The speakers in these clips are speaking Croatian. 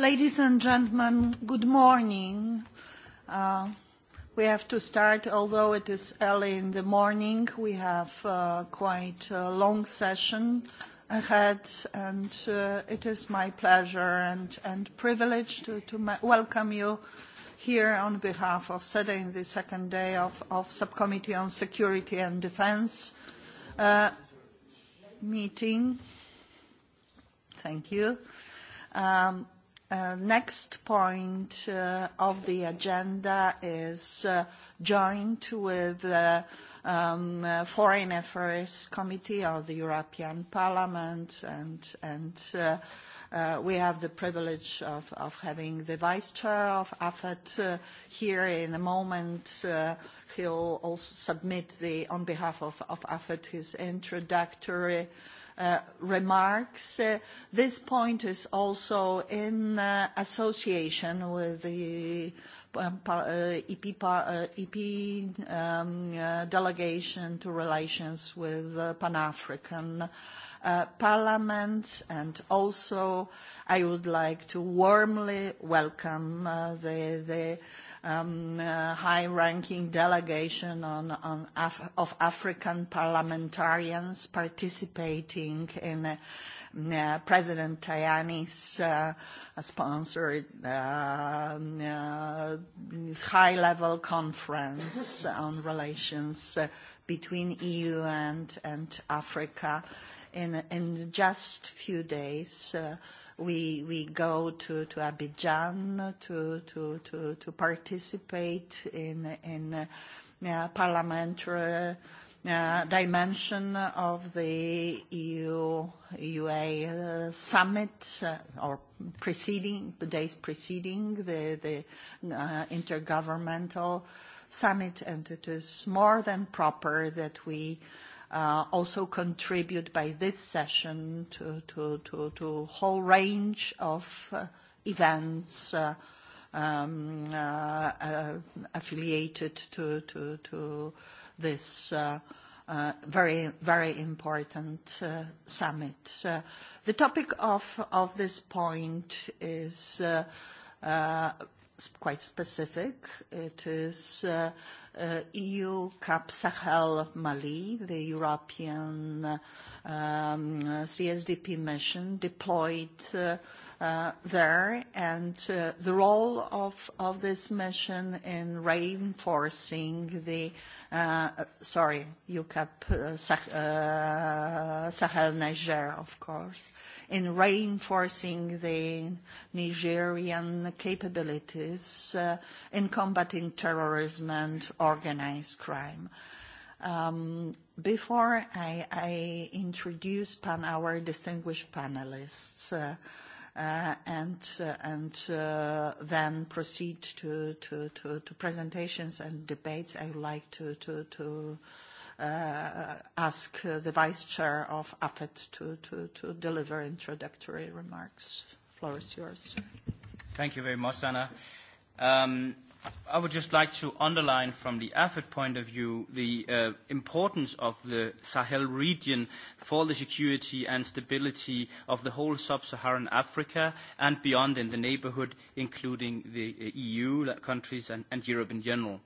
Ladies and gentlemen, good morning. Uh, we have to start, although it is early in the morning, we have uh, quite a long session ahead, and uh, it is my pleasure and, privilege to, welcome you here on behalf of SEDA in the second day of, of Subcommittee on Security and Defense meeting. Thank you. Um, Uh, next point uh, of the agenda is joined uh, joint with the um, Foreign Affairs Committee of the European Parliament, and, and we have the privilege of, having the Vice Chair of AFET here in a moment. He'll also submit the, on behalf of, of AFET his introductory Uh, remarks. Uh, this point is also in uh, association with the um, EP, e um, delegation to relations with the Pan-African Parliament, and also I would like to warmly welcome the a um, uh, high-ranking delegation on, of African parliamentarians participating in uh, uh, President Tajani's sponsored high-level conference on relations between EU and, Africa in, in just few days. We we go to to Abidjan to to to to participate in in uh, parliamentary uh, dimension of the EU e UA uh, summit or preceding the days preceding the the intergovernmental summit, and it is more than proper that we Uh, also contribute by this session to, a whole range of uh, events uh, um, affiliated to, this very, very important summit. the topic of this point is quite specific. It is Uh, EU CAP Sahel Mali, the European um, CSDP mission, deployed uh, Uh, there and uh, the role of, of this mission in reinforcing the, uh, sorry, UCAP uh, Sahel Niger, of course, in reinforcing the Nigerian capabilities in combating terrorism and organized crime. Um, before I, I introduce our distinguished panelists, Uh, and, uh, uh, then proceed to, presentations and debates. I would like to ask the Vice Chair of AFET to deliver introductory remarks. Floor is yours. Thank you very much, Anna. Um, i would just like to underline from the AFET point of view the uh, importance of the Sahel region for the security and stability of the whole sub-Saharan Africa and beyond in the neighborhood, including the uh, EU, countries, and, Europe in general.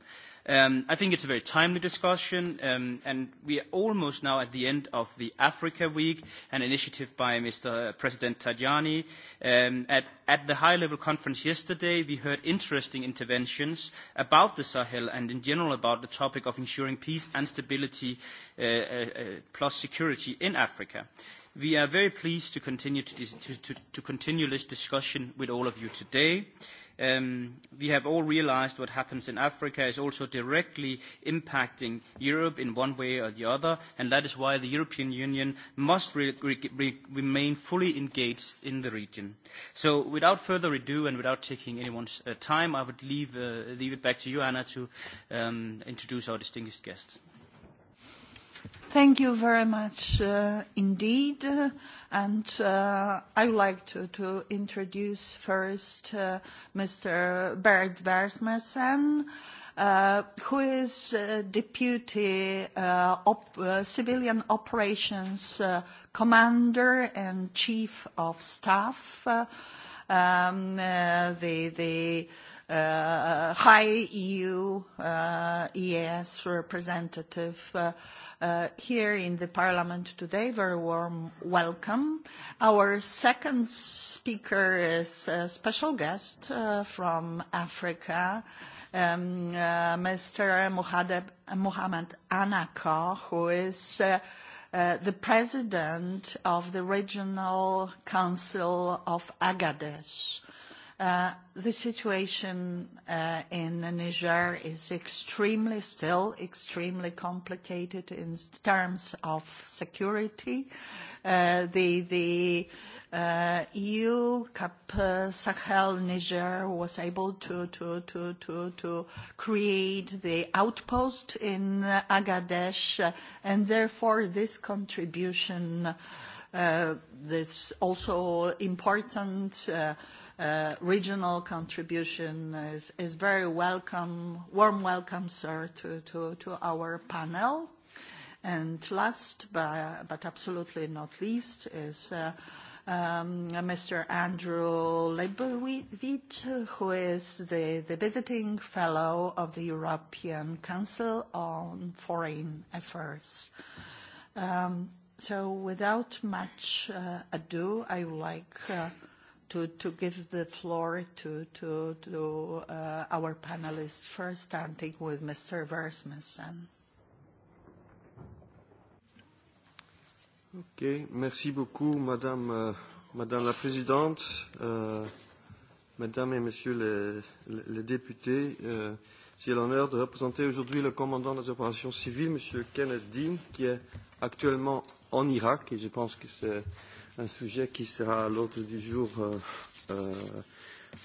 Um, I think it's a very timely discussion, um, and we are almost now at the end of the Africa Week, an initiative by Mr. President Tajani. Um, at, the high-level conference yesterday, we heard interesting interventions about the Sahel and in general about the topic of ensuring peace and stability uh, uh, uh, plus security in Africa. We are very pleased to continue, to, to, to, continue this discussion with all of you today. Um, we have all realized what happens in Africa is also directly impacting Europe in one way or the other, and that is why the European Union must re remain fully engaged in the region. So without further ado and without taking anyone's uh, time, I would leave, uh, leave it back to you, Anna, to um, introduce our distinguished guests. Thank you very much uh, indeed. Uh, and uh, I would like to, introduce first Mr. Bert Versmessen, who is Deputy Civilian Operations Commander and Chief of Staff. Um, the the Uh, high EU uh, EAS representative uh, here in the parliament today. Very warm welcome. Our second speaker is a special guest from Africa, Mr. Um, Mohamed Anako, who is the president of the Regional Council of Agadez. Uh, the situation uh, in Niger is extremely, still extremely complicated in terms of security. Uh, the, the uh, EU Cap Sahel Niger was able to, to, to, to create the outpost in Agadesh, and therefore this contribution, this also important Uh, regional contribution is, very welcome, warm welcome, sir, to, our panel. And last, but, absolutely not least, is uh, Mr. Um, Andrew Leibowitz, who is the, visiting fellow of the European Council on Foreign Affairs. Um, so without much uh, ado, I would like to to, to give the floor to, to, to uh, our panelists first, starting with Mr. Versmussen. Ok, merci beaucoup, Madame, euh, Madame la Présidente, euh, Mesdames et Messieurs les, députés. Euh, j'ai l'honneur de représenter aujourd'hui le commandant des opérations civiles, monsieur Kenneth Dean, qui est actuellement en Irak, et je pense que c'est un sujet qui sera à l'ordre du jour euh, euh,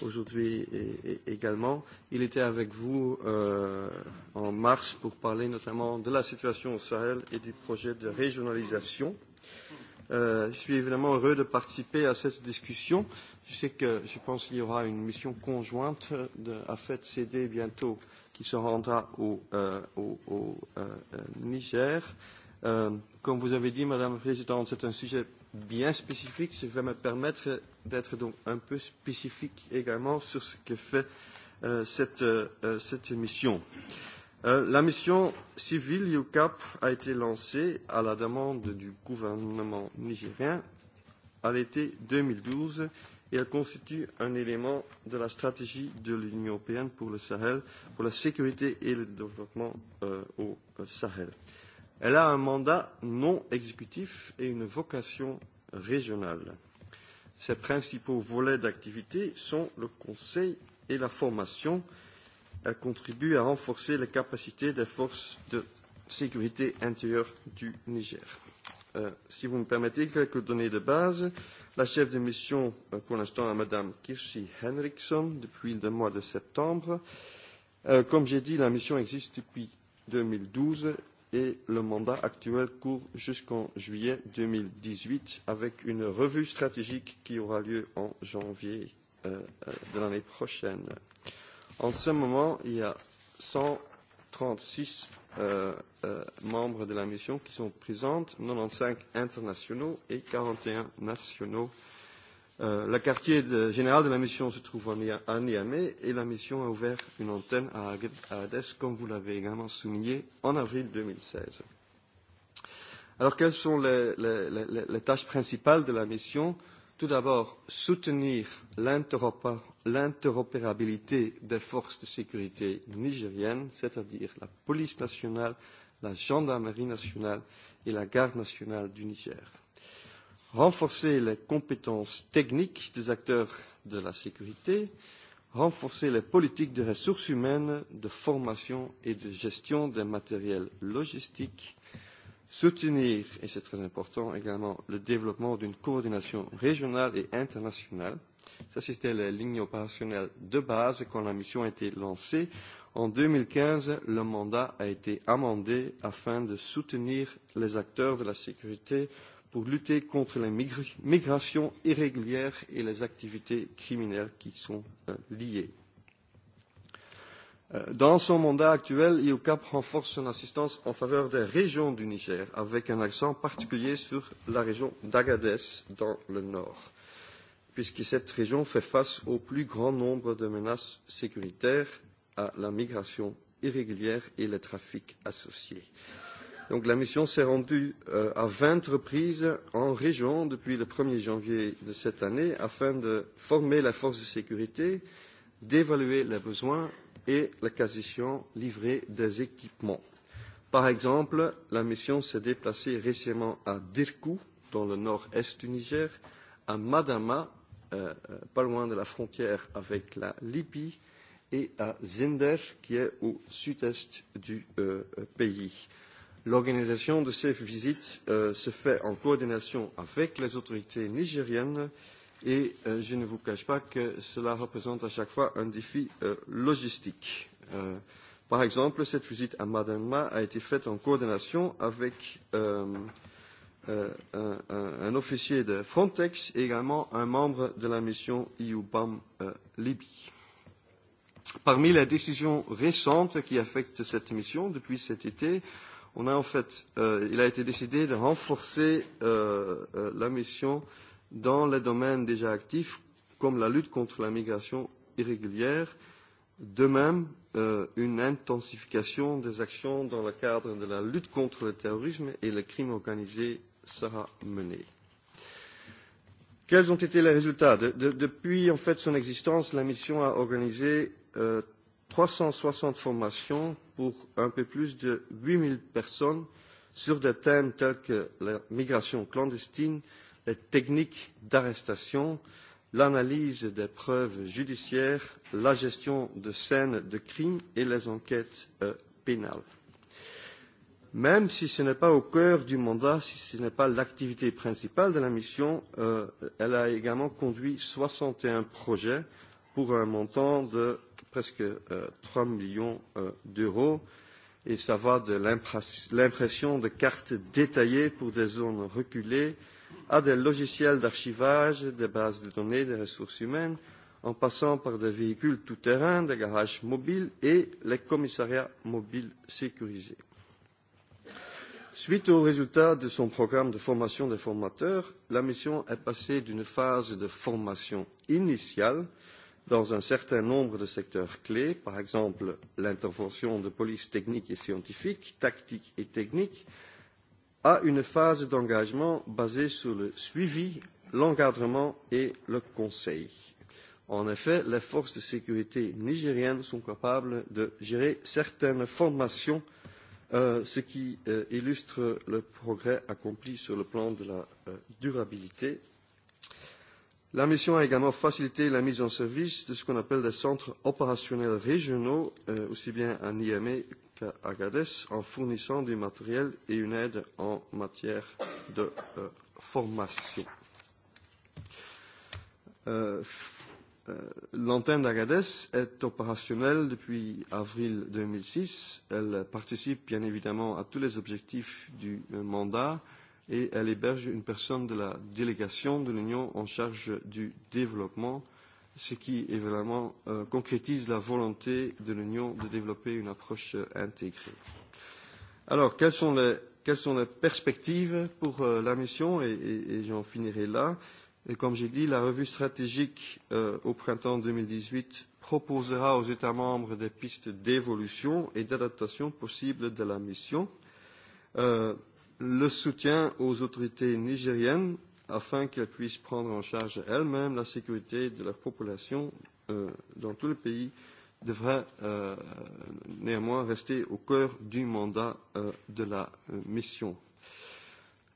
aujourd'hui et, également. Il était avec vous euh, en mars pour parler notamment de la situation au Sahel et du projet de régionalisation. Euh, je suis évidemment heureux de participer à cette discussion. Je sais que je pense qu'il y aura une mission conjointe de AFET CD bientôt qui se rendra au, euh, au, au euh, euh, Niger. Euh, comme vous avez dit, Madame la Présidente, c'est un sujet bien spécifique. Je vais me permettre d'être donc un peu spécifique également sur ce que fait euh, cette, euh, euh cette mission. Euh, la mission civile UCAP a été lancée à la demande du gouvernement nigérien à l'été 2012 et elle constitue un élément de la stratégie de l'Union européenne pour le Sahel, pour la sécurité et le développement euh, au euh, Sahel. Euh, Elle a un mandat non exécutif et une vocation régionale. Ses principaux volets d'activité sont le conseil et la formation. Elle contribue à renforcer les capacités des forces de sécurité intérieure du Niger. Euh, si vous me permettez quelques données de base, la chef de mission euh, pour l'instant est Madame Kirsi Henriksson depuis le mois de septembre. Euh, comme j'ai dit, la mission existe depuis 2012 et le mandat actuel court jusqu'en juillet 2018 avec une revue stratégique qui aura lieu en janvier euh, euh de l'année prochaine. En ce moment, il y a 136 euh, euh, membres de la mission qui sont présentes, 95 internationaux et 41 nationaux Euh, le quartier général de la mission se trouve à Niamey et la mission a ouvert une antenne à Agadez, comme vous l'avez également souligné, en avril 2016. Alors, quelles sont les, les, les, les tâches principales de la mission Tout d'abord, soutenir l'interopérabilité des forces de sécurité nigériennes, c'est-à-dire la police nationale, la gendarmerie nationale et la garde nationale du Niger renforcer les compétences techniques des acteurs de la sécurité, renforcer les politiques de ressources humaines, de formation et de gestion des matériels logistiques, soutenir, et c'est très important également, le développement d'une coordination régionale et internationale. Ça, c'était les lignes opérationnelles de base quand la mission a été lancée. En 2015, le mandat a été amendé afin de soutenir les acteurs de la sécurité pour lutter contre les migrations irrégulières et les activités criminelles qui sont euh, liées. Euh, dans son mandat actuel, IOCAP renforce son assistance en faveur des régions du Niger, avec un accent particulier sur la région d'Agadez, dans le nord, puisque cette région fait face au plus grand nombre de menaces sécuritaires, à la migration irrégulière et les trafics associés. Euh, Donc la mission s'est rendue euh, à 20 reprises en région depuis le 1er janvier de cette année afin de former la force de sécurité, d'évaluer les besoins et la casition livrée des équipements. Par exemple, la mission s'est déplacée récemment à Dirkou, dans le nord-est du Niger, à Madama, euh, euh, pas loin de la frontière avec la Libye, et à Zinder, qui est au sud-est du euh, euh pays. L'organisation de ces visites euh, se fait en coordination avec les autorités nigériennes et euh, je ne vous cache pas que cela représente à chaque fois un défi euh, logistique. Par exemple, cette visite à Madanma a été faite en coordination avec un, un officier de Frontex et également un membre de la mission BAM Libye. Parmi les décisions récentes qui affectent cette mission depuis cet été, on a en fait, euh, il a été décidé de renforcer euh, euh, la mission dans les domaines déjà actifs, comme la lutte contre la migration irrégulière, de même euh, une intensification des actions dans le cadre de la lutte contre le terrorisme et le crime organisé sera menée. Quels ont été les résultats de, de, Depuis en fait son existence, la mission a organisé euh, 360 formations pour un peu plus de 8000 personnes sur des thèmes tels que la migration clandestine, les techniques d'arrestation, l'analyse des preuves judiciaires, la gestion de scènes de crimes et les enquêtes euh, pénales. Même si ce n'est pas au cœur du mandat, si ce n'est pas l'activité principale de la mission, euh, elle a également conduit 61 projets pour un montant de presque euh, trois millions euh, d'euros et cela va de l'impression de cartes détaillées pour des zones reculées à des logiciels d'archivage des bases de données des ressources humaines en passant par des véhicules tout terrain des garages mobiles et les commissariats mobiles sécurisés. suite aux résultats de son programme de formation des formateurs la mission est passée d'une phase de formation initiale dans un certain nombre de secteurs clés, par exemple l'intervention de police technique et scientifique, tactique et technique, à une phase d'engagement basée sur le suivi, l'encadrement et le conseil. En effet, les forces de sécurité nigériennes sont capables de gérer certaines formations, euh, ce qui euh, illustre le progrès accompli sur le plan de la euh, durabilité La mission a également facilité la mise en service de ce qu'on appelle des centres opérationnels régionaux, euh, aussi bien à Niamey qu'à Agadez, en fournissant du matériel et une aide en matière de euh, formation. Euh, euh, L'antenne d'Agadez est opérationnelle depuis avril 2006. Elle participe bien évidemment à tous les objectifs du mandat et elle héberge une personne de la délégation de l'Union en charge du développement, ce qui évidemment euh, concrétise la volonté de l'Union de développer une approche euh, intégrée. Alors, quelles sont les, quelles sont les perspectives pour euh, la mission Et, et, et j'en finirai là. Et comme j'ai dit, la revue stratégique euh, au printemps 2018 proposera aux États membres des pistes d'évolution et d'adaptation possibles de la mission. Euh, le soutien aux autorités nigériennes afin qu'elles puissent prendre en charge elles-mêmes la sécurité de leur population euh, dans tout le pays devrait euh, néanmoins rester au cœur du mandat euh, de la euh, mission.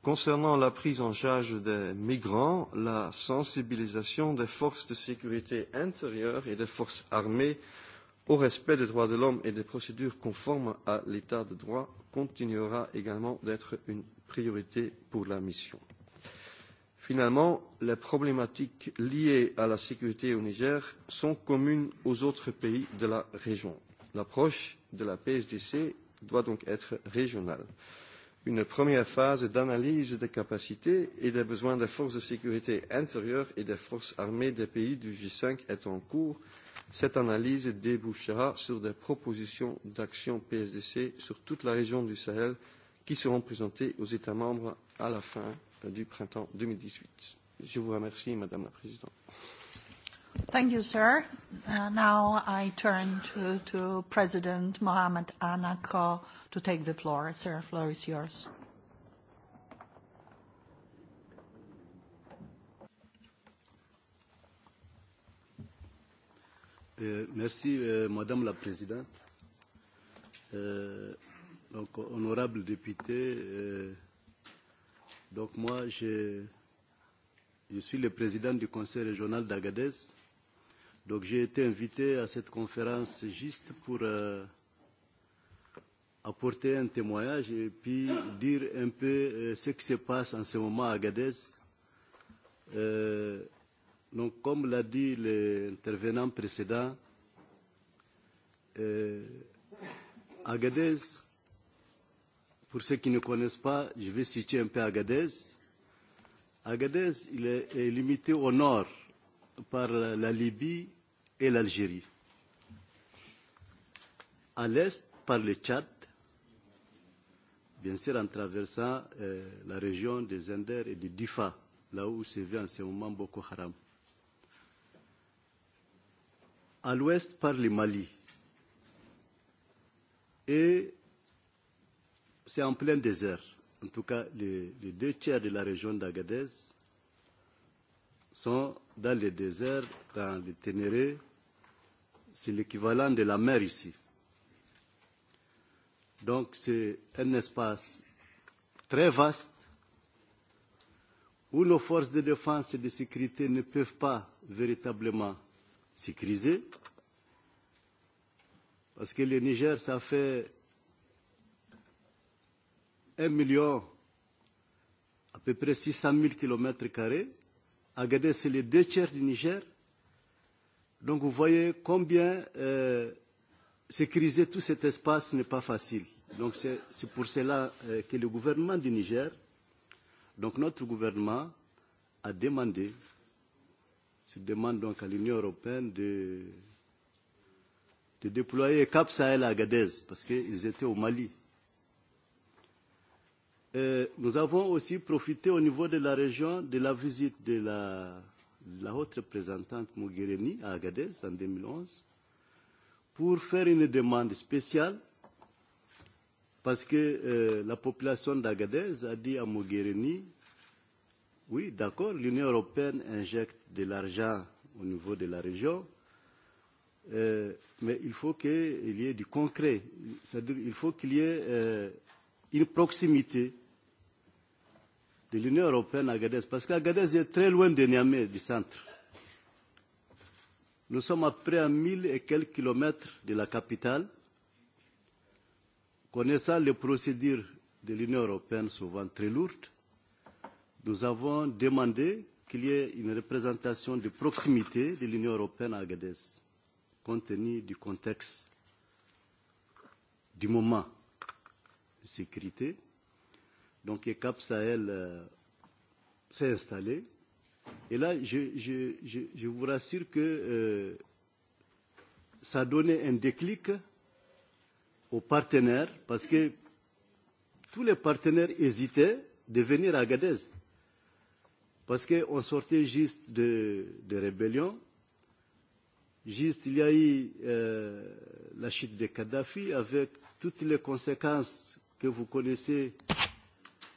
Concernant la prise en charge des migrants, la sensibilisation des forces de sécurité intérieure et des forces armées au respect des droits de l'homme et des procédures conformes à l'état de droit continuera également d'être une priorité pour la mission. Finalement, les problématiques liées à la sécurité au Niger sont communes aux autres pays de la région. L'approche de la PSDC doit donc être régionale. Une première phase d'analyse des capacités et des besoins des forces de sécurité intérieure et des forces armées des pays du G5 est en cours Cette analyse débouchera sur des propositions d'action PSDC sur toute la région du Sahel qui seront présentées aux États membres à la fin euh, du printemps 2018. Je vous remercie, Madame la Présidente. Thank you, sir. Uh, now I turn to, to President Mohamed Anako to take the floor. Sir, floor is yours. Euh, merci, euh, Madame la Présidente. Euh, honorable député, euh, donc moi, je, je suis le président du Conseil régional d'Agadez. Donc, j'ai été invité à cette conférence juste pour euh, apporter un témoignage et puis dire un peu ce qui se passe en ce moment à Agadez. Euh, Donc, comme l'a dit l'intervenant précédent, euh, Agadez, pour ceux qui ne connaissent pas, je vais situer un peu Agadez. Agadez il est, est limité au nord par la Libye et l'Algérie, à l'est par le Tchad, bien sûr en traversant euh, la région des Zender et de Difa, là où se vit en ce moment Boko Haram à l'ouest par le Mali. Et c'est en plein désert. En tout cas, les, les deux tiers de la région d'Agadez sont dans le désert, dans les Ténéré. C'est l'équivalent de la mer ici. Donc c'est un espace très vaste où nos forces de défense et de sécurité ne peuvent pas véritablement sécurisé parce que le Niger, ça fait un million, à peu près 600 000 kilomètres carrés. Agadé, c'est les deux tiers du Niger. Donc vous voyez combien euh, sécuriser tout cet espace n'est pas facile. Donc c'est pour cela euh, que le gouvernement du Niger, donc notre gouvernement, a demandé se demande donc à l'Union européenne de, de déployer Cap Sahel à Agadez, parce qu'ils étaient au Mali. Et euh, nous avons aussi profité au niveau de la région de la visite de la, de la haute représentante Mogherini à Agadez en 2011 pour faire une demande spéciale parce que euh, la population d'Agadez a dit à Mogherini Oui, d'accord, l'Union européenne injecte de l'argent au niveau de la région, euh, mais il faut qu'il y ait du concret, c'est-à-dire il faut qu'il y ait euh, une proximité de l'Union européenne à Agadez, parce qu'Agadez est très loin de Niamey, du centre. Nous sommes à près à mille et quelques kilomètres de la capitale, connaissant les procédures de l'Union européenne souvent très lourdes. Nous avons demandé qu'il y ait une représentation de proximité de l'Union européenne à Agadez, compte tenu du contexte du moment de sécurité. Donc, le Cap Sahel euh, s'est installé. Et là, je, je, je, je vous rassure que euh, ça a donné un déclic aux partenaires, parce que tous les partenaires hésitaient de venir à Agadez Parce qu'on sortait juste de, de rébellion. Juste, il y a eu euh, la chute de Kadhafi avec toutes les conséquences que vous connaissez,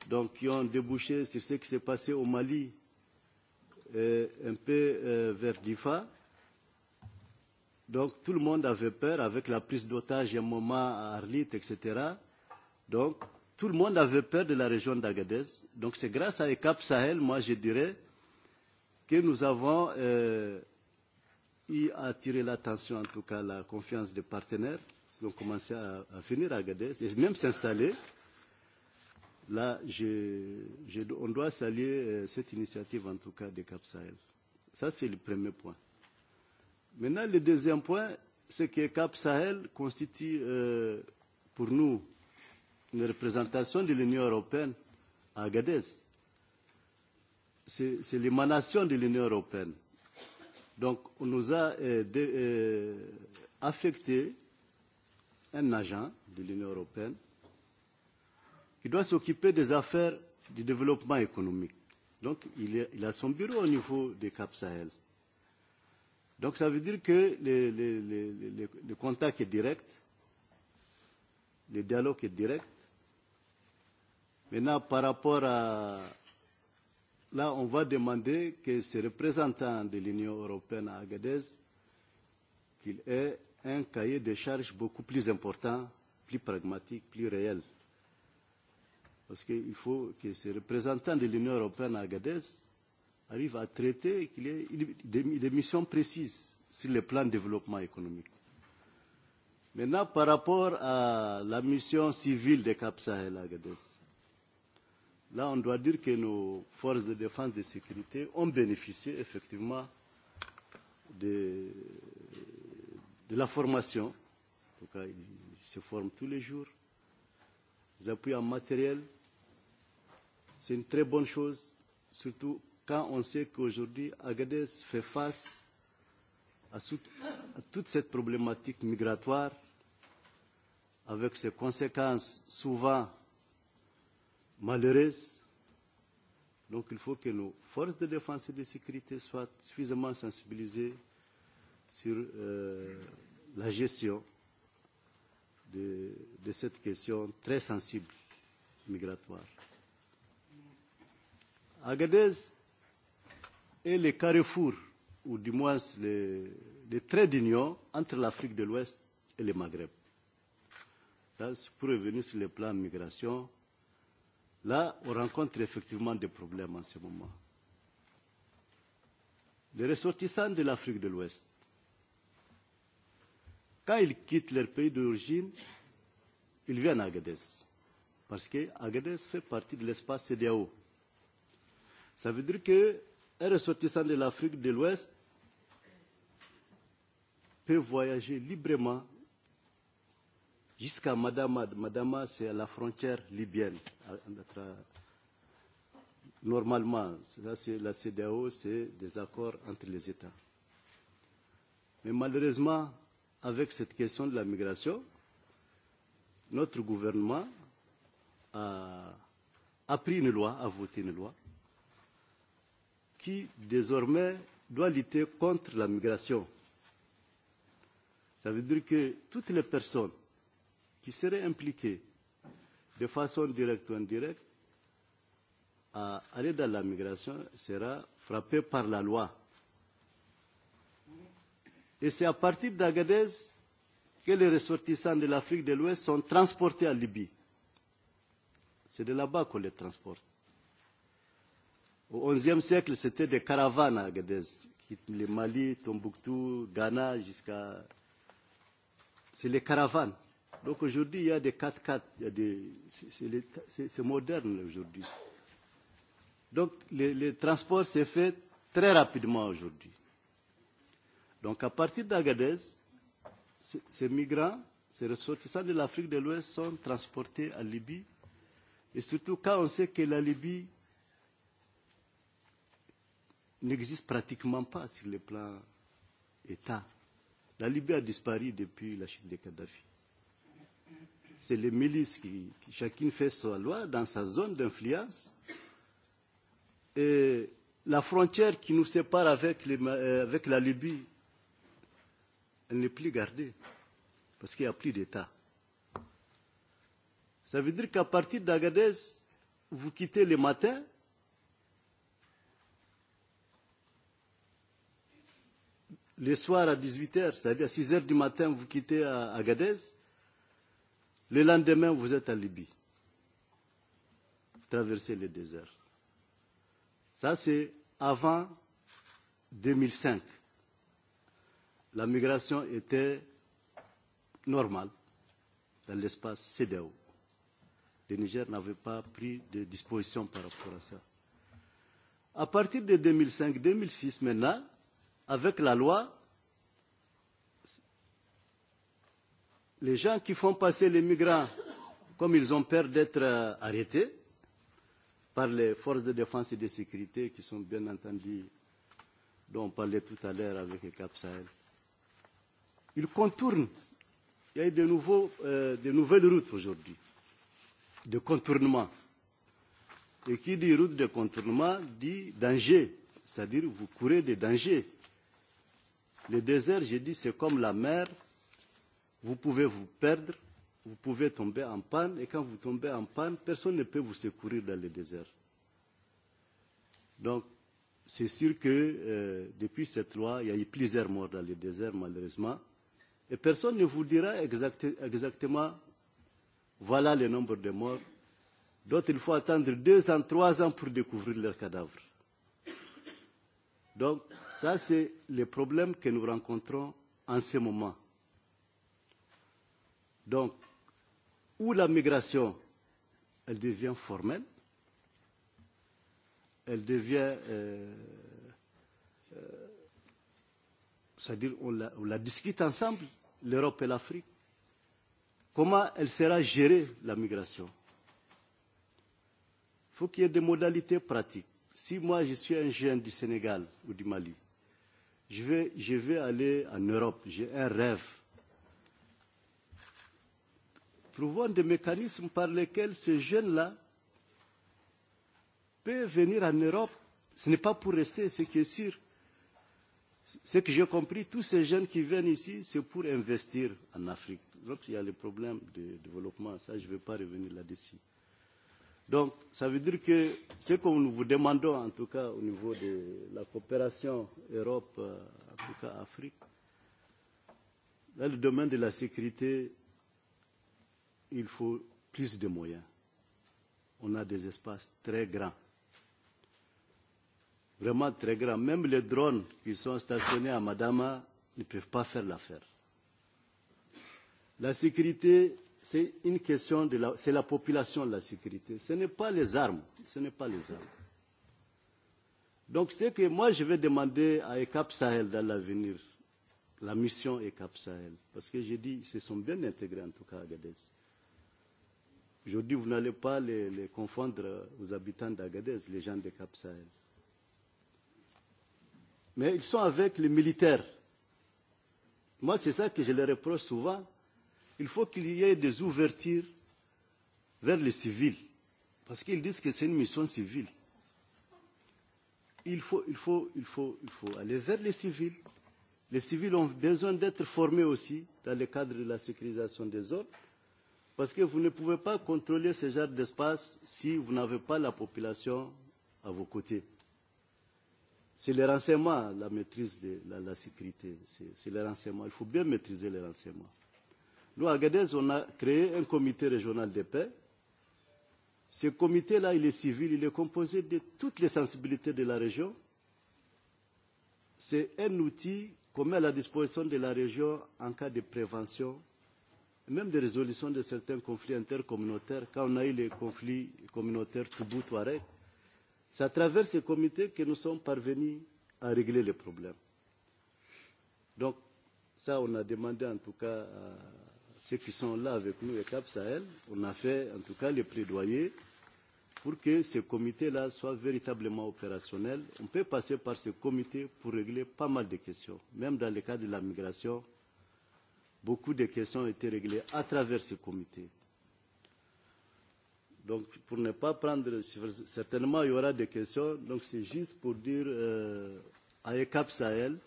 donc qui ont débouché sur ce qui s'est passé au Mali, euh, un peu euh, vers Difa. Donc tout le monde avait peur avec la prise d'otage à un moment à Arlit, etc. Donc Tout le monde avait peur de la région d'Agadez. Donc c'est grâce à ECAP Sahel, moi je dirais, que nous avons euh, eu à attirer l'attention, en tout cas la confiance des partenaires qui ont commencé à, à venir à Agadez et même s'installer. Là, je, je, on doit saluer euh, cette initiative, en tout cas, de Cap Sahel. Ça, c'est le premier point. Maintenant, le deuxième point, c'est que Cap Sahel constitue euh, pour nous une représentation de l'Union européenne à Agadez. C'est l'émanation de l'Union européenne. Donc, on nous a euh, de, euh, affecté un agent de l'Union européenne qui doit s'occuper des affaires du développement économique. Donc, il, est, il a son bureau au niveau des Cap Sahel. Donc, ça veut dire que le, le, le, le, le contact est direct, le dialogue est direct, Maintenant, par rapport à... Là, on va demander que ce représentant de l'Union européenne à Agadez, qu'il ait un cahier de charges beaucoup plus important, plus pragmatique, plus réel. Parce qu'il faut que ce représentant de l'Union européenne à Agadez arrive à traiter qu'il ait des missions précises sur le plan de développement économique. Maintenant, par rapport à la mission civile de Cap Sahel à Agadez, Là, on doit dire que nos forces de défense et de sécurité ont bénéficié effectivement de, de la formation. En tout cas, ils se forment tous les jours. Ils appuient en matériel. C'est une très bonne chose, surtout quand on sait qu'aujourd'hui, Agadez fait face à, à toute cette problématique migratoire avec ses conséquences souvent malheureuse. Donc il faut que nos forces de défense et de sécurité soient suffisamment sensibilisées sur euh, la gestion de, de cette question très sensible migratoire. Agadez est le carrefour, ou du moins le, le trait d'union entre l'Afrique de l'Ouest et le Maghreb. Ça, pour revenir sur le plan migration, Là, on rencontre effectivement des problèmes en ce moment. Les ressortissants de l'Afrique de l'Ouest, quand ils quittent leur pays d'origine, ils viennent à Agadez. Parce que Agadez fait partie de l'espace CDAO. Ça veut dire qu'un ressortissant de l'Afrique de l'Ouest peut voyager librement jusqu'à Madame Madama, c'est à la frontière libyenne. Euh, normalement, là, c'est la CDAO, c'est des accords entre les États. Mais malheureusement, avec cette question de la migration, notre gouvernement a, a pris une loi, a voté une loi, qui désormais doit lutter contre la migration. Ça veut dire que toutes les personnes qui seraient impliqués de façon directe ou indirecte à aller dans la migration sera frappé par la loi. Et c'est à partir d'Agadez que les ressortissants de l'Afrique de l'Ouest sont transportés à Libye. C'est de là-bas qu'on les transporte. Au XIe siècle, c'était des caravanes à Agadez, le Mali, Tombouctou, Ghana, jusqu'à... C'est les caravanes. Donc aujourd'hui, il y a des 4x4, il y a des, c'est moderne aujourd'hui. Donc le, le transport s'est fait très rapidement aujourd'hui. Donc à partir d'Agadez, ces migrants, ces ressortissants de l'Afrique de l'Ouest sont transportés à Libye. Et surtout quand on sait que la Libye n'existe pratiquement pas sur le plan État. La Libye a disparu depuis la chute de Kadhafi c'est les milices qui, qui chacune fait sa loi dans sa zone d'influence. Et la frontière qui nous sépare avec, les, euh, avec la Libye, elle n'est plus gardée parce qu'il n'y a plus d'État. Ça veut dire qu'à partir d'Agadez, vous quittez le matin, le soir à 18h, c'est-à-dire à 6h du matin, vous quittez à Agadez, Le lendemain, vous êtes en Libye. Vous traversez le désert. Ça, c'est avant 2005. La migration était normale dans l'espace CEDEAO. Le Niger n'avait pas pris de disposition par rapport à ça. À partir de 2005-2006, maintenant, avec la loi les gens qui font passer les migrants, comme ils ont peur d'être euh, arrêtés par les forces de défense et de sécurité qui sont bien entendu, dont on parlait tout à l'heure avec le Cap Sahel, ils contournent. Il y a de, nouveaux, euh, de nouvelles routes aujourd'hui, de contournement. Et qui dit route de contournement dit danger, c'est-à-dire vous courez des dangers. Le désert, j'ai dit, c'est comme la mer, vous pouvez vous perdre, vous pouvez tomber en panne, et quand vous tombez en panne, personne ne peut vous secourir dans le désert. Donc, c'est sûr que euh, depuis cette loi, il y a eu plusieurs morts dans le désert, malheureusement, et personne ne vous dira exactement voilà le nombre de morts. D'autres, il faut attendre deux ans, trois ans pour découvrir leurs cadavres. Donc, ça, c'est le problème que nous rencontrons en ce moment Donc, où la migration, elle devient formelle, elle devient, euh, euh, c'est-à-dire on la, on la discute ensemble, l'Europe et l'Afrique. Comment elle sera gérée, la migration Il faut qu'il y ait des modalités pratiques. Si moi, je suis un jeune du Sénégal ou du Mali, je vais, je vais aller en Europe, j'ai un rêve – trouvons des mécanismes par lesquels ces jeunes-là peuvent venir en Europe. Ce n'est pas pour rester, ce qui est sûr. Ce que j'ai compris, tous ces jeunes qui viennent ici, c'est pour investir en Afrique. Donc il y a le problème de développement, ça je ne vais pas revenir là-dessus. Donc ça veut dire que ce que nous vous demandons, en tout cas au niveau de la coopération Europe, euh, en Afrique, dans le domaine de la sécurité, il faut plus de moyens. On a des espaces très grands. Vraiment très grands. Même les drones qui sont stationnés à Madama ne peuvent pas faire l'affaire. La sécurité, c'est une question de la, c'est la population de la sécurité. Ce n'est pas les armes. Ce n'est pas les armes. Donc ce que moi je vais demander à ECAP Sahel dans l'avenir, la mission ECAP Sahel, parce que j'ai dit, ils se sont bien intégrés en tout cas à Gadez je dis, vous n'allez pas les, les confondre euh, aux habitants d'Agadez, les gens de Cap Sahel. Mais ils sont avec les militaires. Moi, c'est ça que je les reproche souvent. Il faut qu'il y ait des ouvertures vers les civils, parce qu'ils disent que c'est une mission civile. Il faut, il, faut, il, faut, il faut aller vers les civils. Les civils ont besoin d'être formés aussi dans le cadre de la sécurisation des ordres Parce que vous ne pouvez pas contrôler ce genre d'espace si vous n'avez pas la population à vos côtés. C'est le renseignement, la maîtrise de la, la sécurité. C'est le renseignement. Il faut bien maîtriser le renseignement. Nous, à Gadez, on a créé un comité régional de paix. Ce comité-là, il est civil, il est composé de toutes les sensibilités de la région. C'est un outil qu'on met à la disposition de la région en cas de prévention même des résolutions de certains conflits intercommunautaires, quand on a eu les conflits communautaires Toubou-Touareg, c'est à travers ces comités que nous sommes parvenus à régler les problèmes. Donc, ça, on a demandé en tout cas à ceux qui sont là avec nous, et Cap Sahel, on a fait en tout cas les plaidoyers pour que ces comités-là soient véritablement opérationnels. On peut passer par ces comités pour régler pas mal de questions, même dans le cas de la migration beaucoup de questions ont été réglées à travers ce comité. Donc, pour ne pas prendre, certainement, il y aura des questions. Donc, c'est juste pour dire euh, à ECAP Sahel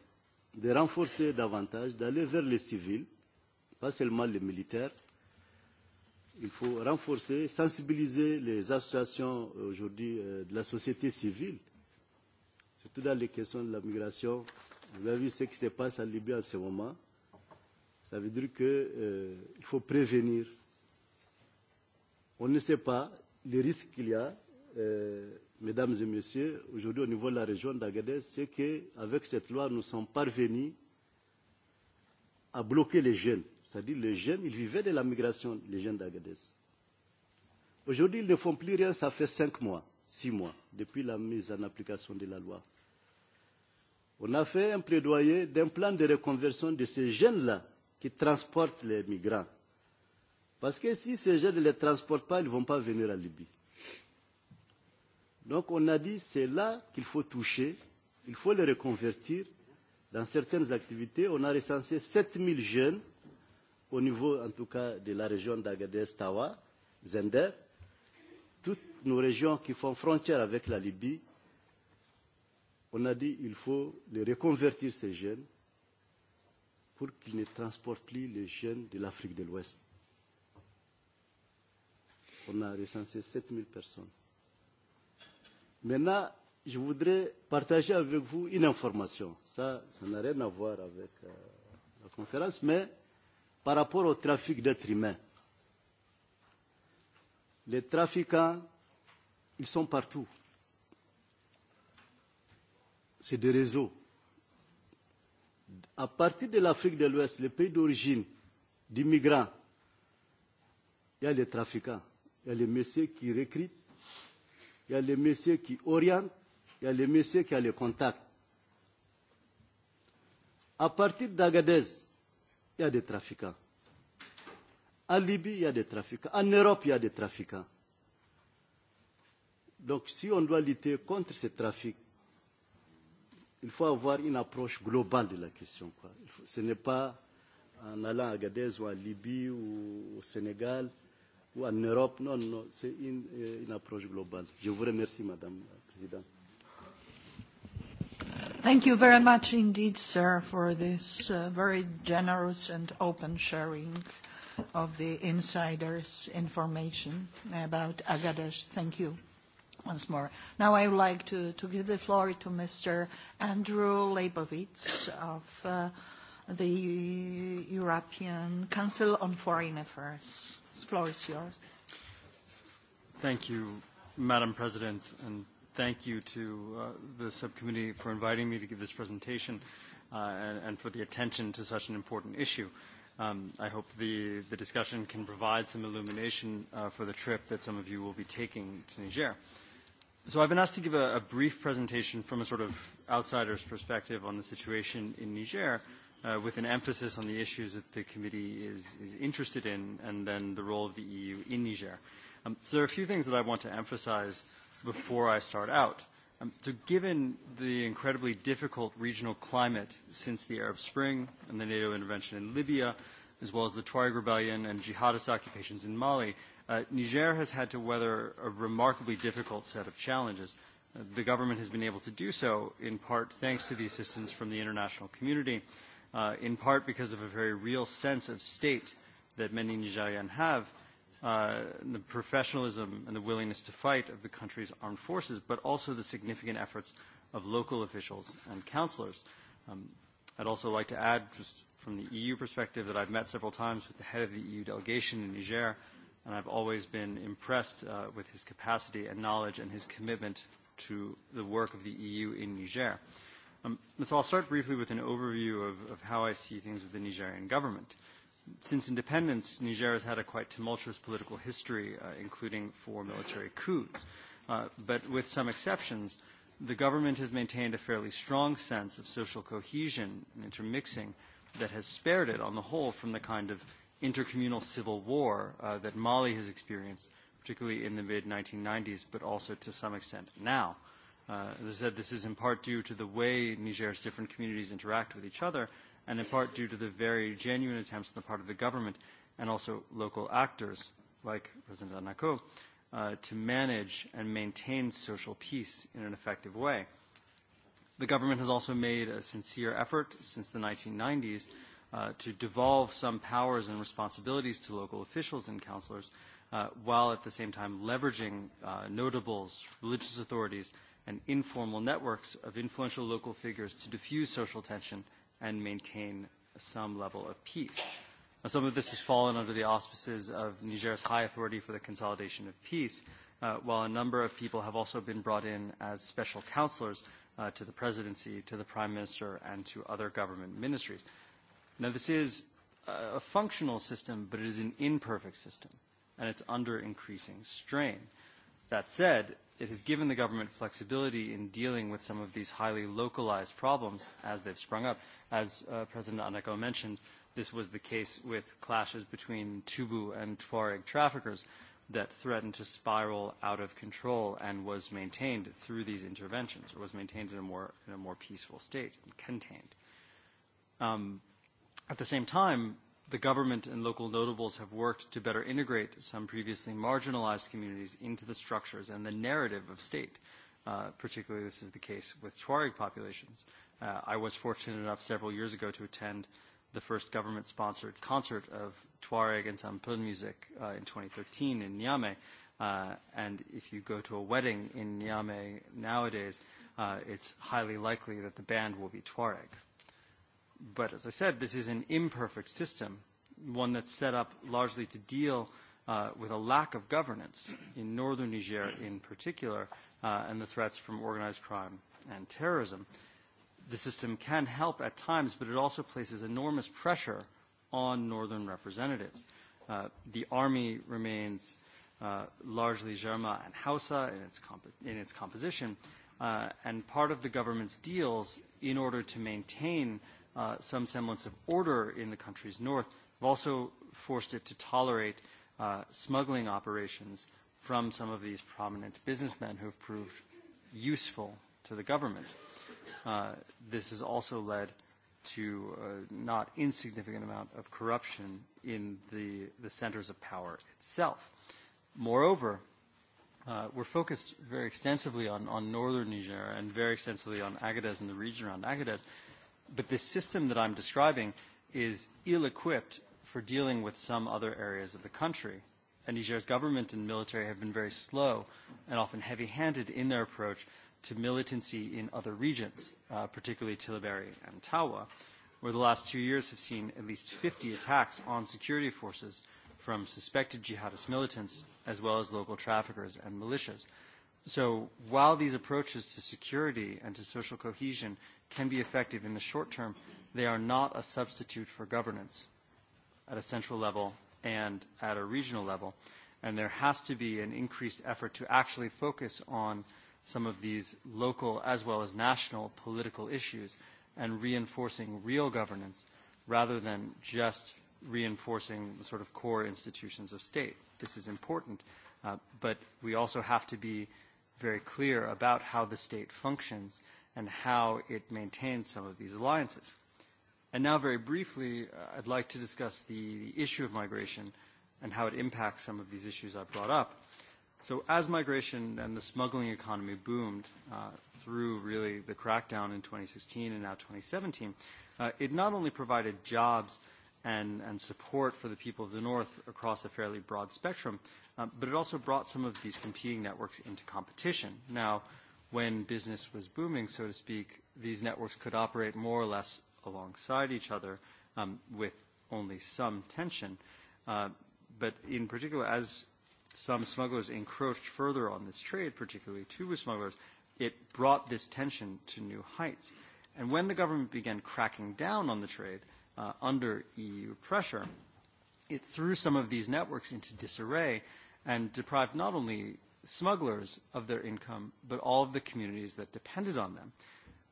de renforcer davantage, d'aller vers les civils, pas seulement les militaires. Il faut renforcer, sensibiliser les associations aujourd'hui euh, de la société civile, surtout dans les questions de la migration. Vous avez vu ce qui se passe en Libye en ce moment Ça veut dire qu'il euh, faut prévenir. On ne sait pas les risques qu'il y a, euh, mesdames et messieurs, aujourd'hui au niveau de la région d'Agadez, c'est qu'avec cette loi, nous sommes parvenus à bloquer les jeunes. C'est-à-dire les jeunes, ils vivaient de la migration, les jeunes d'Agadez. Aujourd'hui, ils ne font plus rien, ça fait cinq mois, six mois, depuis la mise en application de la loi. On a fait un plaidoyer d'un plan de reconversion de ces jeunes-là qui transportent les migrants. Parce que si ces gens ne les transportent pas, ils ne vont pas venir à Libye. Donc on a dit c'est là qu'il faut toucher, il faut les reconvertir dans certaines activités. On a recensé 7000 jeunes au niveau en tout cas de la région d'Agadez, Tawa, Zender, toutes nos régions qui font frontière avec la Libye. On a dit il faut les reconvertir ces jeunes pour qu'ils ne transporte plus les jeunes de l'Afrique de l'Ouest. On a recensé 7000 personnes. Maintenant, je voudrais partager avec vous une information. Ça, ça n'a rien à voir avec euh, la conférence, mais par rapport au trafic d'êtres humains. Les trafiquants, ils sont partout. C'est des réseaux à partir de l'Afrique de l'Ouest, les pays d'origine des migrants, il y a les trafiquants, il y a les messieurs qui recrutent, il y a les messieurs qui orientent, il y a les messieurs qui ont les contacts. À partir d'Agadez, il y a des trafiquants. En Libye, il y a des trafiquants. En Europe, il y a des trafiquants. Donc, si on doit lutter contre ces trafics, il faut avoir une approche globale de la question. Quoi. Faut, ce n'est pas en allant à Agadez ou à Libye ou au Sénégal ou en Europe. Non, non, c'est une, euh, une approche globale. Je vous remercie, Madame la Présidente. Thank you very much indeed, sir, for this uh, very generous and open sharing of the insiders' information about Agadez. Thank you once more. Now I would like to, to give the floor to Mr. Andrew Leibovitz of uh, the European Council on Foreign Affairs. The floor is yours. Thank you, Madam President, and thank you to uh, the subcommittee for inviting me to give this presentation uh, and, for the attention to such an important issue. Um, I hope the, the discussion can provide some illumination for the trip that some of you will be taking to Niger. So I've been asked to give a, brief presentation from a sort of outsider's perspective on the situation in Niger, uh, with an emphasis on the issues that the committee is, is interested in, and then the role of the EU in Niger. Um, so there are a few things that I want to emphasize before I start out. Um, so given the incredibly difficult regional climate since the Arab Spring and the NATO intervention in Libya, as well as the Tuareg Rebellion and jihadist occupations in Mali, Uh, Niger has had to weather a remarkably difficult set of challenges. Uh, the government has been able to do so in part thanks to the assistance from the international community, uh, in part because of a very real sense of state that many Nigerians have, uh, the professionalism and the willingness to fight of the country's armed forces, but also the significant efforts of local officials and councillors. Um, I'd also like to add, just from the EU perspective, that I've met several times with the head of the EU delegation in Niger, and I've always been impressed uh, with his capacity and knowledge and his commitment to the work of the EU in Niger. Um, so I'll start briefly with an overview of, how I see things with the Nigerian government. Since independence, Niger has had a quite tumultuous political history, uh, including four military coups. Uh, but with some exceptions, the government has maintained a fairly strong sense of social cohesion and intermixing that has spared it on the whole from the kind of intercommunal civil war uh, that Mali has experienced, particularly in the mid-1990s, but also to some extent now. Uh, as I said, this is in part due to the way Niger's different communities interact with each other, and in part due to the very genuine attempts on the part of the government and also local actors like President Anako uh, to manage and maintain social peace in an effective way. The government has also made a sincere effort since the 1990s Uh, to devolve some powers and responsibilities to local officials and councillors, uh, while at the same time leveraging uh, notables, religious authorities, and informal networks of influential local figures to diffuse social tension and maintain some level of peace. Now, some of this has fallen under the auspices of Niger's High Authority for the Consolidation of Peace, uh, while a number of people have also been brought in as special counselors uh, to the presidency, to the prime minister, and to other government ministries. Now, this is a functional system, but it is an imperfect system, and it's under increasing strain. That said, it has given the government flexibility in dealing with some of these highly localized problems as they've sprung up. As uh, President Aneko mentioned, this was the case with clashes between Tubu and Tuareg traffickers that threatened to spiral out of control and was maintained through these interventions, or was maintained in a more, in a more peaceful state and contained. Um, At the same time, the government and local notables have worked to better integrate some previously marginalized communities into the structures and the narrative of state. Uh, particularly, this is the case with Tuareg populations. Uh, I was fortunate enough several years ago to attend the first government-sponsored concert of Tuareg and sampun music uh, in 2013 in Niamey. Uh, and if you go to a wedding in Niamey nowadays, uh, it's highly likely that the band will be Tuareg. But as I said, this is an imperfect system, one that's set up largely to deal uh, with a lack of governance in northern Niger in particular, uh, and the threats from organized crime and terrorism. The system can help at times, but it also places enormous pressure on northern representatives. Uh, the army remains uh, largely Jerma and Hausa in its, comp in its composition, uh, and part of the government's deals in order to maintain uh, some semblance of order in the country's north, have also forced it to tolerate uh, smuggling operations from some of these prominent businessmen who have proved useful to the government. Uh, this has also led to a uh, not insignificant amount of corruption in the, the centers of power itself. Moreover, uh, we're focused very extensively on, on northern Niger and very extensively on Agadez and the region around Agadez but the system that I'm describing is ill-equipped for dealing with some other areas of the country. And Niger's government and military have been very slow and often heavy-handed in their approach to militancy in other regions, uh, particularly Tilbury and Tawa, where the last two years have seen at least 50 attacks on security forces from suspected jihadist militants as well as local traffickers and militias. So while these approaches to security and to social cohesion can be effective in the short term, they are not a substitute for governance at a central level and at a regional level. And there has to be an increased effort to actually focus on some of these local as well as national political issues and reinforcing real governance rather than just reinforcing the sort of core institutions of state. This is important, uh, but we also have to be very clear about how the state functions and how it maintains some of these alliances. And now, very briefly, uh, I'd like to discuss the, the issue of migration and how it impacts some of these issues I brought up. So as migration and the smuggling economy boomed uh, through really the crackdown in 2016 and now 2017, uh, it not only provided jobs and, and support for the people of the North across a fairly broad spectrum, Um, but it also brought some of these competing networks into competition. Now, when business was booming, so to speak, these networks could operate more or less alongside each other um, with only some tension. Uh, but in particular, as some smugglers encroached further on this trade, particularly Tuba smugglers, it brought this tension to new heights. And when the government began cracking down on the trade uh, under EU pressure, it threw some of these networks into disarray and deprived not only smugglers of their income, but all of the communities that depended on them.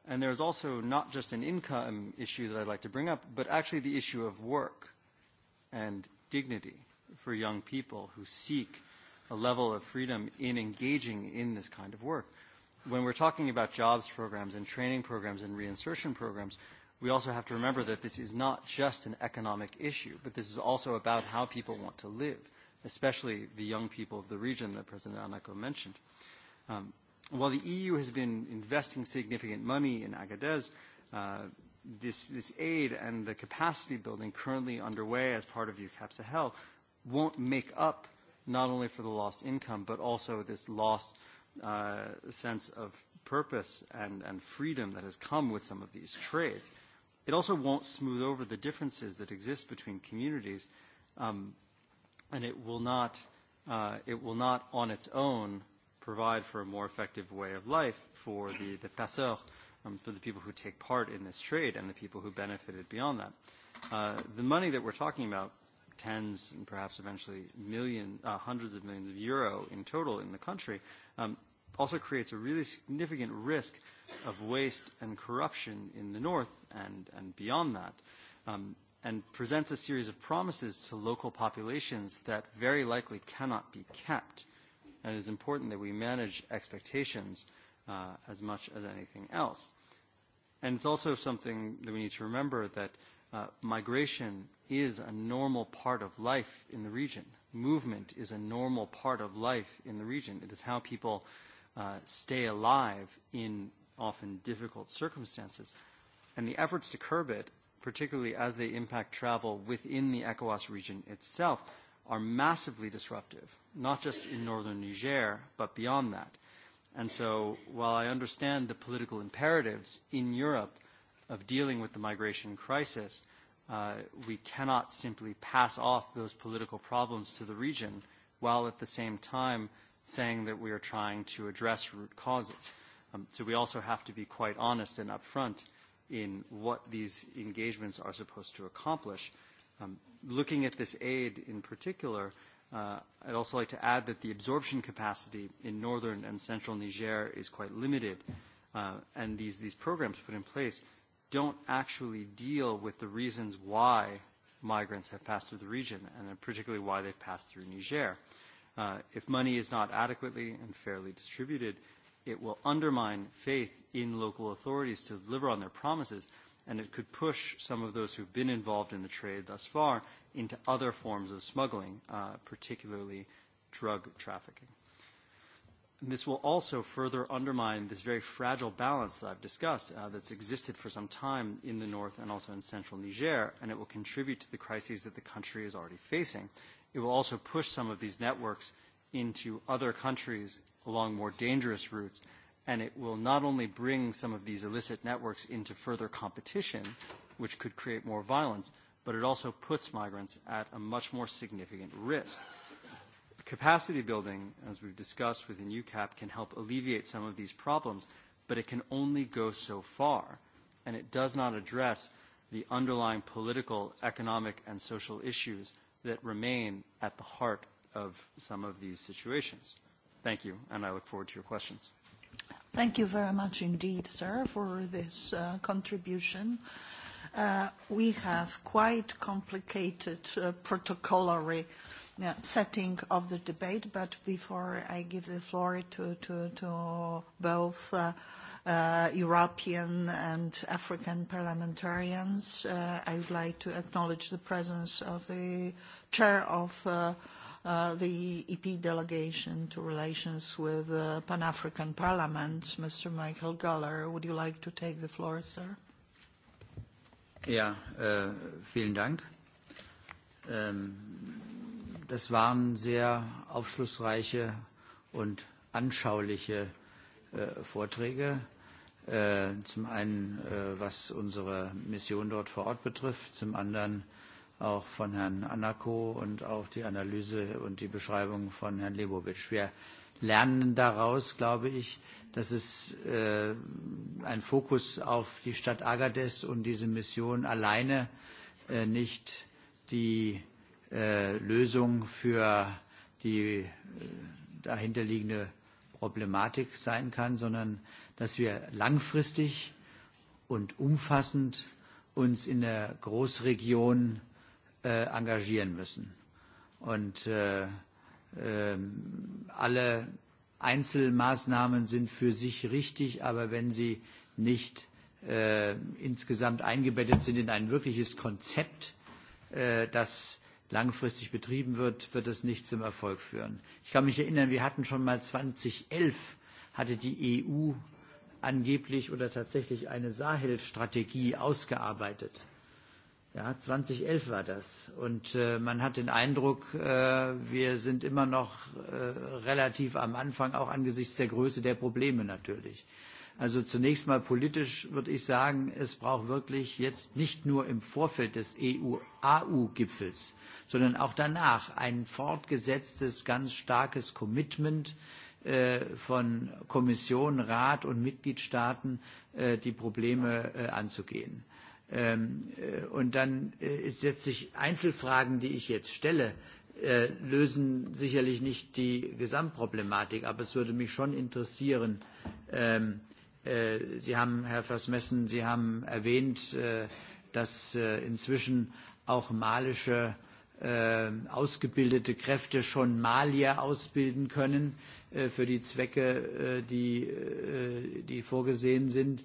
And there is also not just an income issue that I'd like to bring up, but actually the issue of work and dignity for young people who seek a level of freedom in engaging in this kind of work. When we're talking about jobs programs and training programs and reinsertion programs, we also have to remember that this is not just an economic issue, but this is also about how people want to live especially the young people of the region that President Anako mentioned. Um, while the EU has been investing significant money in Agadez, uh, this, this aid and the capacity building currently underway as part of UCAP Sahel won't make up not only for the lost income, but also this lost uh, sense of purpose and, and freedom that has come with some of these trades. It also won't smooth over the differences that exist between communities. Um, and it will not uh, it will not on its own provide for a more effective way of life for the the passeurs, um, for the people who take part in this trade and the people who benefited beyond that. Uh, the money that we're talking about, tens and perhaps eventually million, uh, hundreds of millions of euro in total in the country, um, also creates a really significant risk of waste and corruption in the north and, and beyond that. Um, and presents a series of promises to local populations that very likely cannot be kept. And it is important that we manage expectations uh, as much as anything else. And it's also something that we need to remember that uh, migration is a normal part of life in the region. Movement is a normal part of life in the region. It is how people uh, stay alive in often difficult circumstances. And the efforts to curb it particularly as they impact travel within the ECOWAS region itself, are massively disruptive, not just in northern Niger, but beyond that. And so while I understand the political imperatives in Europe of dealing with the migration crisis, uh, we cannot simply pass off those political problems to the region while at the same time saying that we are trying to address root causes. Um, so we also have to be quite honest and upfront in what these engagements are supposed to accomplish. Um, looking at this aid in particular, uh, I'd also like to add that the absorption capacity in northern and central Niger is quite limited, uh, and these, these programs put in place don't actually deal with the reasons why migrants have passed through the region, and particularly why they've passed through Niger. Uh, if money is not adequately and fairly distributed, it will undermine faith in local authorities to deliver on their promises, and it could push some of those who've been involved in the trade thus far into other forms of smuggling, uh, particularly drug trafficking. And this will also further undermine this very fragile balance that I've discussed uh, that's existed for some time in the north and also in central Niger, and it will contribute to the crises that the country is already facing. It will also push some of these networks into other countries along more dangerous routes, and it will not only bring some of these illicit networks into further competition, which could create more violence, but it also puts migrants at a much more significant risk. Capacity building, as we've discussed within UCAP, can help alleviate some of these problems, but it can only go so far, and it does not address the underlying political, economic, and social issues that remain at the heart of some of these situations. Thank you, and I look forward to your questions. Thank you very much indeed, sir, for this uh, contribution. Uh, we have quite complicated uh, protocolary uh, setting of the debate, but before I give the floor to, to, to both uh, uh, European and African parliamentarians. Uh, I would like to acknowledge the presence of the chair of uh, Uh, the EP delegation to relations with the uh, Pan-African Parliament. Mr. Michael Goller, would you like to take the floor, sir? Ja, äh, vielen Dank. Ähm, das waren sehr aufschlussreiche und anschauliche äh, Vorträge. Äh, zum einen, äh, was unsere Mission dort vor Ort betrifft, zum anderen, auch von Herrn Anako und auch die Analyse und die Beschreibung von Herrn Lebowitsch. Wir lernen daraus, glaube ich, dass es äh, ein Fokus auf die Stadt Agadez und diese Mission alleine äh, nicht die äh, Lösung für die äh, dahinterliegende Problematik sein kann, sondern dass wir langfristig und umfassend uns in der Großregion Äh, engagieren müssen. Und äh, ähm, alle Einzelmaßnahmen sind für sich richtig, aber wenn sie nicht äh, insgesamt eingebettet sind in ein wirkliches Konzept, das langfristig betrieben wird, wird es nicht zum Erfolg führen. Ich kann mich erinnern, wir hatten schon mal 2011, hatte die EU angeblich oder tatsächlich eine Sahel-Strategie ausgearbeitet. Ja, 2011 war das. Und äh, man hat den Eindruck, äh, wir sind immer noch äh, relativ am Anfang, auch angesichts der Größe der Probleme natürlich. Also zunächst mal politisch würde ich sagen, es braucht wirklich jetzt nicht nur im Vorfeld des EU-AU-Gipfels, sondern auch danach ein fortgesetztes, ganz starkes Commitment äh, von Kommission, Rat und Mitgliedstaaten, äh, die Probleme äh, anzugehen. Ähm, äh, und dann äh, ist sich Einzelfragen, die ich jetzt stelle, äh, lösen sicherlich nicht die Gesamtproblematik, aber es würde mich schon interessieren. Ähm, Sie haben, Herr Versmessen, Sie haben erwähnt, dass inzwischen auch malische ausgebildete Kräfte schon Malier ausbilden können für die Zwecke, die, die vorgesehen sind.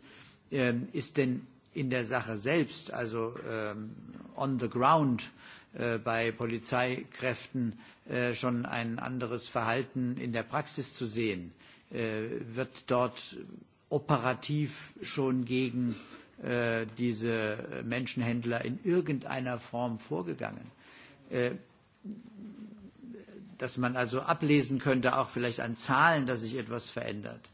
Ähm, ist denn in der Sache selbst, also ähm, on the ground äh, bei Polizeikräften äh, schon ein anderes Verhalten in der Praxis zu sehen? Äh, wird dort operativ schon gegen diese Menschenhändler in irgendeiner Form vorgegangen? Dass man also ablesen könnte, auch vielleicht an Zahlen, dass sich etwas verändert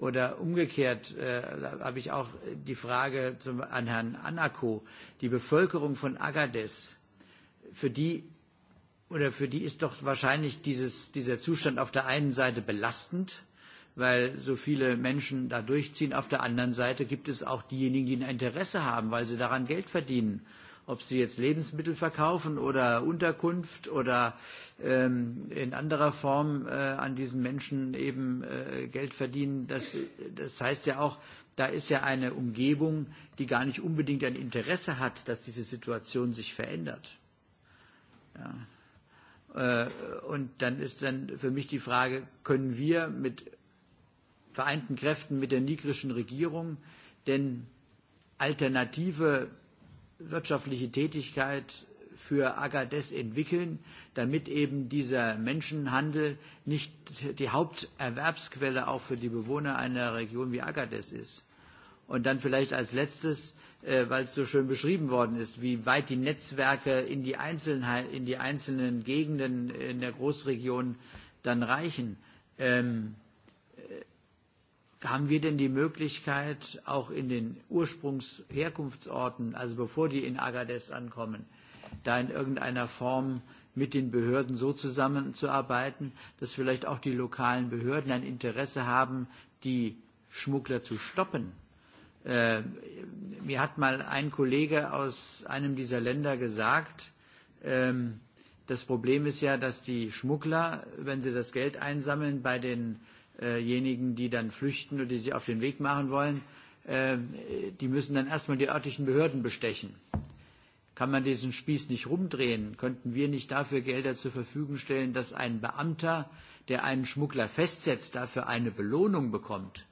Oder umgekehrt äh, habe ich auch die Frage zum, an Herrn Anako. Die Bevölkerung von Agadez, für die, oder für die ist doch wahrscheinlich dieses, dieser Zustand auf der einen Seite belastend, weil so viele Menschen da durchziehen. Auf der anderen Seite gibt es auch diejenigen, die ein Interesse haben, weil sie daran Geld verdienen ob sie jetzt Lebensmittel verkaufen oder Unterkunft oder ähm, in anderer Form äh, an diesen Menschen eben äh, Geld verdienen. Das, das heißt ja auch, da ist ja eine Umgebung, die gar nicht unbedingt ein Interesse hat, dass diese Situation sich verändert. Ja. Äh, und dann ist dann für mich die Frage, können wir mit vereinten Kräften, mit der nigrischen Regierung denn alternative wirtschaftliche Tätigkeit für Agadez entwickeln, damit eben dieser Menschenhandel nicht die Haupterwerbsquelle auch für die Bewohner einer Region wie Agadez ist. Und dann vielleicht als letztes, äh, weil es so schön beschrieben worden ist, wie weit die Netzwerke in die, in die einzelnen Gegenden in der Großregion dann reichen. Ähm, haben wir denn die Möglichkeit, auch in den Ursprungsherkunftsorten, also bevor die in Agadez ankommen, da in irgendeiner Form mit den Behörden so zusammenzuarbeiten, dass vielleicht auch die lokalen Behörden ein Interesse haben, die Schmuggler zu stoppen. Äh, mir hat mal ein Kollege aus einem dieser Länder gesagt, ähm, das Problem ist ja, dass die Schmuggler, wenn sie das Geld einsammeln, bei den diejenigen, die dann flüchten oder die sich auf den Weg machen wollen, äh, die müssen dann erstmal die örtlichen Behörden bestechen. Kann man diesen Spieß nicht rumdrehen? Könnten wir nicht dafür Gelder zur Verfügung stellen, dass ein Beamter, der einen Schmuggler festsetzt, dafür eine Belohnung bekommt?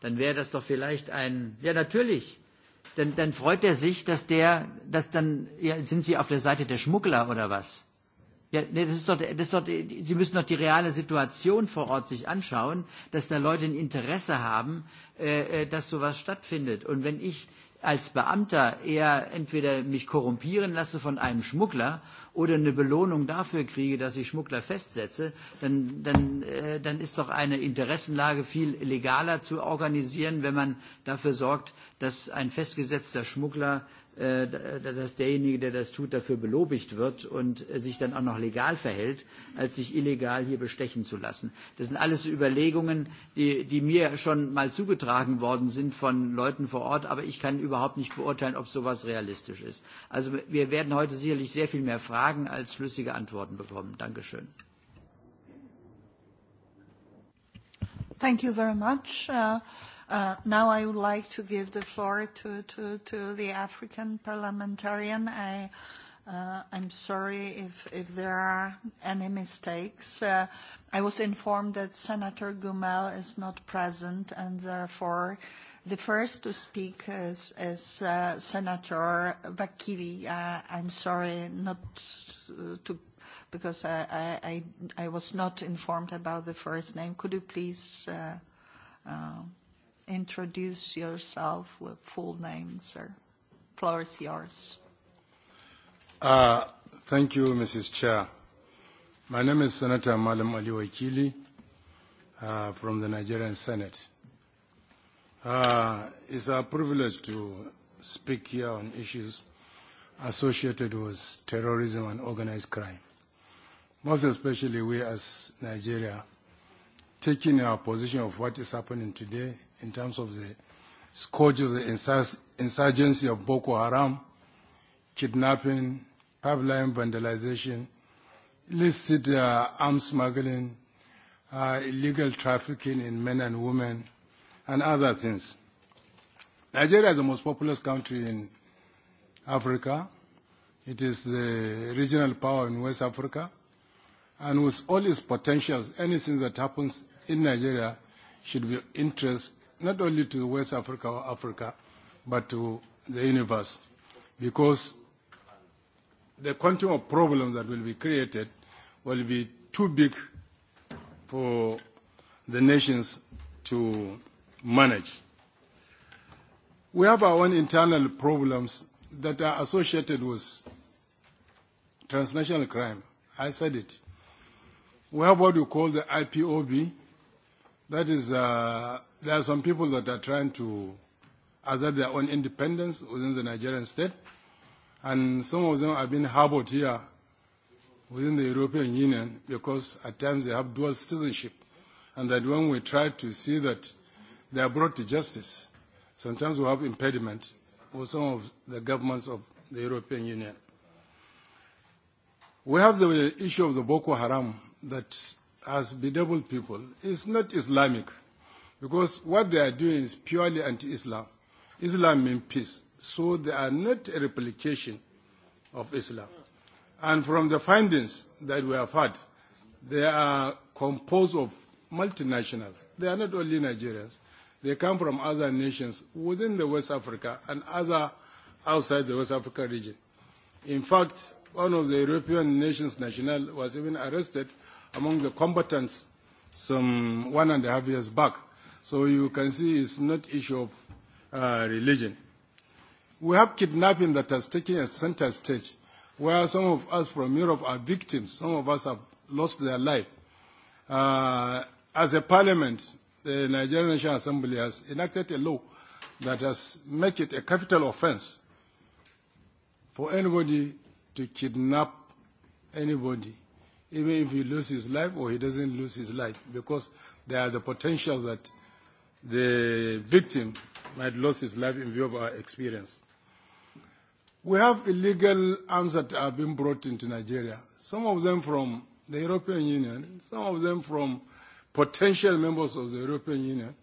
Dann wäre das doch vielleicht ein, ja natürlich, dann, dann freut er sich, dass der, dass dann, ja, sind Sie auf der Seite der Schmuggler oder was? Ja, nee, das ist doch, das ist doch, Sie müssen doch die reale Situation vor Ort sich anschauen, dass da Leute ein Interesse haben, äh, äh, dass sowas stattfindet. Und wenn ich als Beamter eher entweder mich korrumpieren lasse von einem Schmuggler oder eine Belohnung dafür kriege, dass ich Schmuggler festsetze, dann, dann, äh, dann ist doch eine Interessenlage viel legaler zu organisieren, wenn man dafür sorgt, dass ein festgesetzter Schmuggler Äh, dass derjenige, der das tut, dafür belobigt wird und äh, sich dann auch noch legal verhält, als sich illegal hier bestechen zu lassen. Das sind alles Überlegungen, die, mir schon mal zugetragen worden sind von Leuten vor Ort, aber ich kann überhaupt nicht beurteilen, ob sowas realistisch ist. Also wir werden heute sicherlich sehr viel mehr Fragen als schlüssige Antworten bekommen. Dankeschön. Thank you very much. Uh, Uh, now I would like to give the floor to, to, to the African parliamentarian. I, uh, I'm sorry if, if there are any mistakes. Uh, I was informed that Senator Gumel is not present, and therefore, the first to speak is, is uh, Senator Uh I'm sorry not to because I, I, I was not informed about the first name. Could you please introduce yourself with full name, sir. Floor is yours. Uh, thank you, Mrs. Chair. My name is Senator Malam Ali Wakili uh, from the Nigerian Senate. Uh, it's a privilege to speak here on issues associated with terrorism and organized crime. Most especially we as Nigeria, taking our position of what is happening today in terms of the scourge of the insurgency of Boko Haram, kidnapping, pipeline vandalization, illicit uh, arms smuggling, uh, illegal trafficking in men and women, and other things. Nigeria is the most populous country in Africa. It is the regional power in West Africa. And with all its potentials, anything that happens in Nigeria should be interest not only to West Africa or Africa, but to the universe, because the quantum of problems that will be created will be too big for the nations to manage. We have our own internal problems that are associated with transnational crime. I said it. We have what we call the IPOB, That is, uh, there are some people that are trying to assert their own independence within the Nigerian state, and some of them have been harbored here within the European Union because at times they have dual citizenship, and that when we try to see that they are brought to justice, sometimes we have impediment for some of the governments of the European Union. We have the issue of the Boko Haram that as Bidabul people is not Islamic because what they are doing is purely anti-Islam. Islam means peace. So they are not a replication of Islam. And from the findings that we have had, they are composed of multinationals. They are not only Nigerians. They come from other nations within the West Africa and other outside the West Africa region. In fact, one of the European nations national was even arrested among the combatants some one and a half years back. So you can see it's not issue of uh, religion. We have kidnapping that has taken a center stage where some of us from Europe are victims. Some of us have lost their life. Uh, as a parliament, the Nigerian National Assembly has enacted a law that has made it a capital offense for anybody to kidnap anybody even if he loses his life or he doesn't lose his life, because there are the potential that the victim might lose his life in view of our experience. We have illegal arms that are being brought into Nigeria, some of them from the European Union, some of them from potential members of the European Union.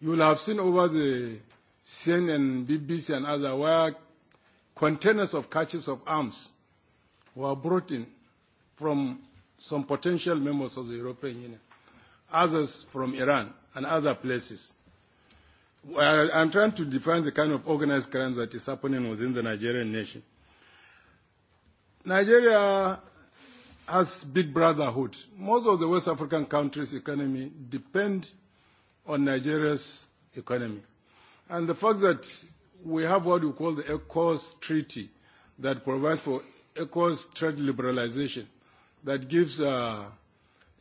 You will have seen over the CNN, BBC and other where containers of catches of arms were brought in from some potential members of the European Union, others from Iran and other places. I'm trying to define the kind of organized crime that is happening within the Nigerian nation. Nigeria has big brotherhood. Most of the West African countries' economy depend on Nigeria's economy. And the fact that we have what we call the ECOWAS Treaty that provides for ECOWAS trade liberalization that gives uh,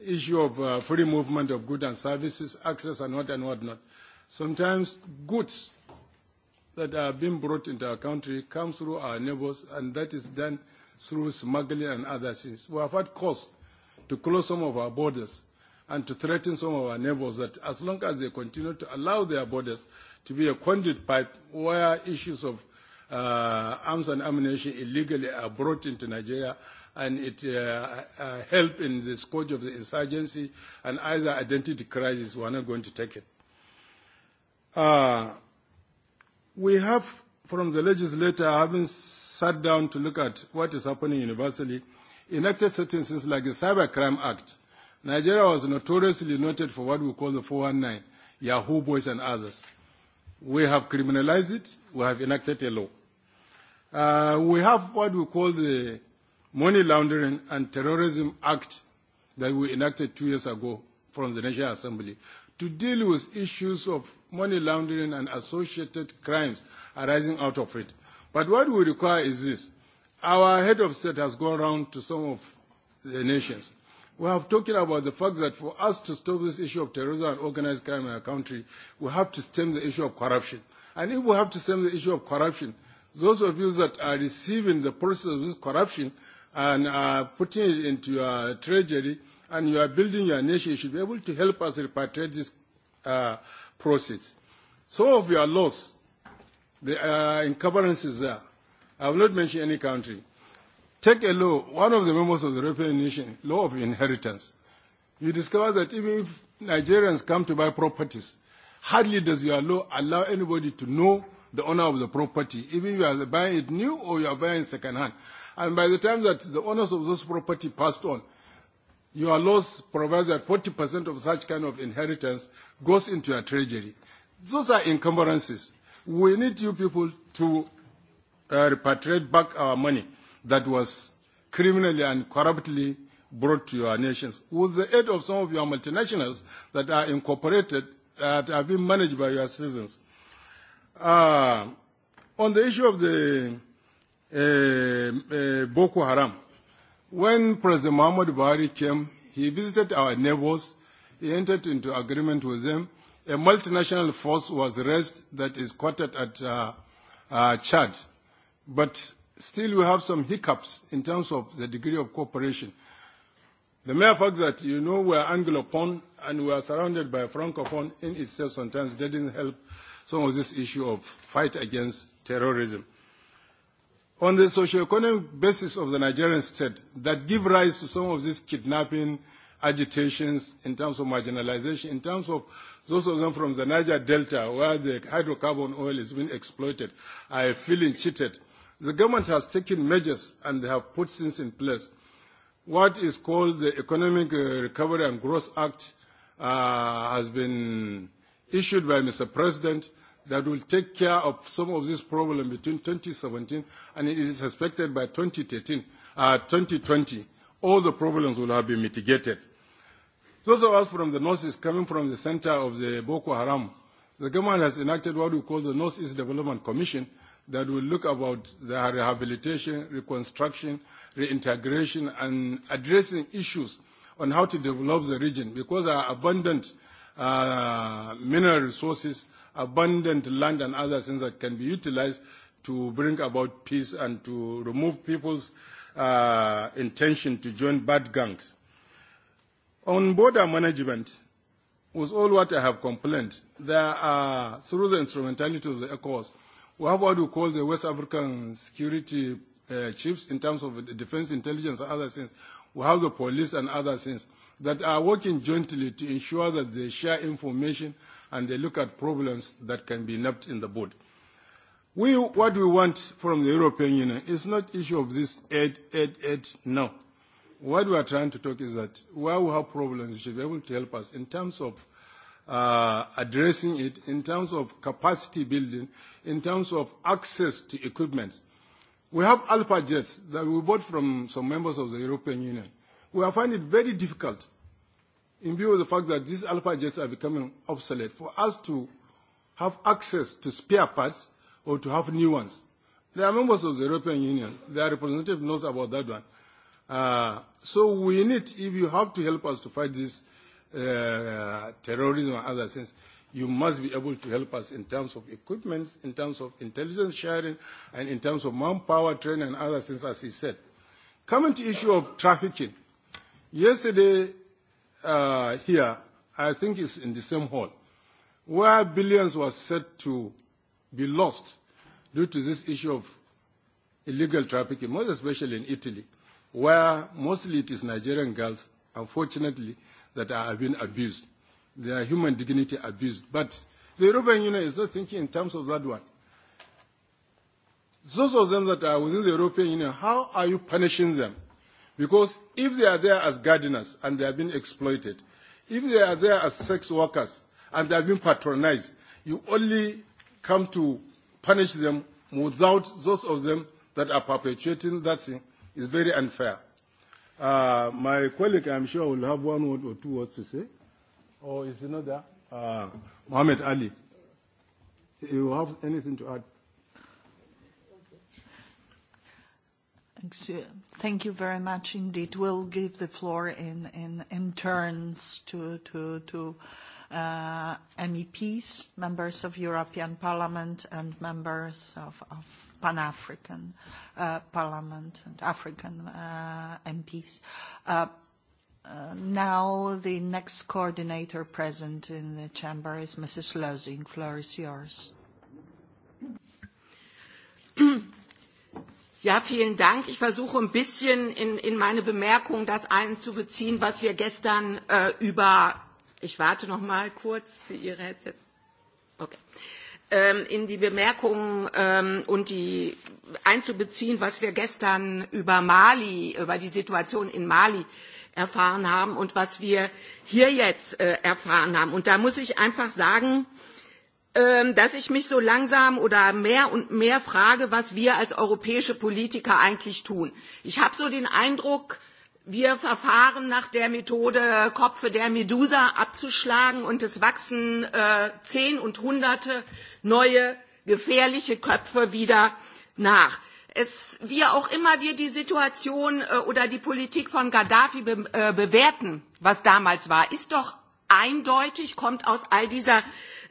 issue of uh, free movement of goods and services, access and what and what not. Sometimes goods that are being brought into our country come through our neighbors, and that is done through smuggling and other things. We have had cause to close some of our borders and to threaten some of our neighbors that as long as they continue to allow their borders to be a conduit pipe where issues of uh, arms and ammunition illegally are brought into Nigeria and it uh, uh, help in the scourge of the insurgency and either identity crisis, we are not going to take it. Uh, we have, from the legislature having sat down to look at what is happening universally, enacted certain things like the Cybercrime Act. Nigeria was notoriously noted for what we call the 419, Yahoo Boys and others. We have criminalized it. We have enacted a law. Uh, we have what we call the Money Laundering and Terrorism Act that we enacted two years ago from the National Assembly to deal with issues of money laundering and associated crimes arising out of it. But what we require is this. Our head of state has gone around to some of the nations. We have talked about the fact that for us to stop this issue of terrorism and organized crime in our country, we have to stem the issue of corruption. And if we have to stem the issue of corruption, those of you that are receiving the process of this corruption and uh, putting it into your treasury and you are building your nation, you should be able to help us repatriate this uh, process. Some of your laws, the uh, encumbrances there, I will not mention any country. Take a law, one of the members of the European nation, law of inheritance. You discover that even if Nigerians come to buy properties, hardly does your law allow anybody to know the owner of the property, even if you are buying it new or you are buying second hand. And by the time that the owners of those property passed on, your laws provide that 40% of such kind of inheritance goes into your treasury. Those are encumbrances. We need you people to uh, repatriate back our money that was criminally and corruptly brought to your nations. With the aid of some of your multinationals that are incorporated, that have been managed by your citizens. Uh, on the issue of the Eh, eh, Boko Haram. When President Muhammad Bari came, he visited our neighbors, he entered into agreement with them. A multinational force was raised that is quartered at uh, uh, Chad. But still we have some hiccups in terms of the degree of cooperation. The mere fact that you know we are Anglophone and we are surrounded by Francophone in itself sometimes didn't help some of this issue of fight against terrorism on the socio economic basis of the Nigerian state that give rise to some of these kidnapping agitations in terms of marginalization, in terms of those of them from the Niger Delta where the hydrocarbon oil is being exploited are feeling cheated. The government has taken measures and they have put things in place. What is called the Economic uh, Recovery and Growth Act uh, has been issued by Mr. President that will take care of some of this problem between 2017 and it is expected by 2013, uh, 2020, all the problems will have been mitigated. Those of us from the north is coming from the center of the Boko Haram. The government has enacted what we call the North East Development Commission that will look about the rehabilitation, reconstruction, reintegration, and addressing issues on how to develop the region because there are abundant uh, mineral resources abundant land and other things that can be utilized to bring about peace and to remove people's uh, intention to join bad gangs. On border management, with all what I have complained, there are, through the instrumentality of the ECOWAS, we have what we call the West African security uh, chiefs in terms of defense intelligence and other things. We have the police and other things that are working jointly to ensure that they share information and they look at problems that can be napped in the board. We, what we want from the European Union is not issue of this aid, aid, aid, no. What we are trying to talk is that where we have problems, you should be able to help us in terms of uh, addressing it, in terms of capacity building, in terms of access to equipment. We have Alpha jets that we bought from some members of the European Union. We have found it very difficult in view of the fact that these alpha jets are becoming obsolete, for us to have access to spare parts or to have new ones. There are members of the European Union. Their representative knows about that one. Uh, so we need, if you have to help us to fight this uh, terrorism and other things, you must be able to help us in terms of equipment, in terms of intelligence sharing, and in terms of manpower training and other things, as he said. Coming to issue of trafficking, yesterday uh, here, I think it's in the same hall, where billions were said to be lost due to this issue of illegal trafficking, most especially in Italy, where mostly it is Nigerian girls, unfortunately, that are being abused. Their human dignity abused. But the European Union is not thinking in terms of that one. Those of them that are within the European Union, how are you punishing them? Because if they are there as gardeners and they are being exploited, if they are there as sex workers and they have been patronized, you only come to punish them without those of them that are perpetuating that thing is very unfair. Uh, my colleague, I'm sure, will have one word or two words to say. Or oh, is he Uh, Mohammed Ali, you have anything to add? Thanks. Uh, thank you very much indeed. We'll give the floor in, in, turns to, uh, MEPs, members of European Parliament, and members of, Pan-African uh, Parliament and African MPs. Now the next coordinator present in the chamber is Mrs. Losing. Floor is yours. Ja, vielen Dank. Ich versuche ein bisschen in, in meine Bemerkung das einzubeziehen, was wir gestern äh, über ich warte noch mal kurz zu Ihrer Headset. Okay. Ähm, in die Bemerkungen ähm, und die einzubeziehen, was wir gestern über Mali, über die Situation in Mali erfahren haben und was wir hier jetzt äh, erfahren haben. Und da muss ich einfach sagen, Ähm, dass ich mich so langsam oder mehr und mehr frage, was wir als europäische Politiker eigentlich tun. Ich habe so den Eindruck, wir verfahren nach der Methode, Kopfe der Medusa abzuschlagen und es wachsen äh, zehn und hunderte neue gefährliche Köpfe wieder nach. Es, wie auch immer wir die Situation äh, oder die Politik von Gaddafi äh, bewerten, was damals war, ist doch eindeutig, kommt aus all dieser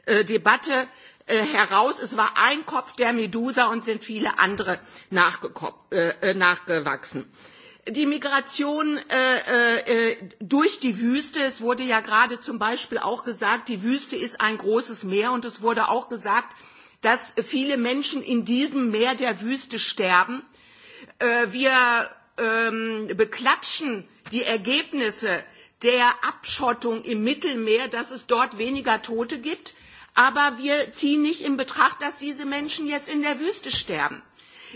Äh, debatte äh, heraus es war ein kopf der medusa und sind viele andere äh, nachgewachsen. die migration durch die wüste es wurde ja gerade zum beispiel auch gesagt die wüste ist ein großes meer und es wurde auch gesagt dass viele menschen in diesem meer der wüste sterben. wir ähm, beklatschen die ergebnisse der abschottung im mittelmeer dass es dort weniger tote gibt aber wir ziehen nicht in betracht dass diese menschen jetzt in der wüste sterben.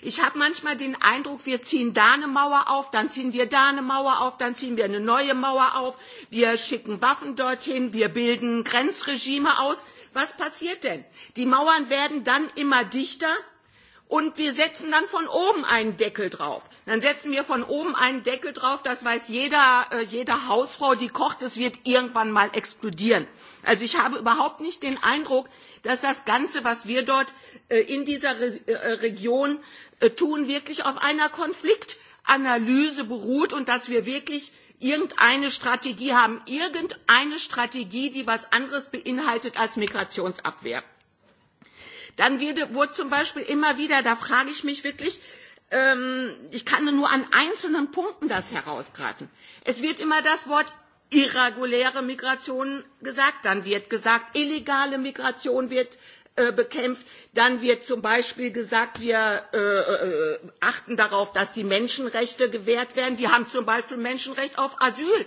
ich habe manchmal den eindruck wir ziehen da eine mauer auf dann ziehen wir da eine mauer auf dann ziehen wir eine neue mauer auf wir schicken waffen dorthin wir bilden grenzregime aus. was passiert denn? die mauern werden dann immer dichter und wir setzen dann von oben einen deckel drauf. dann setzen wir von oben einen deckel drauf das weiß jeder, äh, jede hausfrau die kocht es wird irgendwann mal explodieren Also ich habe überhaupt nicht den Eindruck, dass das Ganze, was wir dort äh, in dieser äh, Region äh, tun, wirklich auf einer Konfliktanalyse beruht und dass wir wirklich irgendeine Strategie haben, irgendeine Strategie, die was anderes beinhaltet als Migrationsabwehr. Dann wird, wurde zum Beispiel immer wieder, da frage ich mich wirklich, ähm, ich kann nur an einzelnen Punkten das herausgreifen. Es wird immer das Wort irreguläre Migration gesagt, dann wird gesagt, illegale Migration wird äh, bekämpft, dann wird zum Beispiel gesagt, wir äh, äh, achten darauf, dass die Menschenrechte gewährt werden. Wir haben zum Beispiel Menschenrecht auf Asyl.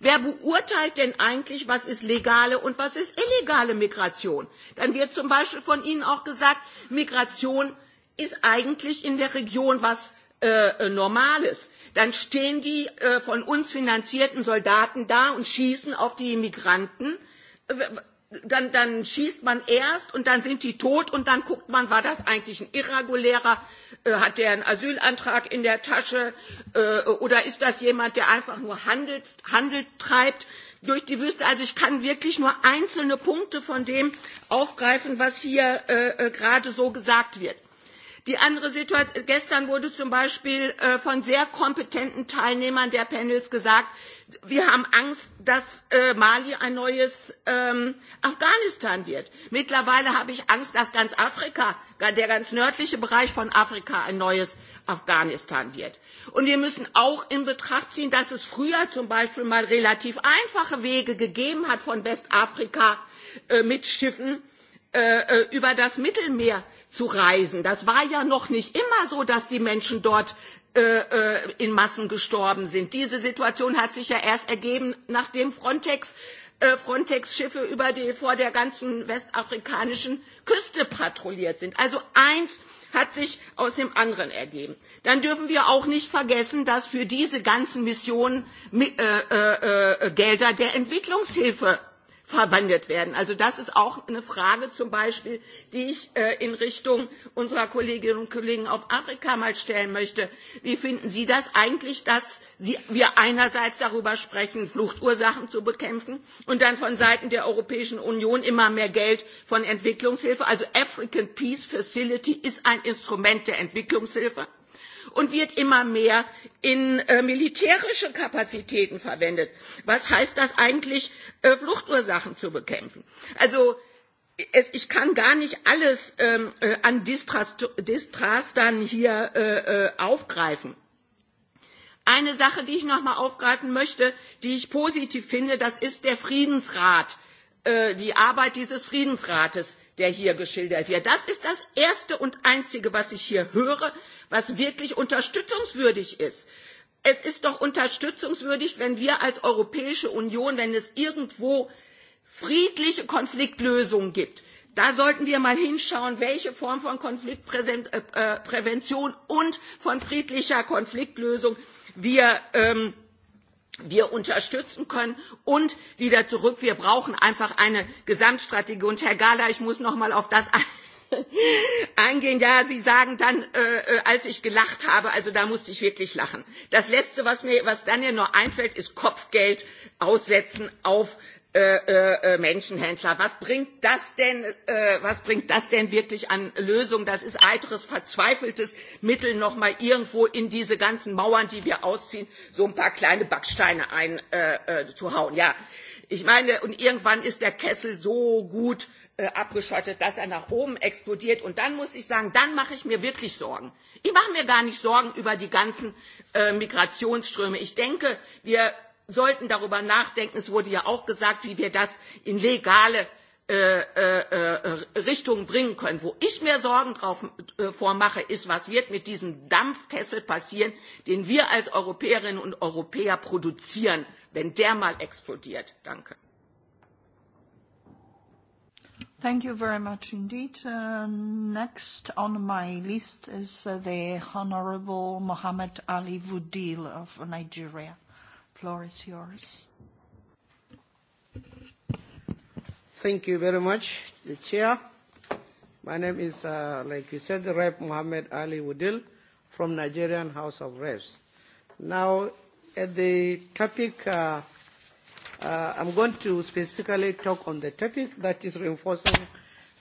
Wer beurteilt denn eigentlich, was ist legale und was ist illegale Migration? Dann wird zum Beispiel von Ihnen auch gesagt, Migration ist eigentlich in der Region was normal äh, Normales, dann stehen die äh, von uns finanzierten Soldaten da und schießen auf die Migranten. Äh, dann, dann schießt man erst und dann sind die tot und dann guckt man, war das eigentlich ein irregulärer, hat der einen Asylantrag in der Tasche oder ist das jemand, der einfach nur Handel, treibt durch die Wüste. Also ich kann wirklich nur einzelne Punkte von dem aufgreifen, was hier gerade so gesagt wird. Die andere Situation, gestern wurde zum Beispiel äh, von sehr kompetenten Teilnehmern der Panels gesagt, wir haben Angst, dass äh, Mali ein neues ähm, Afghanistan wird. Mittlerweile habe ich Angst, dass ganz Afrika, der ganz nördliche Bereich von Afrika ein neues Afghanistan wird. Und wir müssen auch in Betracht ziehen, dass es früher zum Beispiel mal relativ einfache Wege gegeben hat von Westafrika äh, mit Schiffen Äh, äh, über das mittelmeer zu reisen. das war ja noch nicht immer so dass die menschen dort äh, in massen gestorben sind. diese situation hat sich ja erst ergeben nachdem frontex frontex schiffe über die, vor der ganzen westafrikanischen küste patrouilliert sind. also eins hat sich aus dem anderen ergeben. dann dürfen wir auch nicht vergessen dass für diese ganzen missionen gelder der entwicklungshilfe verwandelt werden. Also das ist auch eine Frage zum Beispiel, die ich äh, in Richtung unserer Kolleginnen und Kollegen auf Afrika mal stellen möchte. Wie finden Sie das eigentlich, dass Sie, wir einerseits darüber sprechen, Fluchtursachen zu bekämpfen und dann von Seiten der Europäischen Union immer mehr Geld von Entwicklungshilfe? Also African Peace Facility ist ein Instrument der Entwicklungshilfe und wird immer mehr in äh, militärische Kapazitäten verwendet. Was heißt das eigentlich, äh, Fluchtursachen zu bekämpfen? Also ich kann gar nicht alles ähm, äh, an hier aufgreifen. Eine Sache, die ich noch einmal aufgreifen möchte, die ich positiv finde, das ist der Friedensrat Äh, die Arbeit dieses Friedensrates, der hier geschildert wird. Das ist das Erste und Einzige, was ich hier höre, was wirklich unterstützungswürdig ist. Es ist doch unterstützungswürdig, wenn wir als Europäische Union, wenn es irgendwo friedliche Konfliktlösungen gibt, da sollten wir mal hinschauen, welche Form von Konfliktprävention äh, äh, und von friedlicher Konfliktlösung wir ähm, wir unterstützen können und wieder zurück. Wir brauchen einfach eine Gesamtstrategie. Und Herr Gala, ich muss noch mal auf das eingehen. Ja, Sie sagen dann, äh, äh, als ich gelacht habe, also da musste ich wirklich lachen. Das Letzte, was mir, was dann ja nur einfällt, ist Kopfgeld aussetzen auf Äh, äh, äh, menschenhändler. was bringt das denn was bringt das denn wirklich an lösung? das ist weiteres verzweifeltes mittel noch mal irgendwo in diese ganzen mauern die wir ausziehen so ein paar kleine backsteine einzuhauen. ja ich meine und irgendwann ist der kessel so gut abgeschottet dass er nach oben explodiert und dann muss ich sagen dann mache ich mir wirklich sorgen. ich mache mir gar nicht sorgen über die ganzen migrationsströme. ich denke wir sollten darüber nachdenken es wurde ja auch gesagt wie wir das in legale äh, äh, äh richtungen bringen können. wo ich mir sorgen drauf, äh, vormache ist was wird mit diesem dampfkessel passieren den wir als europäerinnen und europäer produzieren wenn der mal explodiert? danke. Thank you very much uh, next on my list is uh, the Honorable Mohammed Ali Woodil of Nigeria floor is yours. Thank you very much, the Chair. My name is, uh, like you said, Rep. Mohammed Ali Wudil from Nigerian House of Reps. Now, at the topic, uh, uh, I'm going to specifically talk on the topic that is reinforcing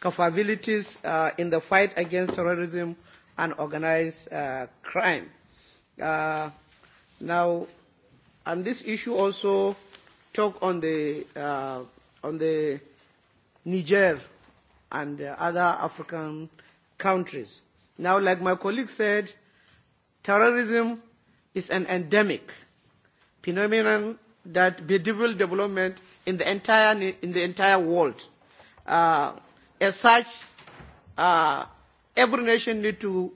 capabilities uh, in the fight against terrorism and organized uh, crime. Uh, now, And this issue also took on the, uh, on the Niger and other African countries. Now, like my colleague said, terrorism is an endemic phenomenon that bedevils development in the entire, in the entire world. Uh, as such, uh, every nation needs to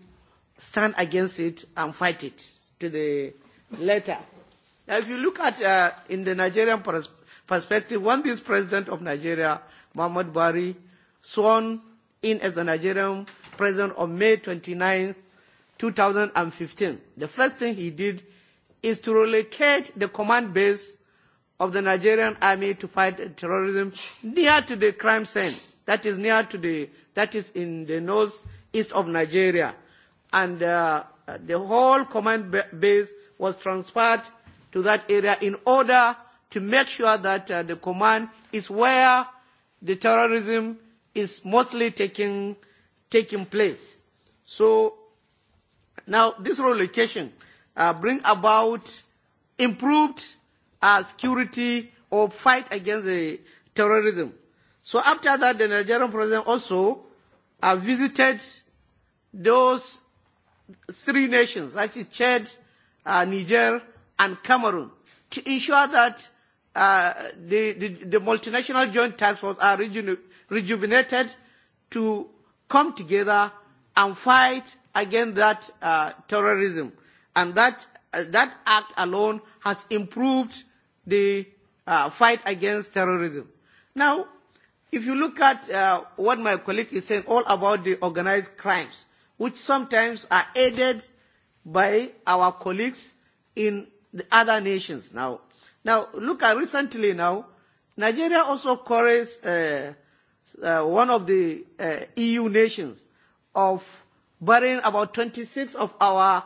stand against it and fight it to the letter Now, if you look at uh, in the Nigerian pers perspective, when this president of Nigeria, Muhammad Bari, sworn in as the Nigerian president on May 29, 2015, the first thing he did is to relocate the command base of the Nigerian army to fight terrorism near to the crime scene. That is near to the, that is in the north east of Nigeria. And uh, the whole command base was transferred to that area in order to make sure that uh, the command is where the terrorism is mostly taking, taking place. So now this relocation uh, bring about improved uh, security or fight against the terrorism. So after that, the Nigerian president also uh, visited those three nations, that is Chad, uh, Niger, and Cameroon to ensure that uh, the, the, the multinational joint task force are reju rejuvenated to come together and fight against that uh, terrorism. And that, uh, that act alone has improved the uh, fight against terrorism. Now, if you look at uh, what my colleague is saying all about the organized crimes, which sometimes are aided by our colleagues in the other nations now. Now, look at recently now, Nigeria also carries uh, uh, one of the uh, EU nations of burying about 26 of our,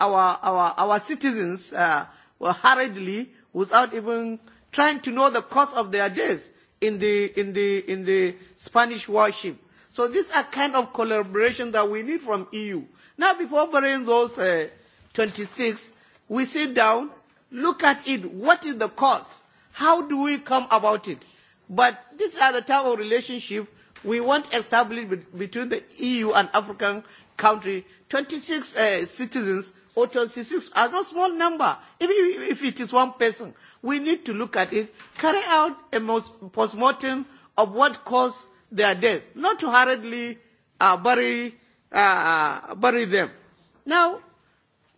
our, our, our citizens uh, were hurriedly without even trying to know the cause of their deaths in the, in the, in the Spanish warship. So these are kind of collaboration that we need from EU. Now, before burying those uh, 26, we sit down, look at it, what is the cause? How do we come about it? But these are the type of relationship we want established between the EU and African country. 26 uh, citizens or 26 are no small number. Even if it is one person, we need to look at it, carry out a post-mortem of what caused their death, not to hurriedly uh, bury, uh, bury them. Now,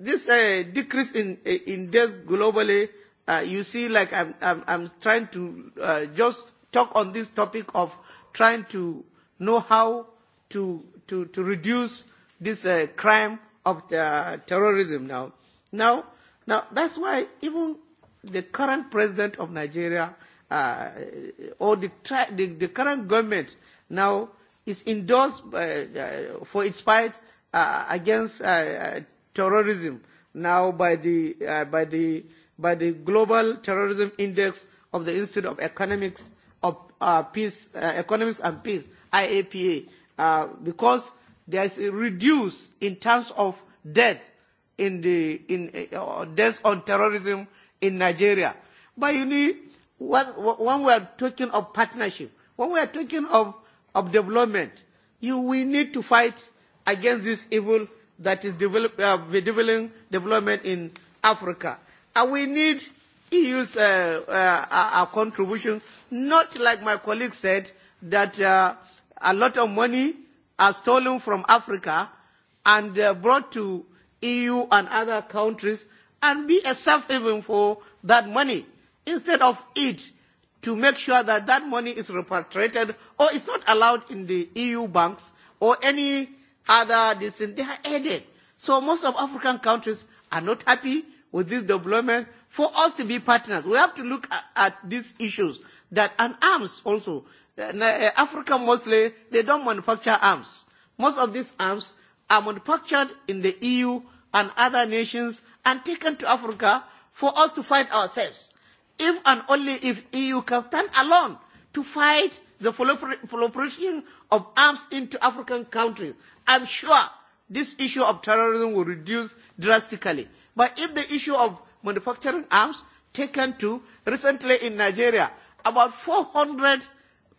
this uh, decrease in, uh, in deaths globally, uh, you see, like I'm, I'm, I'm trying to uh, just talk on this topic of trying to know how to, to, to reduce this uh, crime of the uh, terrorism now. Now, now that's why even the current president of Nigeria uh, or the, the, the current government now is endorsed uh, uh for its fight uh, against uh, terrorism now by the, uh, by the, by the Global Terrorism Index of the Institute of Economics of uh, Peace, uh, Economics and Peace, IAPA, uh, because there is a reduce in terms of death in the in uh, death on terrorism in Nigeria. But you need when, when we are talking of partnership, when we are talking of, of development, you we need to fight against this evil that is develop, uh, development in Africa. And we need EU's uh, uh, our contribution, not like my colleague said, that uh, a lot of money are stolen from Africa and uh, brought to EU and other countries and be a self-even for that money instead of it to make sure that that money is repatriated or is not allowed in the EU banks or any other this and they are added. So most of African countries are not happy with this development. For us to be partners, we have to look at, at these issues that and arms also. Uh, Africa mostly they don't manufacture arms. Most of these arms are manufactured in the EU and other nations and taken to Africa for us to fight ourselves. If and only if EU can stand alone to fight the proliferation of arms into African countries. I'm sure this issue of terrorism will reduce drastically. But if the issue of manufacturing arms taken to recently in Nigeria, about 400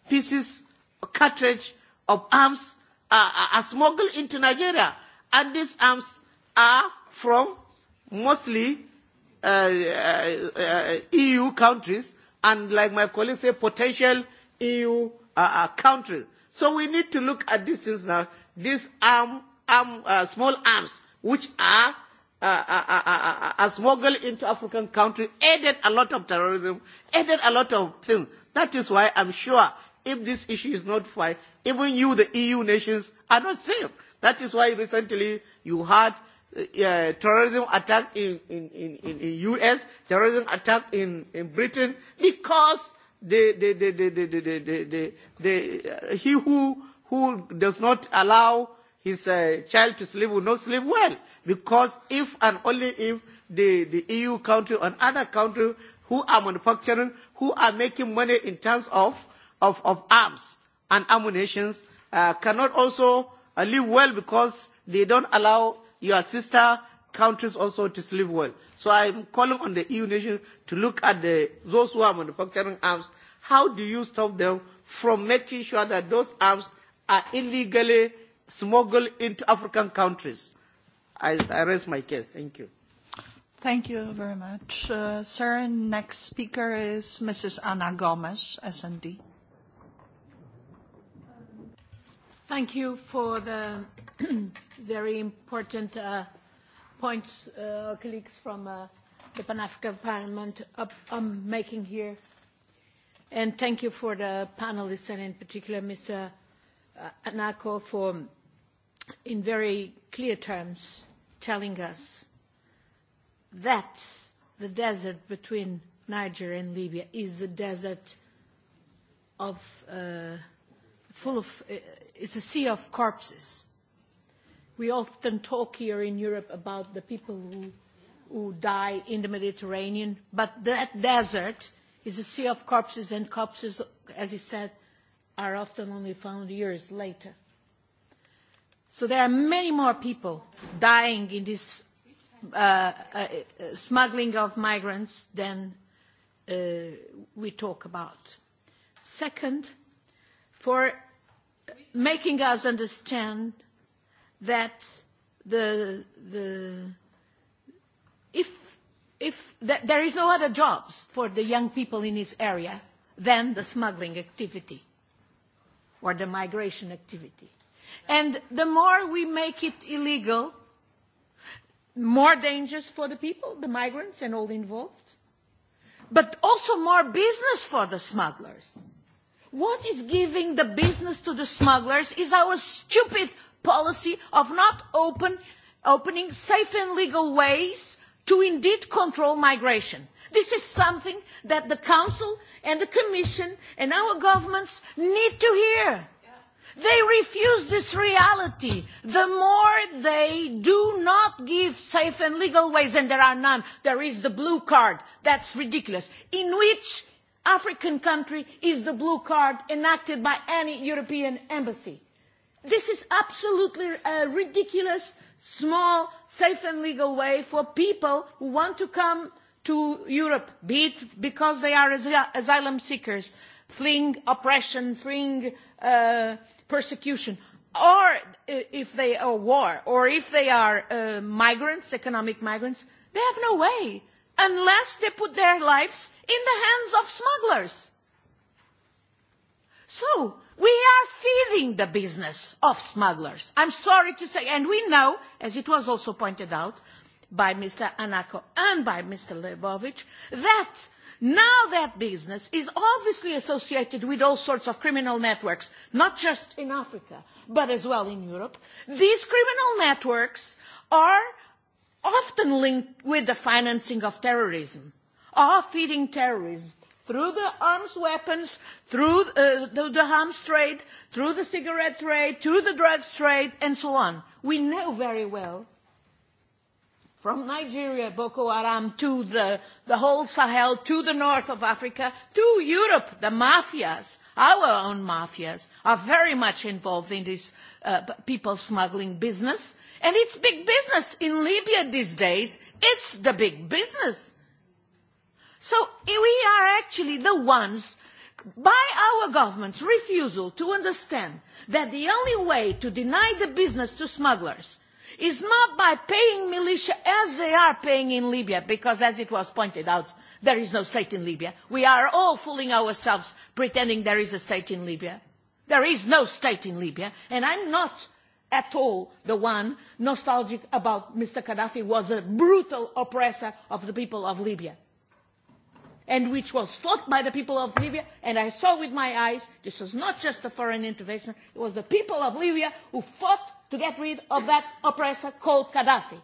pieces of cartridge of arms are, are smuggled into Nigeria. And these arms are from mostly uh, uh, uh, EU countries and like my colleague said, potential EU uh, uh countries. So we need to look at these things now, these arm, arm, uh, small arms, which are, uh, uh, uh, are uh, uh, smuggled into African countries, added a lot of terrorism, added a lot of things. That is why I'm sure if this issue is not fine, even you, the EU nations, are not safe. That is why recently you had uh, terrorism attack in, in, in, in US, terrorism attack in, in Britain, because the, the, the, the, the, the, the, the, the, he who, who does not allow his uh, child to sleep will not sleep well. Because if and only if the, the EU country and other country who are manufacturing, who are making money in terms of, of, of arms and ammunition, uh, cannot also uh, live well because they don't allow your sister countries also to sleep well. So I'm calling on the EU nation to look at the, those who are manufacturing arms. How do you stop them from making sure that those arms are illegally smuggled into African countries? I, I raise my case. Thank you. Thank you very much, uh, sir. Next speaker is Mrs. Ana Gomez, SND. Thank you for the very important uh, points our uh, colleagues from uh, the Pan African Parliament are um, making here. And thank you for the panelists and in particular Mr. Uh, Anako for in very clear terms telling us that the desert between Niger and Libya is a desert of full of, uh, it's a sea of corpses we often talk here in Europe about the people who, who die in the Mediterranean, but that desert is a sea of corpses, and corpses, as you said, are often only found years later. So there are many more people dying in this uh, uh, uh smuggling of migrants than uh, we talk about. Second, for making us understand that the, the if, if th there is no other jobs for the young people in this area than the smuggling activity or the migration activity. And the more we make it illegal, more dangerous for the people, the migrants and all involved, but also more business for the smugglers. What is giving the business to the smugglers is our stupid policy of not open, opening safe and legal ways to indeed control migration. This is something that the Council and the Commission and our governments need to hear. They refuse this reality. The more they do not give safe and legal ways, and there are none, there is the blue card. That's ridiculous. In which African country is the blue card enacted by any European embassy? This is absolutely a uh, ridiculous, small, safe and legal way for people who want to come to Europe, be it because they are asylum seekers, fleeing oppression, fleeing uh, persecution, or if they are war, or if they are uh, migrants, economic migrants, they have no way unless they put their lives in the hands of smugglers. So, We are feeding the business of smugglers. I'm sorry to say, and we know, as it was also pointed out by Mr. Anako and by Mr. Lebovich, that now that business is obviously associated with all sorts of criminal networks, not just in Africa, but as well in Europe. These criminal networks are often linked with the financing of terrorism, or feeding terrorism through the arms weapons, through uh, the, the arms trade, through the cigarette trade, to the drugs trade, and so on. We know very well from Nigeria, Boko Haram, to the, the whole Sahel, to the north of Africa, to Europe, the mafias, our own mafias, are very much involved in this uh, people smuggling business. And it's big business. In Libya these days, it's the big business So we are actually the ones by our government's refusal to understand that the only way to deny the business to smugglers is not by paying militia as they are paying in Libya, because as it was pointed out, there is no state in Libya. We are all fooling ourselves pretending there is a state in Libya. There is no state in Libya, and I'm not at all the one nostalgic about Mr. Gaddafi was a brutal oppressor of the people of Libya and which was fought by the people of Libya, and I saw with my eyes, this was not just a foreign intervention, it was the people of Libya who fought to get rid of that oppressor called Gaddafi.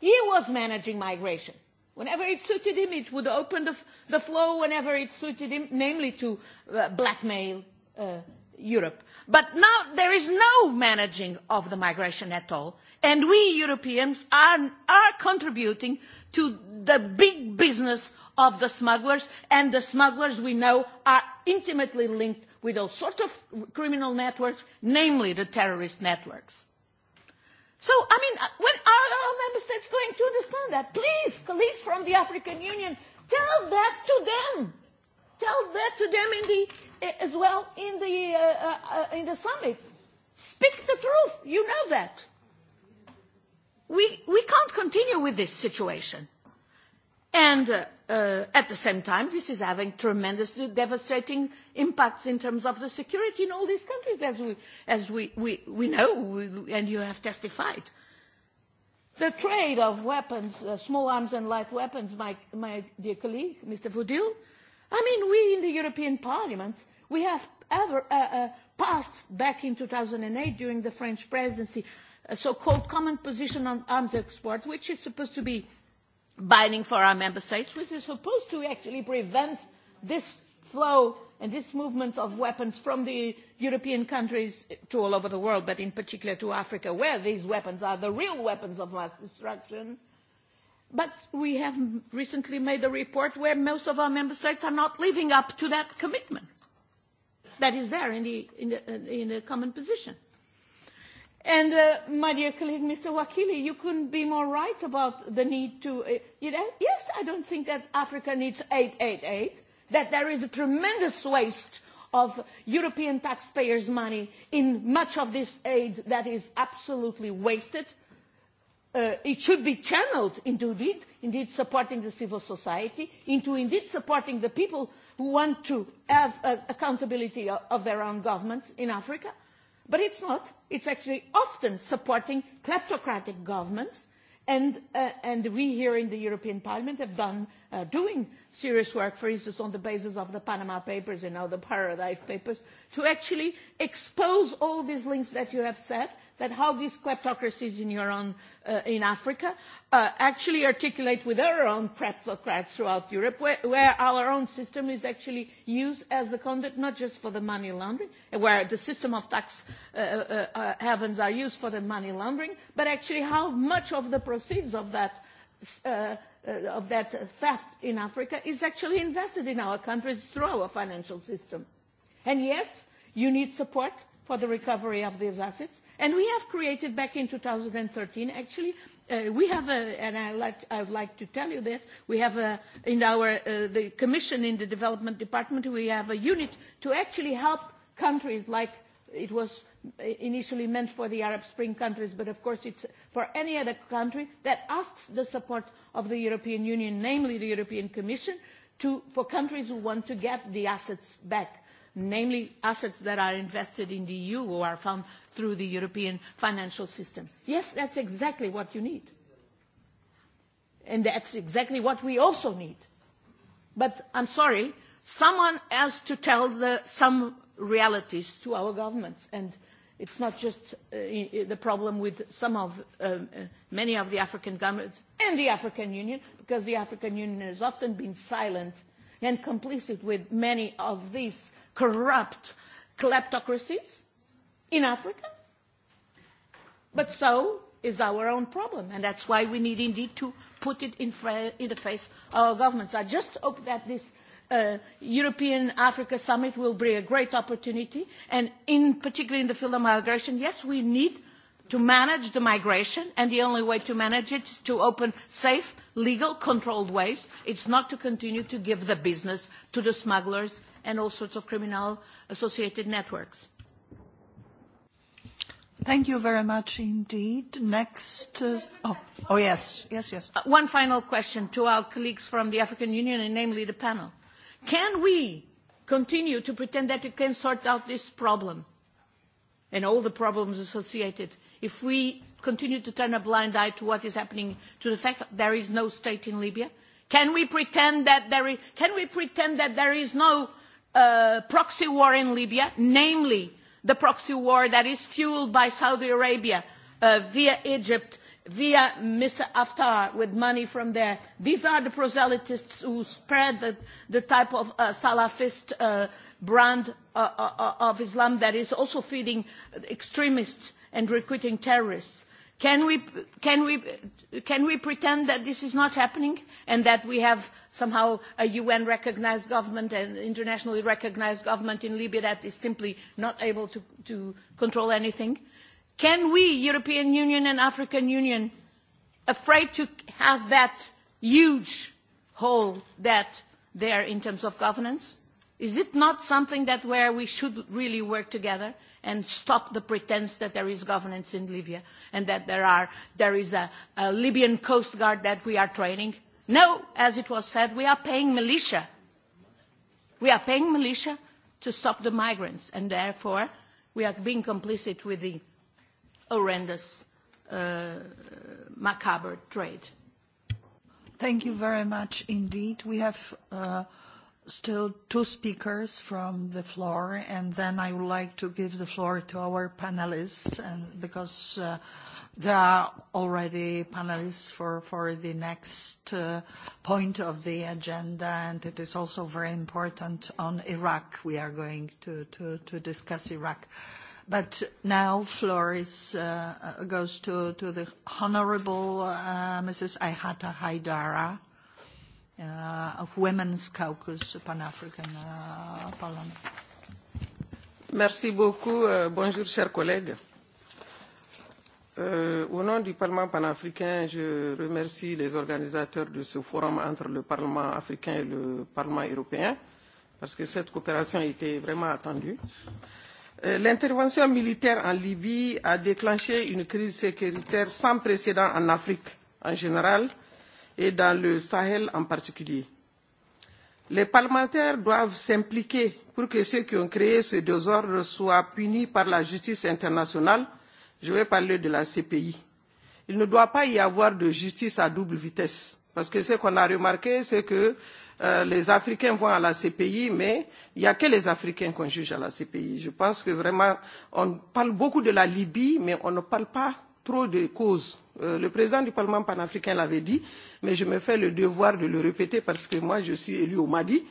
He was managing migration. Whenever it suited him, it would open the, the flow whenever it suited him, namely to uh, blackmail uh, Europe. But now there is no managing of the migration at all, and we Europeans are, are contributing to the big business of the smugglers and the smugglers we know are intimately linked with all sorts of criminal networks, namely the terrorist networks. So, I mean, uh, when are our member states going to understand that? Please, colleagues from the African Union, tell that to them. Tell that to them in the, eh, as well in the, uh, uh, in the summit. Speak the truth. You know that we, we can't continue with this situation. And uh, uh, at the same time, this is having tremendously devastating impacts in terms of the security in all these countries, as we, as we, we, we know, and you have testified. The trade of weapons, uh, small arms and light weapons, my, my dear colleague, Mr. Voudil, I mean, we in the European Parliament, we have ever uh, uh, passed back in 2008 during the French presidency a so-called common position on arms export, which is supposed to be binding for our member states, which is supposed to actually prevent this flow and this movement of weapons from the European countries to all over the world, but in particular to Africa, where these weapons are the real weapons of mass destruction. But we have recently made a report where most of our member states are not living up to that commitment that is there in the, in the, in the common position. And uh, my dear colleague, Mr. Wakili, you couldn't be more right about the need to... Uh, yes, I don't think that Africa needs 888, that there is a tremendous waste of European taxpayers' money in much of this aid that is absolutely wasted. Uh, it should be channeled into indeed, supporting the civil society, into indeed supporting the people who want to have accountability of their own governments in Africa But it's not. It's actually often supporting kleptocratic governments and, uh, and we here in the European Parliament have done uh, doing serious work, for instance, on the basis of the Panama Papers and now the Paradise Papers, to actually expose all these links that you have said that how these kleptocracies in your own uh, in Africa uh, actually articulate with our own kleptocrats throughout Europe, where, where our own system is actually used as a conduit not just for the money laundering, where the system of tax uh, uh, uh, havens are used for the money laundering, but actually how much of the proceeds of that uh, uh, of that theft in Africa is actually invested in our countries through our financial system. And yes, you need support for the recovery of these assets. And we have created back in 2013, actually, uh, we have a, and I, like, I would like to tell you this we have a, in our, uh, the commission in the development department, we have a unit to actually help countries like it was initially meant for the Arab Spring countries, but of course it's for any other country that asks the support of the European Union, namely the European Commission, to, for countries who want to get the assets back namely assets that are invested in the EU or are found through the European financial system. Yes, that's exactly what you need. And that's exactly what we also need. But I'm sorry, someone has to tell the, some realities to our governments. And it's not just uh, the problem with some of, um, uh, many of the African governments and the African Union, because the African Union has often been silent and complicit with many of these corrupt kleptocracies in Africa. But so is our own problem, and that's why we need indeed to put it in, in the face of our governments. I just hope that this uh, European Africa Summit will bring a great opportunity, and in particular in the field of migration, yes, we need to manage the migration and the only way to manage it is to open safe legal controlled ways it's not to continue to give the business to the smugglers and all sorts of criminal associated networks. Thank you very much indeed. Next, uh, oh, oh yes, yes, yes. Uh, one final question to our colleagues from the African Union and namely the panel. Can we continue to pretend that we can sort out this problem and all the problems associated if we continue to turn a blind eye to what is happening to the fact that there is no state in Libya? Can we pretend that there is, can we pretend that there is no a uh, proxy war in libya namely the proxy war that is fueled by saudi arabia uh, via egypt via mr Aftar with money from there these are the proselytists who spread the, type of uh, salafist brand of islam that is also feeding extremists and recruiting terrorists Can we, pretend that this is not happening and that we have somehow a un recognised government and internationally recognised government in libya that is simply not able to, to control anything? can we european union and african union afraid to have that huge hole that there in terms of governance? is it not something that where we should really work together? and stop the pretense that there is governance in Libya and that there, are, there is a, a Libyan coast guard that we are training. No, as it was said, we are paying militia. We are paying militia to stop the migrants and therefore we are being complicit with the horrendous uh, macabre trade. Thank you very much indeed. We have uh, still two speakers from the floor, and then I would like to give the floor to our panelists, and because uh, there are already panelists for, for the next uh, point of the agenda, and it is also very important on Iraq. We are going to, to, to discuss Iraq. But now floor is, uh, goes to, to the Honorable Mrs. Ayhata Haidara Uh, of Women's Caucus Pan-African uh, Parliament. Merci beaucoup. Euh, bonjour, chers collègues. Euh, au nom du Parlement panafricain, je remercie les organisateurs de ce forum entre le Parlement africain et le Parlement européen, parce que cette coopération était vraiment attendue. Euh, l'intervention militaire en Libye a déclenché une crise sécuritaire sans précédent en Afrique en général, et dans le Sahel en particulier. Les parlementaires doivent s'impliquer pour que ceux qui ont créé ce désordre soient punis par la justice internationale. Je vais parler de la CPI. Il ne doit pas y avoir de justice à double vitesse. Parce que ce qu'on a remarqué, c'est que euh, les Africains vont à la CPI, mais il n'y a que les Africains qu'on juge à la CPI. Je pense que vraiment, on parle beaucoup de la Libye, mais on ne parle pas trop de causes. Euh, le président du Parlement panafricain l'avait dit, mais je me fais le devoir de le répéter parce que moi je suis élu au Mali,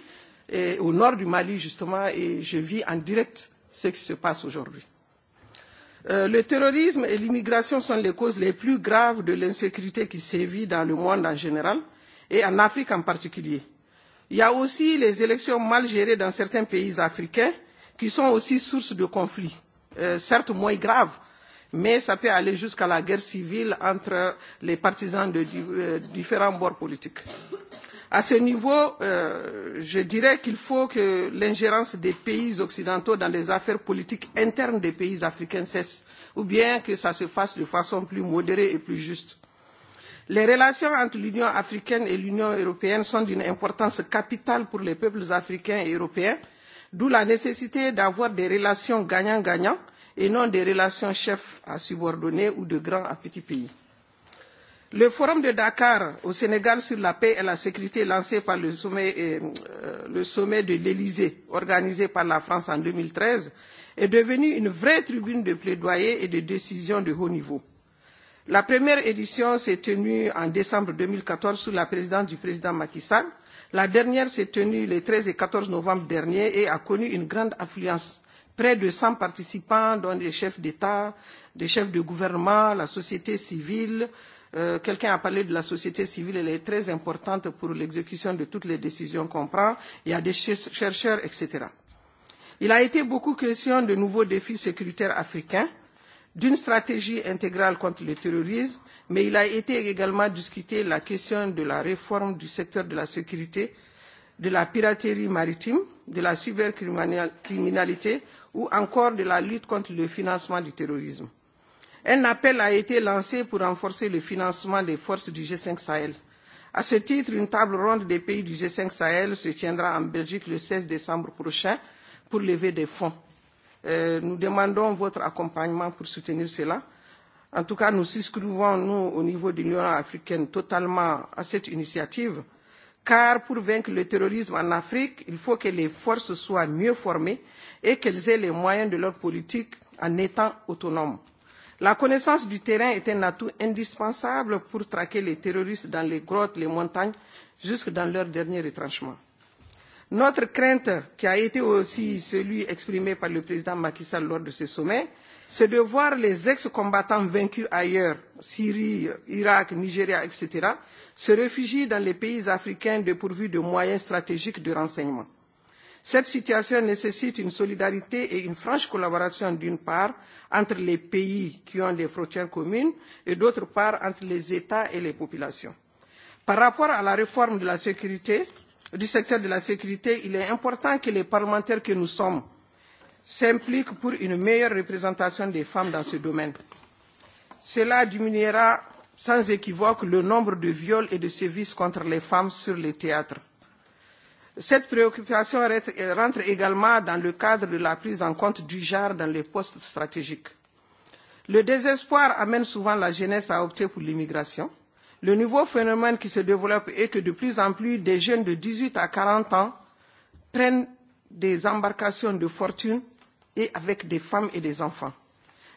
et au nord du Mali justement, et je vis en direct ce qui se passe aujourd'hui. Euh, le terrorisme et l'immigration sont les causes les plus graves de l'insécurité qui sévit dans le monde en général et en Afrique en particulier. Il y a aussi les élections mal gérées dans certains pays africains qui sont aussi sources de conflits, euh, certes moins graves, mais ça peut aller jusqu'à la guerre civile entre les partisans de euh, différents bords politiques. À ce niveau, euh, je dirais qu'il faut que l'ingérence des pays occidentaux dans les affaires politiques internes des pays africains cesse, ou bien que ça se fasse de façon plus modérée et plus juste. Les relations entre l'Union africaine et l'Union européenne sont d'une importance capitale pour les peuples africains et européens, d'où la nécessité d'avoir des relations gagnant-gagnant et non des relations chefs à subordonnés ou de grands à petits pays. Le forum de Dakar au Sénégal sur la paix et la sécurité lancé par le sommet, euh, euh le sommet de l'Elysée organisé par la France en 2013 est devenu une vraie tribune de plaidoyer et de décision de haut niveau. La première édition s'est tenue en décembre 2014 sous la présidence du président Macky Sall. La dernière s'est tenue les 13 et 14 novembre dernier et a connu une grande affluence près de 100 participants, dont des chefs d'État, des chefs de gouvernement, la société civile. Euh, Quelqu'un a parlé de la société civile, elle est très importante pour l'exécution de toutes les décisions qu'on prend. Il y a des chercheurs, etc. Il a été beaucoup question de nouveaux défis sécuritaires africains, d'une stratégie intégrale contre le terrorisme, mais il a été également discuté la question de la réforme du secteur de la sécurité de la piraterie maritime, de la cybercriminalité ou encore de la lutte contre le financement du terrorisme. Un appel a été lancé pour renforcer le financement des forces du G5 Sahel. À ce titre, une table ronde des pays du G5 Sahel se tiendra en Belgique le 16 décembre prochain pour lever des fonds. Euh, nous demandons votre accompagnement pour soutenir cela. En tout cas, nous souscrivons, nous, au niveau de l'Union africaine, totalement à cette initiative car pour vaincre le terrorisme en Afrique, il faut que les forces soient mieux formées et qu'elles aient les moyens de leur politique en étant autonomes. La connaissance du terrain est un atout indispensable pour traquer les terroristes dans les grottes, les montagnes, jusque dans leur dernier retranchement. Notre crainte, qui a été aussi celui exprimé par le président Macky Sall lors de ce sommet, c'est de voir les ex-combattants vaincus ailleurs, Syrie, Irak, Nigeria, etc., se réfugier dans les pays africains dépourvus de moyens stratégiques de renseignement. Cette situation nécessite une solidarité et une franche collaboration d'une part entre les pays qui ont des frontières communes et d'autre part entre les États et les populations. Par rapport à la réforme de la sécurité, du secteur de la sécurité, il est important que les parlementaires que nous sommes s'implique pour une meilleure représentation des femmes dans ce domaine. Cela diminuera sans équivoque le nombre de viols et de sévices contre les femmes sur les théâtres. Cette préoccupation rentre également dans le cadre de la prise en compte du genre dans les postes stratégiques. Le désespoir amène souvent la jeunesse à opter pour l'immigration. Le nouveau phénomène qui se développe est que de plus en plus des jeunes de 18 à 40 ans prennent des embarcations de fortune et avec des femmes et des enfants.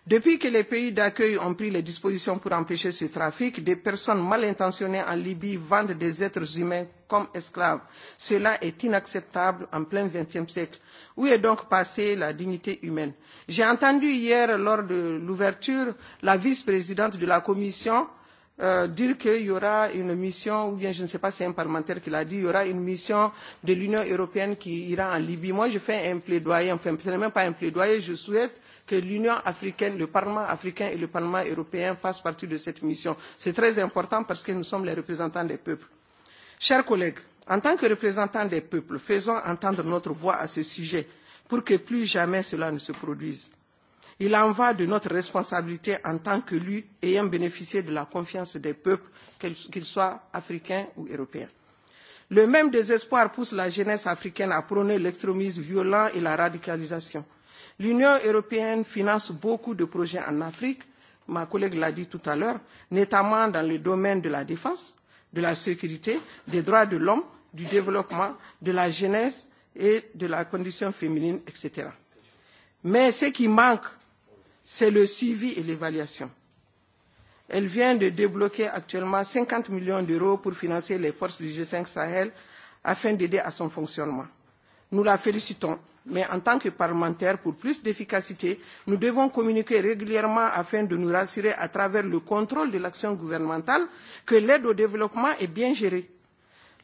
Depuis que les pays d'accueil ont pris les dispositions pour empêcher ce trafic, des personnes mal intentionnées en Libye vendent des êtres humains comme esclaves. Cela est inacceptable en plein XXe siècle. Où est donc passée la dignité humaine J'ai entendu hier, lors de l'ouverture, la vice-présidente de la Commission euh, dire qu'il y aura une mission, ou bien je ne sais pas, si c'est un parlementaire qui l'a dit, il y aura une mission de l'Union européenne qui ira en Libye. Moi, je fais un plaidoyer, enfin, ce n'est même pas un plaidoyer, je souhaite que l'Union africaine, le Parlement africain et le Parlement européen fassent partie de cette mission. C'est très important parce que nous sommes les représentants des peuples. Chers collègues, en tant que représentants des peuples, faisons entendre notre voix à ce sujet pour que plus jamais cela ne se produise. Il en va de notre responsabilité en tant que lui ayant bénéficié de la confiance des peuples, qu'ils soient africains ou européens. Le même désespoir pousse la jeunesse africaine à prôner l'extrémisme violent et la radicalisation. L'Union européenne finance beaucoup de projets en Afrique, ma collègue l'a dit tout à l'heure, notamment dans le domaine de la défense, de la sécurité, des droits de l'homme, du développement, de la jeunesse et de la condition féminine, etc. Mais ce qui manque c'est le suivi et l'évaluation. Elle vient de débloquer actuellement 50 millions d'euros pour financer les forces du G5 Sahel afin d'aider à son fonctionnement. Nous la félicitons, mais en tant que parlementaires, pour plus d'efficacité, nous devons communiquer régulièrement afin de nous rassurer à travers le contrôle de l'action gouvernementale que l'aide au développement est bien gérée.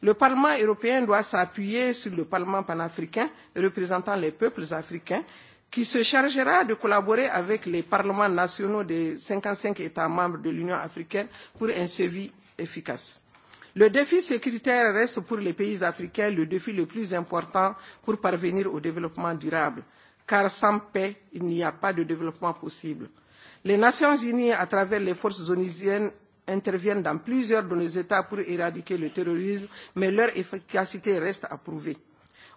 Le Parlement européen doit s'appuyer sur le Parlement panafricain représentant les peuples africains qui se chargera de collaborer avec les parlements nationaux des 55 États membres de l'Union africaine pour un suivi efficace. Le défi sécuritaire reste pour les pays africains le défi le plus important pour parvenir au développement durable, car sans paix, il n'y a pas de développement possible. Les Nations unies, à travers les forces onisiennes, interviennent dans plusieurs de nos États pour éradiquer le terrorisme, mais leur efficacité reste à prouver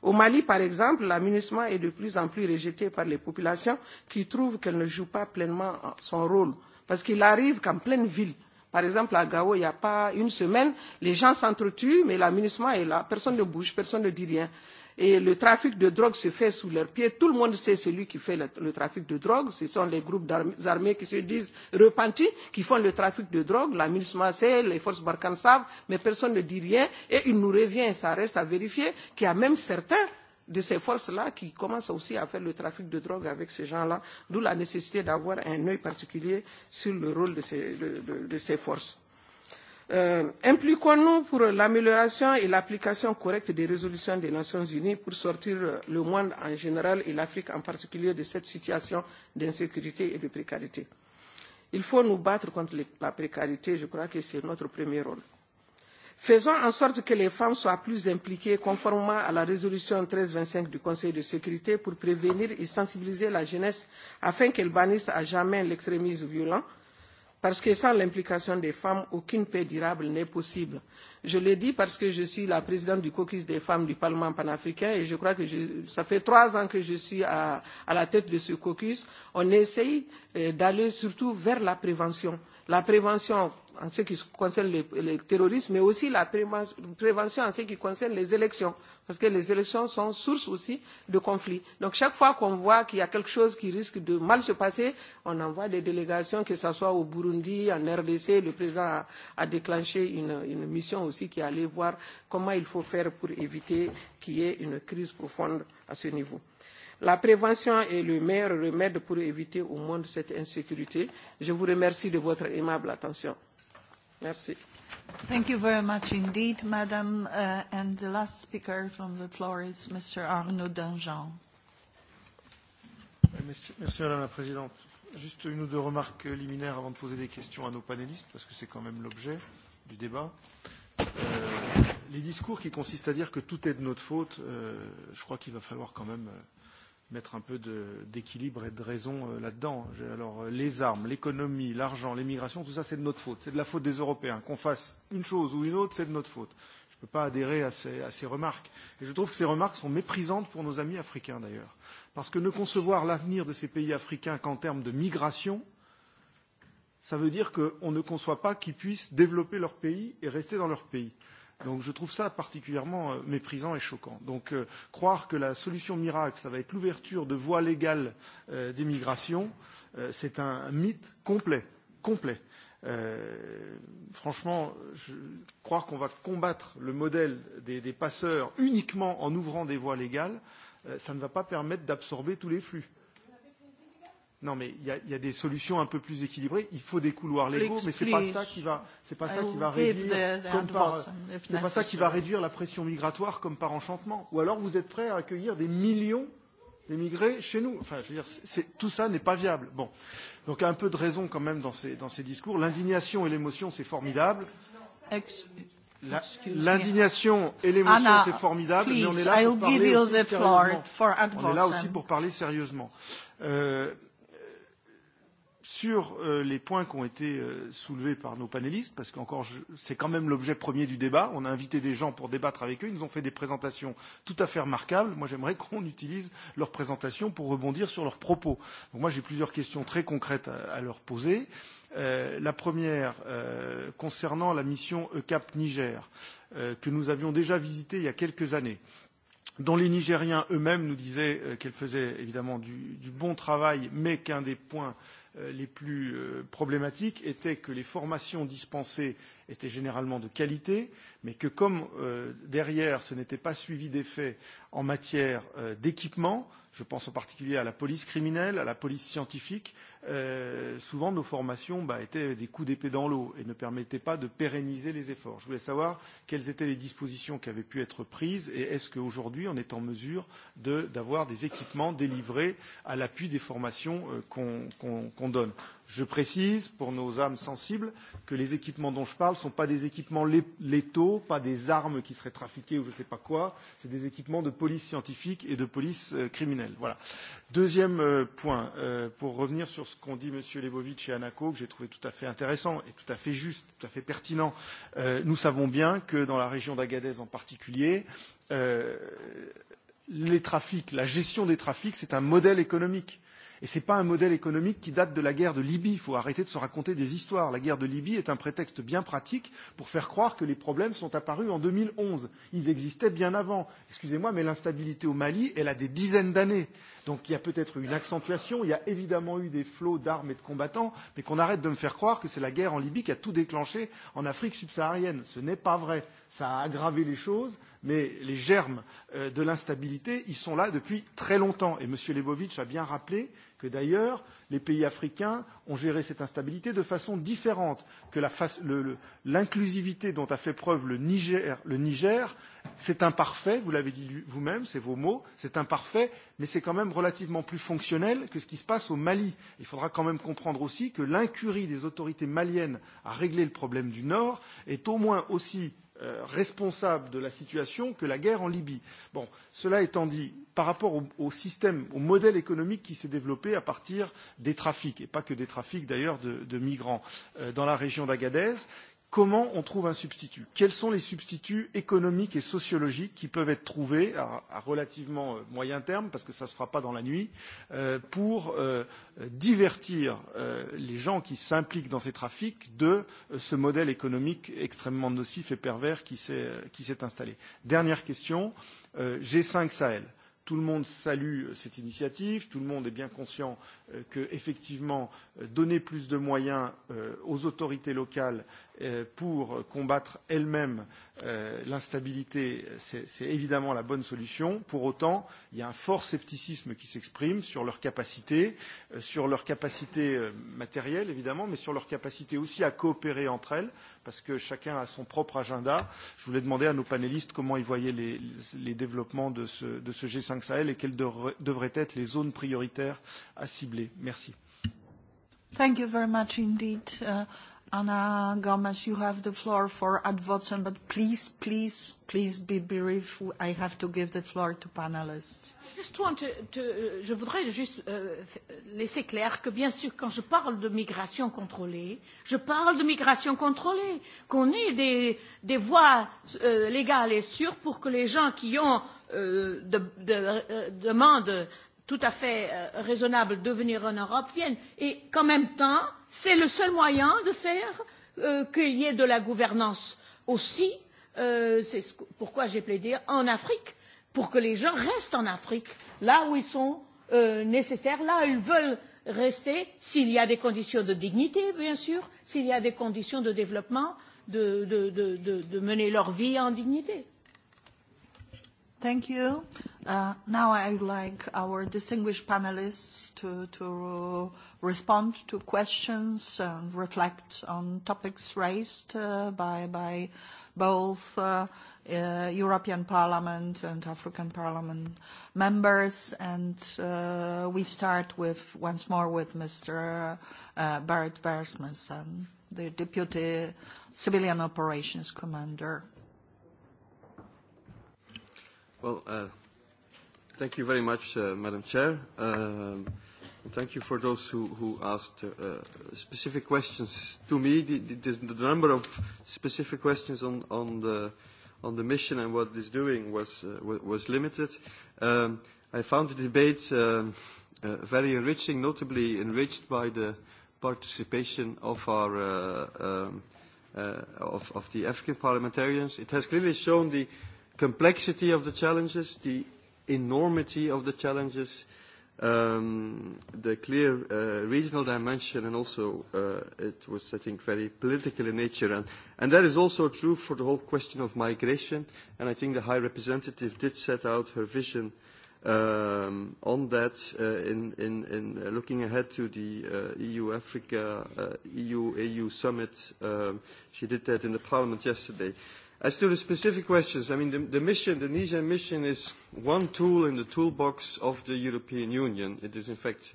Au Mali, par exemple, la MINUSMA est de plus en plus rejetée par les populations qui trouvent qu'elle ne joue pas pleinement son rôle. Parce qu'il arrive qu'en pleine ville, par exemple à Gao, il n'y a pas une semaine, les gens s'entretuent, mais la MINUSMA est là, personne ne bouge, personne ne dit rien. Et le trafic de drogue se fait sous leurs pieds. Tout le monde sait celui qui fait le, trafic de drogue. Ce sont les groupes armés qui se disent repentis, qui font le trafic de drogue. La MINUSMA sait, les forces Barkhane savent, mais personne ne dit rien. Et il nous revient, ça reste à vérifier, qu'il y a même certains de ces forces-là qui commencent aussi à faire le trafic de drogue avec ces gens-là, d'où la nécessité d'avoir un œil particulier sur le rôle de ces, de, de ces forces. Euh, Impliquons-nous pour l'amélioration et l'application correcte des résolutions des Nations Unies pour sortir le monde en général et l'Afrique en particulier de cette situation d'insécurité et de précarité. Il faut nous battre contre la précarité, je crois que c'est notre premier rôle. Faisons en sorte que les femmes soient plus impliquées conformément à la résolution 1325 du Conseil de sécurité pour prévenir et sensibiliser la jeunesse afin qu'elle bannisse à jamais l'extrémisme violent parce que sans l'implication des femmes, aucune paix durable n'est possible. Je le dis parce que je suis la présidente du caucus des femmes du Parlement panafricain et je crois que je, ça fait trois ans que je suis à, à la tête de ce caucus. On essaye euh, d'aller surtout vers la prévention la prévention en ce qui concerne le, le terrorisme, mais aussi la prévention en ce qui concerne les élections, parce que les élections sont source aussi de conflits. Donc chaque fois qu'on voit qu'il y a quelque chose qui risque de mal se passer, on envoie des délégations, que ce soit au Burundi, en RDC, le président a, a déclenché une, une mission aussi qui allait voir comment il faut faire pour éviter qu'il y ait une crise profonde à ce niveau. La prévention est le meilleur remède pour éviter au monde cette insécurité. Je vous remercie de votre aimable attention. Merci. Thank you very much indeed, Madam. Uh, and the last speaker from the floor is Mr. Arnaud Dangean. Euh, merci, Madame la Présidente. Juste une ou deux remarques liminaires avant de poser des questions à nos panélistes, parce que c'est quand même l'objet du débat. Euh, les discours qui consistent à dire que tout est de notre faute, euh, je crois qu'il va falloir quand même euh, mettre un peu d'équilibre et de raison euh, là-dedans. Alors, euh, les armes, l'économie, l'argent, l'immigration, tout ça, c'est de notre faute. C'est de la faute des Européens. Qu'on fasse une chose ou une autre, c'est de notre faute. Je ne peux pas adhérer à ces, à ces remarques. Et je trouve que ces remarques sont méprisantes pour nos amis africains, d'ailleurs. Parce que ne concevoir l'avenir de ces pays africains qu'en termes de migration, ça veut dire qu'on ne conçoit pas qu'ils puissent développer leur pays et rester dans leur pays. Donc je trouve ça particulièrement euh, méprisant et choquant. Donc euh, croire que la solution miracle, ça va être l'ouverture de voies légales euh, des euh, c'est un mythe complet, complet. Euh, franchement, je, croire qu'on va combattre le modèle des, des passeurs uniquement en ouvrant des voies légales, euh, ça ne va pas permettre d'absorber tous les flux. Non, mais il y a, y a des solutions un peu plus équilibrées. Il faut des couloirs légaux, mais c'est pas ça qui va, pas ça qui va réduire, comme pas ça qui va réduire la pression migratoire comme par enchantement. Ou alors vous êtes prêts à accueillir des millions d'émigrés chez nous. Enfin, je veux dire, c'est, tout ça n'est pas viable. Bon, donc un peu de raison quand même dans ces, dans ces discours. L'indignation et l'émotion, c'est formidable. Ex L'indignation et l'émotion, c'est formidable, please, mais on est là pour parler aussi on est là aussi pour parler sérieusement. Euh, sur euh, les points qui ont été euh, soulevés par nos panélistes, parce qu'encore, c'est quand même l'objet premier du débat. On a invité des gens pour débattre avec eux. Ils nous ont fait des présentations tout à fait remarquables. Moi, j'aimerais qu'on utilise leurs présentations pour rebondir sur leurs propos. Donc, moi, j'ai plusieurs questions très concrètes à, leur poser. Euh, la première, concernant la mission ECAP Niger, que nous avions déjà visitée il y a quelques années dont les Nigériens eux-mêmes nous disaient qu'elle faisait évidemment du bon travail, mais qu'un des points Euh, les plus euh, problématiques était que les formations dispensées étaient généralement de qualité, mais que comme euh, derrière ce n'était pas suivi d'effet en matière d'équipement, je pense en particulier à la police criminelle, à la police scientifique, Euh, souvent nos formations bah, étaient des coups d'épée dans l'eau et ne permettaient pas de pérenniser les efforts. Je voulais savoir quelles étaient les dispositions qui avaient pu être prises et est-ce qu'aujourd'hui on est en mesure d'avoir de, des équipements délivrés à l'appui des formations euh, qu'on qu qu donne. Je précise pour nos âmes sensibles que les équipements dont je parle ne sont pas des équipements létaux, pas des armes qui seraient trafiquées ou je ne sais pas quoi, c'est des équipements de police scientifique et de police euh, criminelle. Voilà. Deuxième euh, point, pour revenir sur ce qu'ont dit M. Lebovitch et Anaco, que j'ai trouvé tout à fait intéressant et tout à fait juste, tout à fait pertinent. Euh, nous savons bien que dans la région d'Agadez en particulier, euh, les trafics, la gestion des trafics, c'est un modèle économique Et ce n'est pas un modèle économique qui date de la guerre de Libye. Il faut arrêter de se raconter des histoires. La guerre de Libye est un prétexte bien pratique pour faire croire que les problèmes sont apparus en 2011. Ils existaient bien avant. Excusez-moi, mais l'instabilité au Mali, elle a des dizaines d'années. Donc il y a peut-être une accentuation. Il y a évidemment eu des flots d'armes et de combattants, mais qu'on arrête de me faire croire que c'est la guerre en Libye qui a tout déclenché en Afrique subsaharienne. Ce n'est pas vrai. Ça a aggravé les choses mais les germes euh, de l'instabilité ils sont là depuis très longtemps et m. Lebovitch a bien rappelé que d'ailleurs les pays africains ont géré cette instabilité de façon différente que l'inclusivité dont a fait preuve le niger, le niger c'est imparfait vous l'avez dit vous même c'est vos mots c'est imparfait mais c'est quand même relativement plus fonctionnel que ce qui se passe au mali. il faudra quand même comprendre aussi que l'incurie des autorités maliennes à régler le problème du nord est au moins aussi Euh, responsable de la situation que la guerre en Libye. Bon, cela étant dit, par rapport au, système, au modèle économique qui s'est développé à partir des trafics, et pas que des trafics d'ailleurs de, de migrants, euh, dans la région d'Agadez, comment on trouve un substitut Quels sont les substituts économiques et sociologiques qui peuvent être trouvés à, à relativement euh, moyen terme, parce que ça ne se fera pas dans la nuit, euh, pour euh, divertir euh, les gens qui s'impliquent dans ces trafics de euh, ce modèle économique extrêmement nocif et pervers qui s'est euh, installé Dernière question, G5 Sahel. Tout le monde salue cette initiative, tout le monde est bien conscient Euh, que effectivement euh, donner plus de moyens euh, aux autorités locales pour combattre elles-mêmes l'instabilité c'est évidemment la bonne solution pour autant il y a un fort scepticisme qui s'exprime sur leur capacité sur leur capacité matérielle évidemment mais sur leur capacité aussi à coopérer entre elles parce que chacun a son propre agenda je voulais demander à nos panélistes comment ils voyaient les développements de ce de ce G5 Sahel et quelles devraient être les zones prioritaires à cibler ciblée. Merci. Thank you very much indeed. Uh, Ana Gomes, you have the floor for ad vocem, but please, please, please be brief. I have to give the floor to panelists. I just want to, to, je voudrais juste euh, laisser clair que bien sûr, quand je parle de migration contrôlée, je parle de migration contrôlée, qu'on ait des, des voies euh, légales et sûres pour que les gens qui ont euh, de, de, euh, tout à fait euh, raisonnable de venir en Europe viennent et qu'en même temps, c'est le seul moyen de faire euh, qu'il y ait de la gouvernance aussi, euh, c'est ce, pourquoi j'ai plaidé en Afrique, pour que les gens restent en Afrique, là où ils sont euh, nécessaires, là où ils veulent rester, s'il y a des conditions de dignité, bien sûr, s'il y a des conditions de développement, de, de, de, de mener leur vie en dignité. Thank you. Uh, now I would like our distinguished panelists to, to respond to questions and reflect on topics raised uh, by, by both uh, European Parliament and African Parliament members. And we start with, once more, with Mr. Bart Versmussen, the Deputy Civilian Operations Commander. Well, uh, thank you very much, uh, Madam Chair. Um, thank you for those who, who asked uh, specific questions to me. The, the, the number of specific questions on, on, the, on the mission and what it is doing was, uh, was limited. Um, I found the debate um, uh, very enriching, notably enriched by the participation of our uh, um, uh, of, of the African parliamentarians. It has clearly shown the complexity of the challenges, the enormity of the challenges, um, the clear uh, regional dimension, and also uh, it was, I think, very political in nature. And, that is also true for the whole question of migration, and I think the High Representative did set out her vision um, on that uh, in, in, in looking ahead to the EU-Africa, EU-AU summit. Um, she did that in the Parliament yesterday. As to the specific questions, I mean, the, mission, the Niger mission is one tool in the toolbox of the European Union. It is, in fact,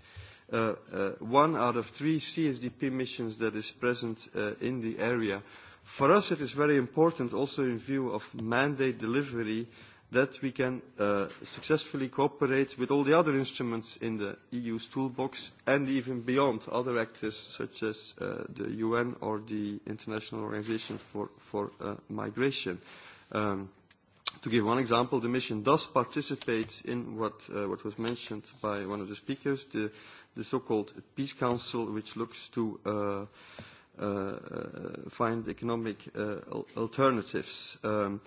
uh, uh, one out of three CSDP missions that is present uh, in the area. For us, it is very important also in view of mandate delivery that we can uh, successfully cooperate with all the other instruments in the EU's toolbox and even beyond other actors such as uh, the UN or the International Organization for, for uh, Migration. Um, to give one example, the mission does participate in what, what was mentioned by one of the speakers, the, the so-called Peace Council, which looks to uh, uh, find economic alternatives. Um,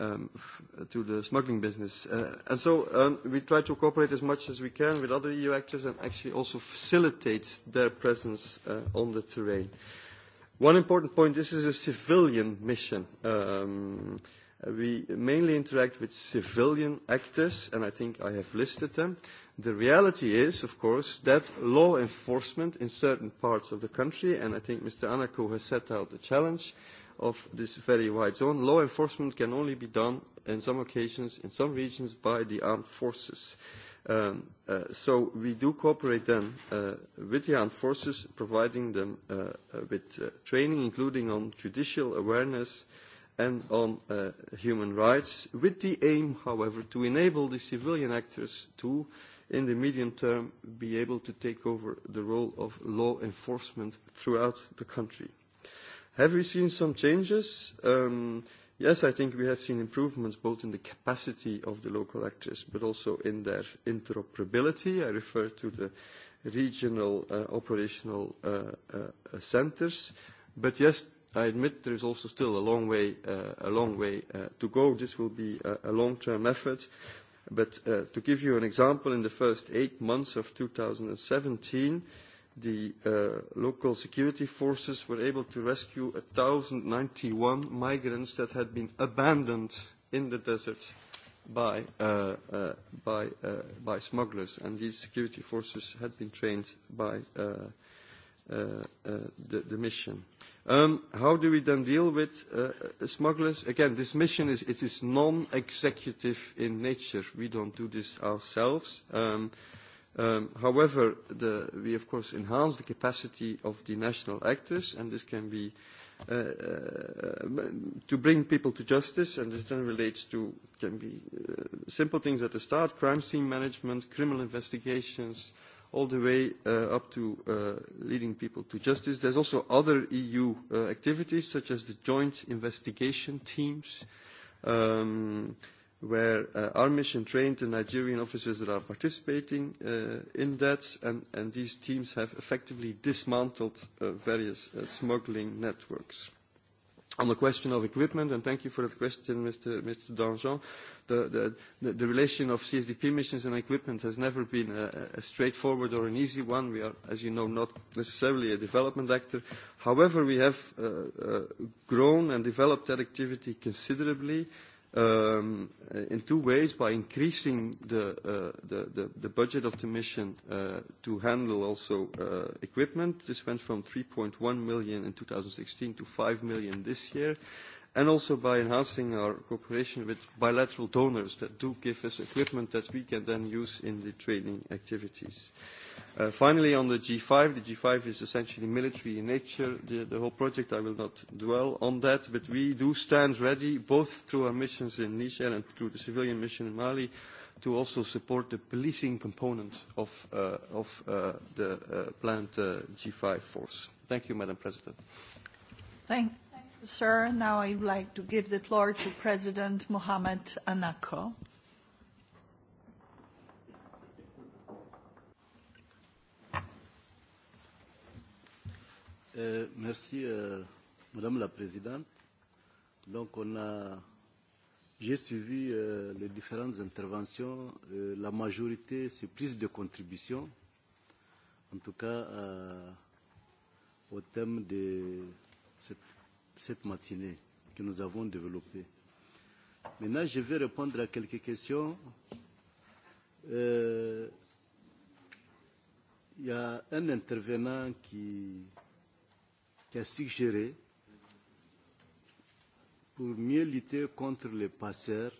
Um, to the smuggling business. Uh, and so um, we try to cooperate as much as we can with other EU actors and actually also facilitate their presence uh, on the terrain. One important point, this is a civilian mission. Um, we mainly interact with civilian actors, and I think I have listed them. The reality is, of course, that law enforcement in certain parts of the country, and I think Mr. Anako has set out the challenge, of this very wide zone, law enforcement can only be done in some occasions, in some regions, by the armed forces. Um, uh, so we do cooperate then uh, with the armed forces, providing them uh, uh with uh, training, including on judicial awareness and on uh, human rights, with the aim, however, to enable the civilian actors to, in the medium term, be able to take over the role of law enforcement throughout the country. Have we seen some changes? Um, yes, I think we have seen improvements both in the capacity of the local actors, but also in their interoperability. I refer to the regional uh, operational uh, uh, uh, centers. But yes, I admit there is also still a long way, uh, a long way uh, to go. This will be a, long-term effort. But uh, to give you an example, in the first eight months of 2017, the uh, local security forces were able to rescue 1,091 migrants that had been abandoned in the desert by, uh, uh, by, by smugglers. And these security forces had been trained by the, the mission. Um, how do we then deal with uh, smugglers? Again, this mission is, it is non-executive in nature. We don't do this ourselves. Um, Um, however, the, we of course enhance the capacity of the national actors, and this can be uh, uh, to bring people to justice, and this then relates to can be uh, simple things at the start: crime scene management, criminal investigations, all the way uh, up to uh, leading people to justice. There's also other EU uh, activities such as the joint investigation teams. Um, where uh, our mission trained the Nigerian officers that are participating uh, in that, and, and these teams have effectively dismantled uh, various uh, smuggling networks. On the question of equipment, and thank you for that question, Mr. Mr. Danjean, the, the, the relation of CSDP missions and equipment has never been a, a straightforward or an easy one. We are, as you know, not necessarily a development actor. However, we have uh, uh, grown and developed that activity considerably. Um, in two ways by increasing uh, the, the, the, budget of the mission uh, to handle also uh, equipment. This went from 3.1 million in 2016 to 5 million this year. And also by enhancing our cooperation with bilateral donors that do give us equipment that we can then use in the training activities. Uh, finally, on the G5, the G5 is essentially military in nature. The, whole project, I will not dwell on that, but we do stand ready, both through our missions in Niger and through the civilian mission in Mali, to also support the policing component of, uh, uh, the planned G5 force. Thank you, Madam President. Thank you, sir. Now I would like to give the floor to President Mohamed Anako. Euh, merci, euh, Madame la Présidente. Donc, on a, j'ai suivi euh, les différentes interventions. Euh, la majorité, c'est plus de contributions, en tout cas euh, au thème de cette, cette matinée que nous avons développée. Maintenant, je vais répondre à quelques questions. Euh, il y a un intervenant qui qui a suggéré pour mieux lutter contre les passeurs,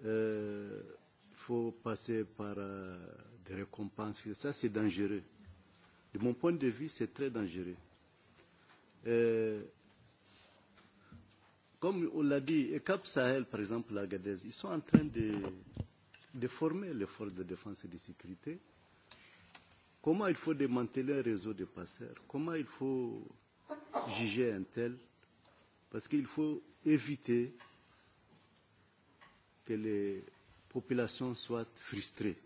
il euh, faut passer par euh, des récompenses. Ça, c'est dangereux. De mon point de vue, c'est très dangereux. Euh, comme on l'a dit, et Cap Sahel, par exemple, la Gadez, ils sont en train de, de former les forces de défense et de sécurité Comment il faut démanteler un réseau de passeurs Comment il faut juger un tel Parce qu'il faut éviter que les populations soient frustrées.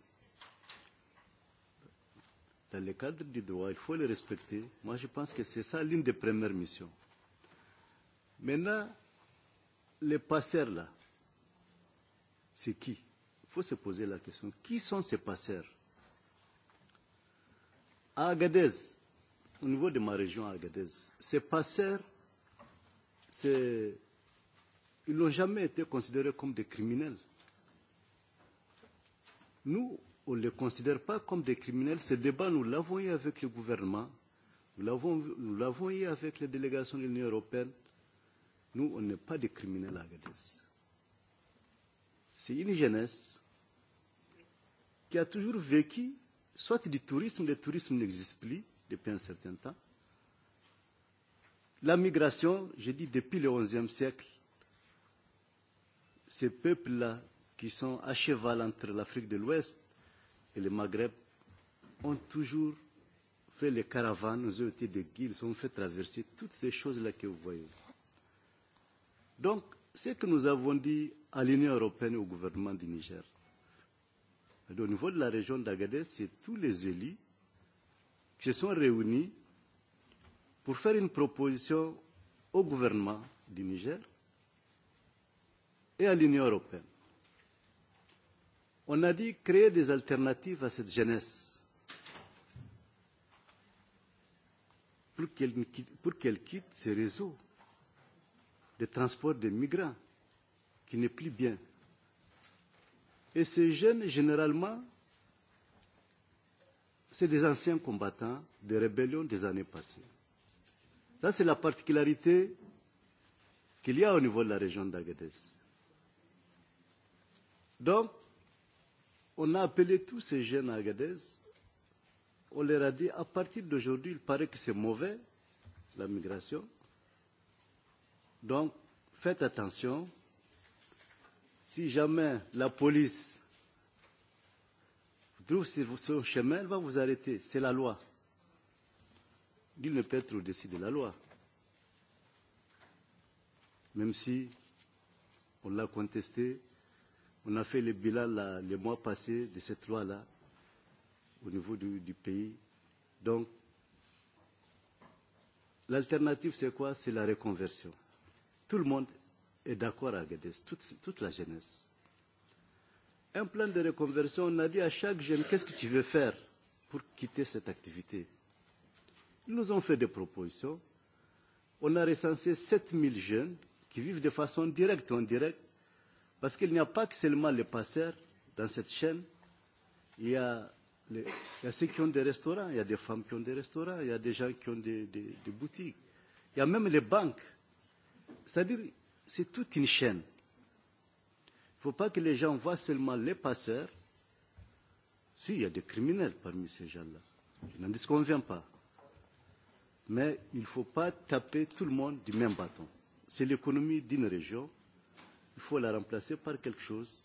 Dans le cadre du droit, il faut le respecter. Moi, je pense que c'est ça l'une des premières missions. Maintenant, les passeurs là, c'est qui Il faut se poser la question. Qui sont ces passeurs À Agadez, au niveau de ma région Agadez, ces passeurs, ils n'ont jamais été considérés comme des criminels. Nous, on ne les considère pas comme des criminels. Ce débat, nous l'avons eu avec le gouvernement, nous l'avons eu avec les délégations de l'Union européenne. Nous, on n'est pas des criminels à Agadez. C'est une jeunesse qui a toujours vécu soit du tourisme, le tourisme n'existe plus depuis un certain temps. La migration, j'ai dit depuis le XIe siècle, ces peuples-là qui sont à cheval entre l'Afrique de l'Ouest et le Maghreb ont toujours fait les caravanes, nous ont été des guides, ils ont fait traverser toutes ces choses-là que vous voyez. Donc, ce que nous avons dit à l'Union européenne et au gouvernement du Niger, Au niveau de la région d'Agadez, c'est tous les élus qui se sont réunis pour faire une proposition au gouvernement du Niger et à l'Union européenne. On a dit créer des alternatives à cette jeunesse pour qu'elle quitte ces réseaux de transport des migrants qui n'est plus bien. Et ces jeunes, généralement, c'est des anciens combattants des rébellions des années passées. Ça, c'est la particularité qu'il y a au niveau de la région d'Agadez. Donc, on a appelé tous ces jeunes à Agadez. On leur a dit, à partir d'aujourd'hui, il paraît que c'est mauvais, la migration. Donc, faites attention si jamais la police vous trouve sur ce chemin, elle va vous arrêter. C'est la loi. Il ne peut être au-dessus de la loi. Même si on l'a contesté, on a fait le bilan là, les mois passés de cette loi-là au niveau du, du pays. Donc, l'alternative, c'est quoi C'est la reconversion. Tout le monde est d'accord avec des, toute, toute la jeunesse. Un plan de reconversion, on a dit à chaque jeune, qu'est-ce que tu veux faire pour quitter cette activité Ils nous ont fait des propositions. On a recensé 7000 jeunes qui vivent de façon directe ou indirecte, parce qu'il n'y a pas que seulement les passeurs dans cette chaîne. Il y, a les, il y a ceux qui ont des restaurants, il y a des femmes qui ont des restaurants, il y a des gens qui ont des, des, des boutiques. Il y a même les banques. C'est-à-dire, c'est toute une chaîne. Il ne faut pas que les gens voient seulement les passeurs. Si, il y a des criminels parmi ces gens-là. Je n'en disconviens pas. Mais il ne faut pas taper tout le monde du même bâton. C'est l'économie d'une région. Il faut la remplacer par quelque chose.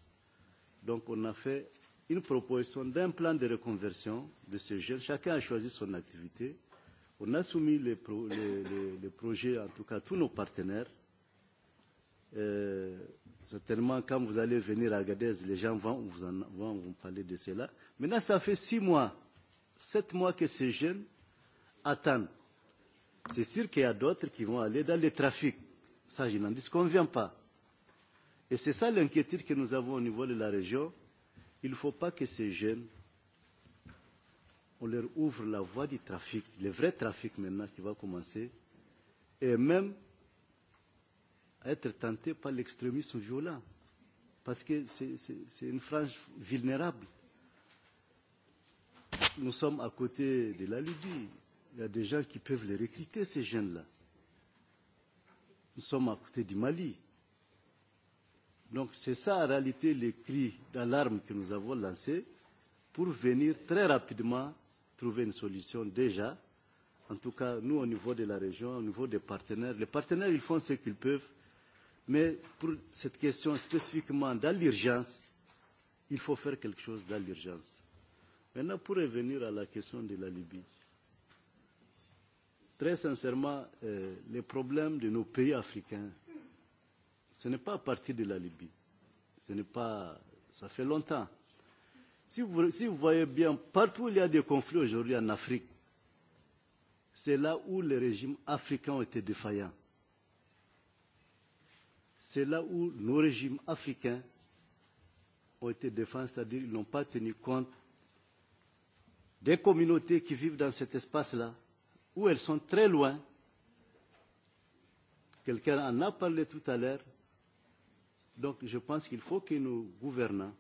Donc on a fait une proposition d'un plan de reconversion de ces jeunes. Chacun a choisi son activité. On a soumis les, pro les, les, les projets, en tout cas tous nos partenaires, Euh, certainement, quand vous allez venir à Gadez les gens vont vous, en, vont vous parler de cela. Maintenant, ça fait six mois, sept mois que ces jeunes attendent. C'est sûr qu'il y a d'autres qui vont aller dans le trafic. Ça, je n'en vient pas. Et c'est ça l'inquiétude que nous avons au niveau de la région. Il ne faut pas que ces jeunes, on leur ouvre la voie du trafic, le vrai trafic maintenant qui va commencer. Et même être tentés par l'extrémisme violent, parce que c'est une frange vulnérable. Nous sommes à côté de la Libye. Il y a des gens qui peuvent les recruter, ces jeunes-là. Nous sommes à côté du Mali. Donc c'est ça en réalité les cris d'alarme que nous avons lancés pour venir très rapidement trouver une solution déjà. En tout cas, nous au niveau de la région, au niveau des partenaires, les partenaires ils font ce qu'ils peuvent Mais pour cette question spécifiquement dans l'urgence, il faut faire quelque chose dans l'urgence. Maintenant, pour revenir à la question de la Libye, très sincèrement, euh, les problèmes de nos pays africains, ce n'est pas à partir de la Libye. Ce n'est pas... Ça fait longtemps. Si vous, si vous voyez bien, partout où il y a des conflits aujourd'hui en Afrique, c'est là où les régimes africains ont été défaillants. C'est là où nos régimes africains ont été défendus, c'est-à-dire qu'ils n'ont pas tenu compte des communautés qui vivent dans cet espace-là, où elles sont très loin. Quelqu'un en a parlé tout à l'heure. Donc je pense qu'il faut que nos gouvernants,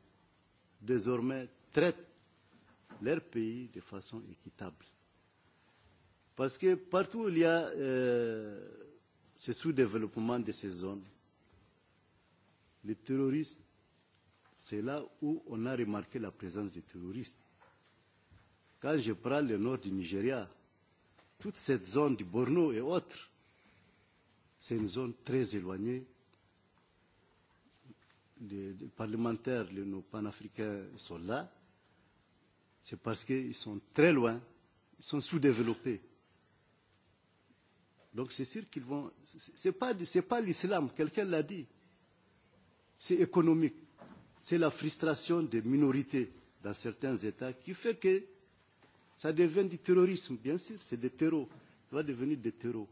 désormais, traitent leur pays de façon équitable. Parce que partout où il y a euh, ce sous-développement de ces zones, les terroristes, c'est là où on a remarqué la présence des terroristes. Quand je prends le nord du Nigeria, toute cette zone du Borno et autres, c'est une zone très éloignée. Les, les parlementaires, les, nos panafricains sont là. C'est parce qu'ils sont très loin, ils sont sous-développés. Donc c'est sûr qu'ils vont... Ce n'est pas, pas l'islam, quelqu'un l'a dit c'est économique. C'est la frustration des minorités dans certains États qui fait que ça devient du terrorisme, bien sûr, c'est des terreaux, ça va devenir des terreaux.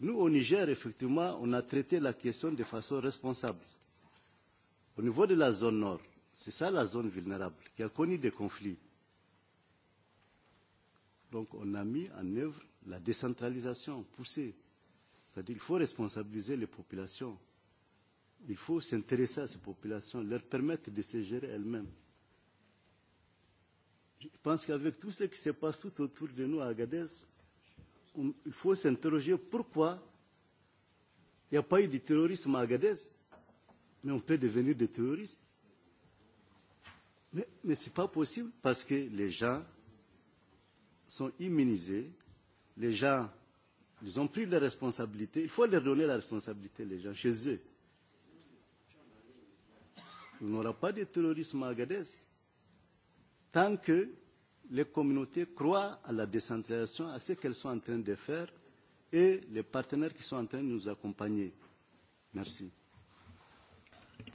Nous, au Niger, effectivement, on a traité la question de façon responsable. Au niveau de la zone nord, c'est ça la zone vulnérable, qui a connu des conflits. Donc on a mis en œuvre la décentralisation poussée. C'est-à-dire qu'il faut responsabiliser les populations. Il faut s'intéresser à ces populations, leur permettre de se gérer elles-mêmes. Je pense qu'avec tout ce qui se passe tout autour de nous à Agadez, on, il faut s'interroger pourquoi il n'y a pas eu de terrorisme à Agadez, mais on peut devenir des terroristes. Mais, mais ce n'est pas possible parce que les gens sont immunisés, les gens, ils ont pris leurs responsabilités, il faut leur donner la responsabilité, les gens, chez eux Il n'y aura pas de terrorisme à Agadez tant que les communautés croient à la décentralisation, à ce qu'elles sont en train de faire et les partenaires qui sont en train de nous accompagner. Merci.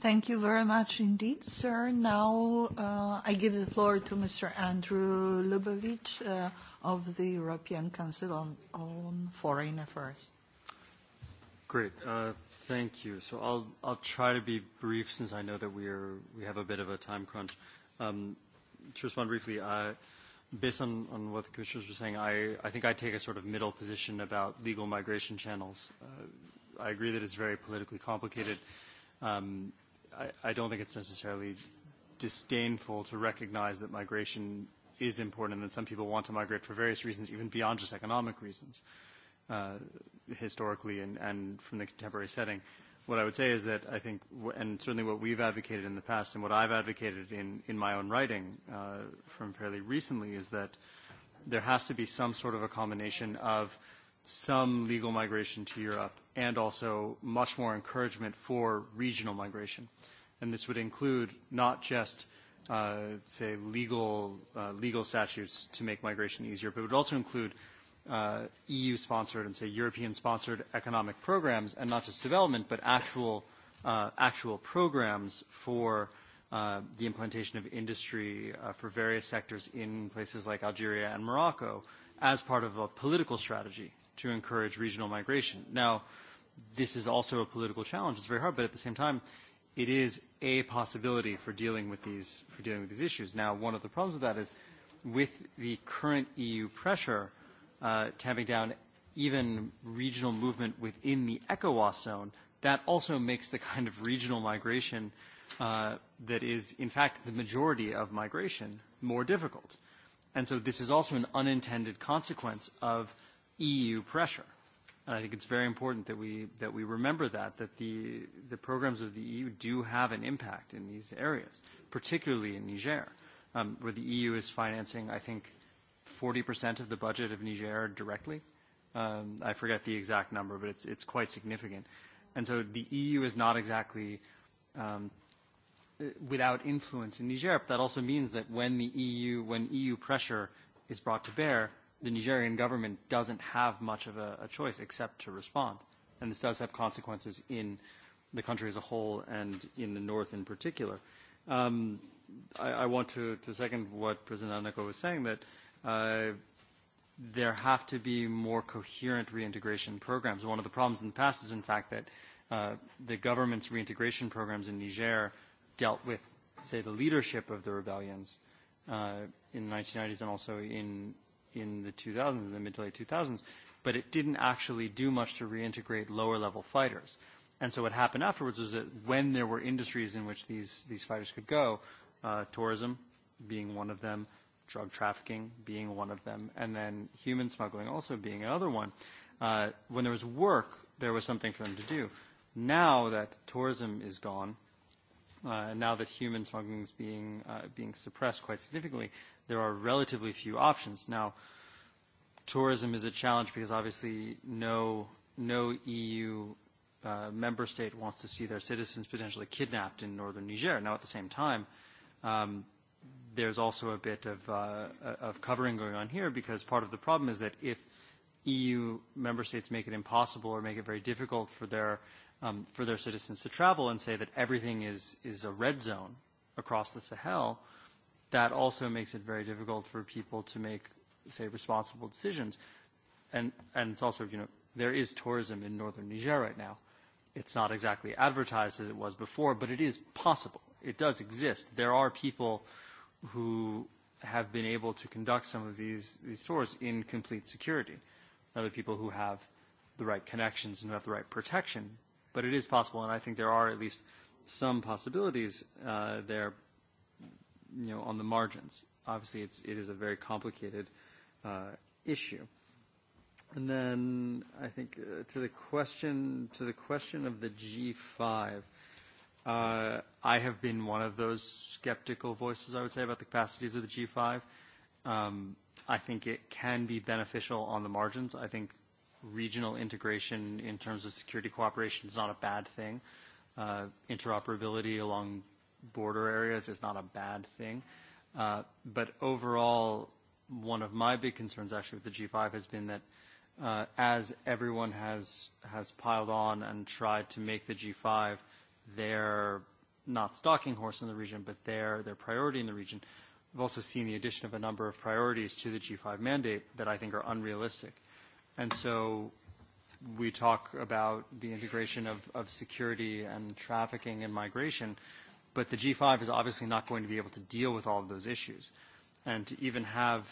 Thank you very much indeed, sir. Now uh, I give the floor to Mr. Andrew Lubavitch uh, of the European Council on, on Foreign Affairs. Great. Uh, Thank you. So I'll, I'll try to be brief since I know that we, are, we have a bit of a time crunch. Um, to respond briefly, uh, based on, what the commissioners were saying, I, I think I take a sort of middle position about legal migration channels. Uh, I agree that it's very politically complicated. Um, I, I don't think it's necessarily disdainful to recognize that migration is important and that some people want to migrate for various reasons, even beyond just economic reasons uh, historically and, and from the contemporary setting. What I would say is that I think, and certainly what we've advocated in the past and what I've advocated in, in my own writing uh, from fairly recently is that there has to be some sort of a combination of some legal migration to Europe and also much more encouragement for regional migration. And this would include not just, uh, say, legal, uh, legal statutes to make migration easier, but it would also include – uh, EU-sponsored and, say, European-sponsored economic programs, and not just development, but actual, uh, actual programs for uh, the implementation of industry uh, for various sectors in places like Algeria and Morocco as part of a political strategy to encourage regional migration. Now, this is also a political challenge. It's very hard, but at the same time, it is a possibility for dealing with these, for dealing with these issues. Now, one of the problems with that is with the current EU pressure – uh, tamping down even regional movement within the ECOWAS zone, that also makes the kind of regional migration uh, that is, in fact, the majority of migration more difficult. And so this is also an unintended consequence of EU pressure. And I think it's very important that we, that we remember that, that the, the programs of the EU do have an impact in these areas, particularly in Niger, um, where the EU is financing, I think, 40% of the budget of Niger directly. Um, I forget the exact number, but it's, it's quite significant. And so the EU is not exactly um, uh, without influence in Niger, but that also means that when the EU, when EU pressure is brought to bear, the Nigerian government doesn't have much of a, a choice except to respond. And this does have consequences in the country as a whole and in the north in particular. Um, I, I want to, to second what President Anako was saying, that Uh, there have to be more coherent reintegration programs. One of the problems in the past is, in fact, that uh, the government's reintegration programs in Niger dealt with, say, the leadership of the rebellions uh, in the 1990s and also in, in the 2000s, the mid to late 2000s, but it didn't actually do much to reintegrate lower-level fighters. And so what happened afterwards was that when there were industries in which these, these fighters could go, tourism being one of them, drug trafficking being one of them, and then human smuggling also being another one. Uh, when there was work, there was something for them to do. Now that tourism is gone, uh, now that human smuggling is being, uh, being suppressed quite significantly, there are relatively few options. Now, tourism is a challenge because obviously no, no EU uh, member state wants to see their citizens potentially kidnapped in northern Niger. Now, at the same time, um, there's also a bit of, uh, of covering going on here because part of the problem is that if EU member states make it impossible or make it very difficult for their, um, for their citizens to travel and say that everything is, is a red zone across the Sahel, that also makes it very difficult for people to make, say, responsible decisions. And, and it's also, you know, there is tourism in northern Niger right now. It's not exactly advertised as it was before, but it is possible. It does exist. There are people who have been able to conduct some of these, these stores in complete security. Other people who have the right connections and have the right protection. But it is possible, and I think there are at least some possibilities uh, there, you know, on the margins. Obviously, it's, it is a very complicated uh, issue. And then I think uh, to the question to the question of the G5. Uh, I have been one of those skeptical voices, I would say, about the capacities of the G5. Um, I think it can be beneficial on the margins. I think regional integration in terms of security cooperation is not a bad thing. Uh, interoperability along border areas is not a bad thing. Uh, but overall, one of my big concerns actually with the G5 has been that uh, as everyone has, has piled on and tried to make the G5 – their not stalking horse in the region, but their, their priority in the region. We've also seen the addition of a number of priorities to the G5 mandate that I think are unrealistic. And so we talk about the integration of, of security and trafficking and migration, but the G5 is obviously not going to be able to deal with all of those issues. And to even have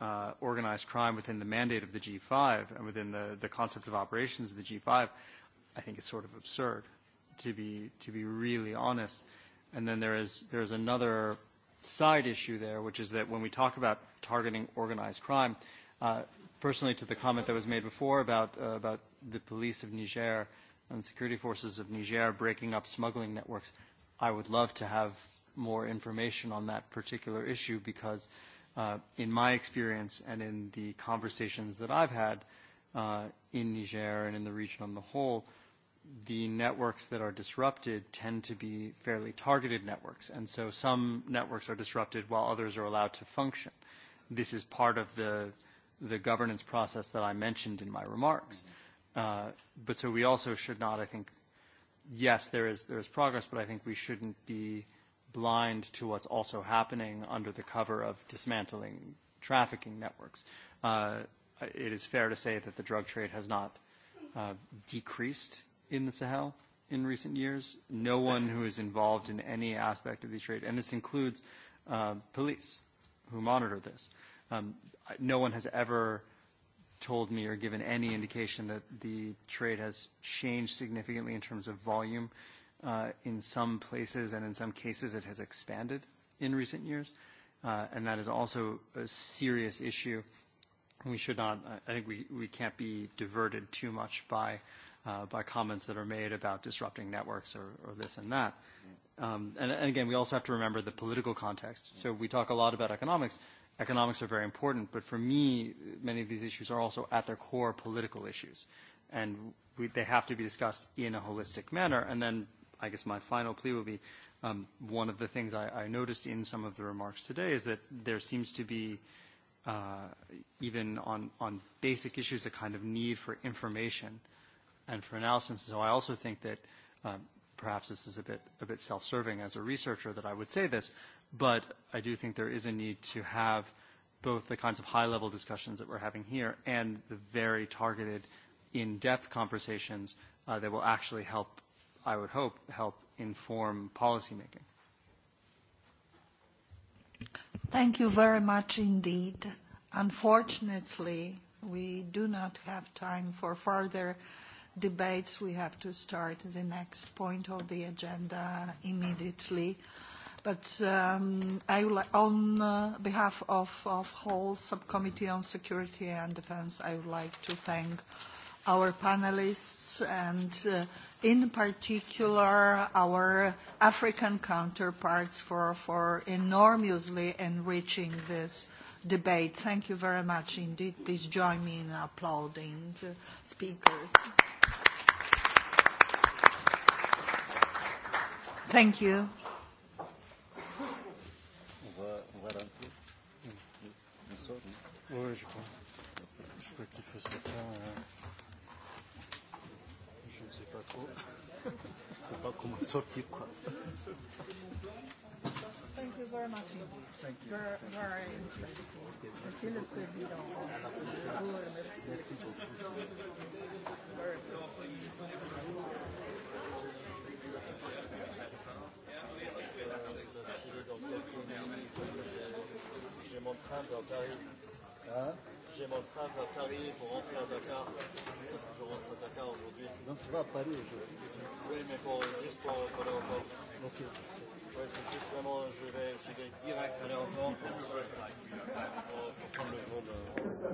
uh, organized crime within the mandate of the G5 and within the, the concept of operations of the G5, I think it's sort of absurd to be to be really honest. And then there is there is another side issue there, which is that when we talk about targeting organized crime, uh, personally to the comment that was made before about uh, about the police of Niger and security forces of Niger breaking up smuggling networks, I would love to have more information on that particular issue because uh, in my experience and in the conversations that I've had uh, in Niger and in the region on the whole, uh, the networks that are disrupted tend to be fairly targeted networks. And so some networks are disrupted while others are allowed to function. This is part of the, the governance process that I mentioned in my remarks. Mm-hmm. Uh, but so we also should not, I think, yes, there is, there is progress, but I think we shouldn't be blind to what's also happening under the cover of dismantling trafficking networks. Uh, it is fair to say that the drug trade has not uh, decreased in the Sahel in recent years. No one who is involved in any aspect of these trade, and this includes uh, police who monitor this. Um, no one has ever told me or given any indication that the trade has changed significantly in terms of volume. Uh, in some places and in some cases it has expanded in recent years. Uh, and that is also a serious issue. We should not, I think we, we can't be diverted too much by Uh, by comments that are made about disrupting networks or, or this and that. Mm-hmm. Um, and, and again, we also have to remember the political context. Mm-hmm. So we talk a lot about economics. Economics are very important, but for me, many of these issues are also at their core political issues. And we, they have to be discussed in a holistic manner. And then I guess my final plea will be um, one of the things I, I noticed in some of the remarks today is that there seems to be uh, even on, on basic issues, a kind of need for information and for analysis. So I also think that um, perhaps this is a bit, a bit self-serving as a researcher that I would say this, but I do think there is a need to have both the kinds of high-level discussions that we're having here and the very targeted, in-depth conversations uh, that will actually help, I would hope, help inform policy making. Thank you very much indeed. Unfortunately, we do not have time for further debates. We have to start the next point of the agenda immediately. But um, I on uh, behalf of, the whole Subcommittee on Security and Defense, I would like to thank our panelists and uh, in particular our African counterparts for, for enormously enriching this debate. Thank you very much indeed. Please join me in applauding the speakers. Thank you. Euh, je ne sais pas trop. Je ne sais pas comment sortir quoi. Thank you very much. Very, le Président, mon train Hein? mon train pour rentrer à Dakar. je rentre à Dakar aujourd'hui. Donc tu vas Paris juste Ouais, c'est euh, je vais, je vais direct aller pour le vent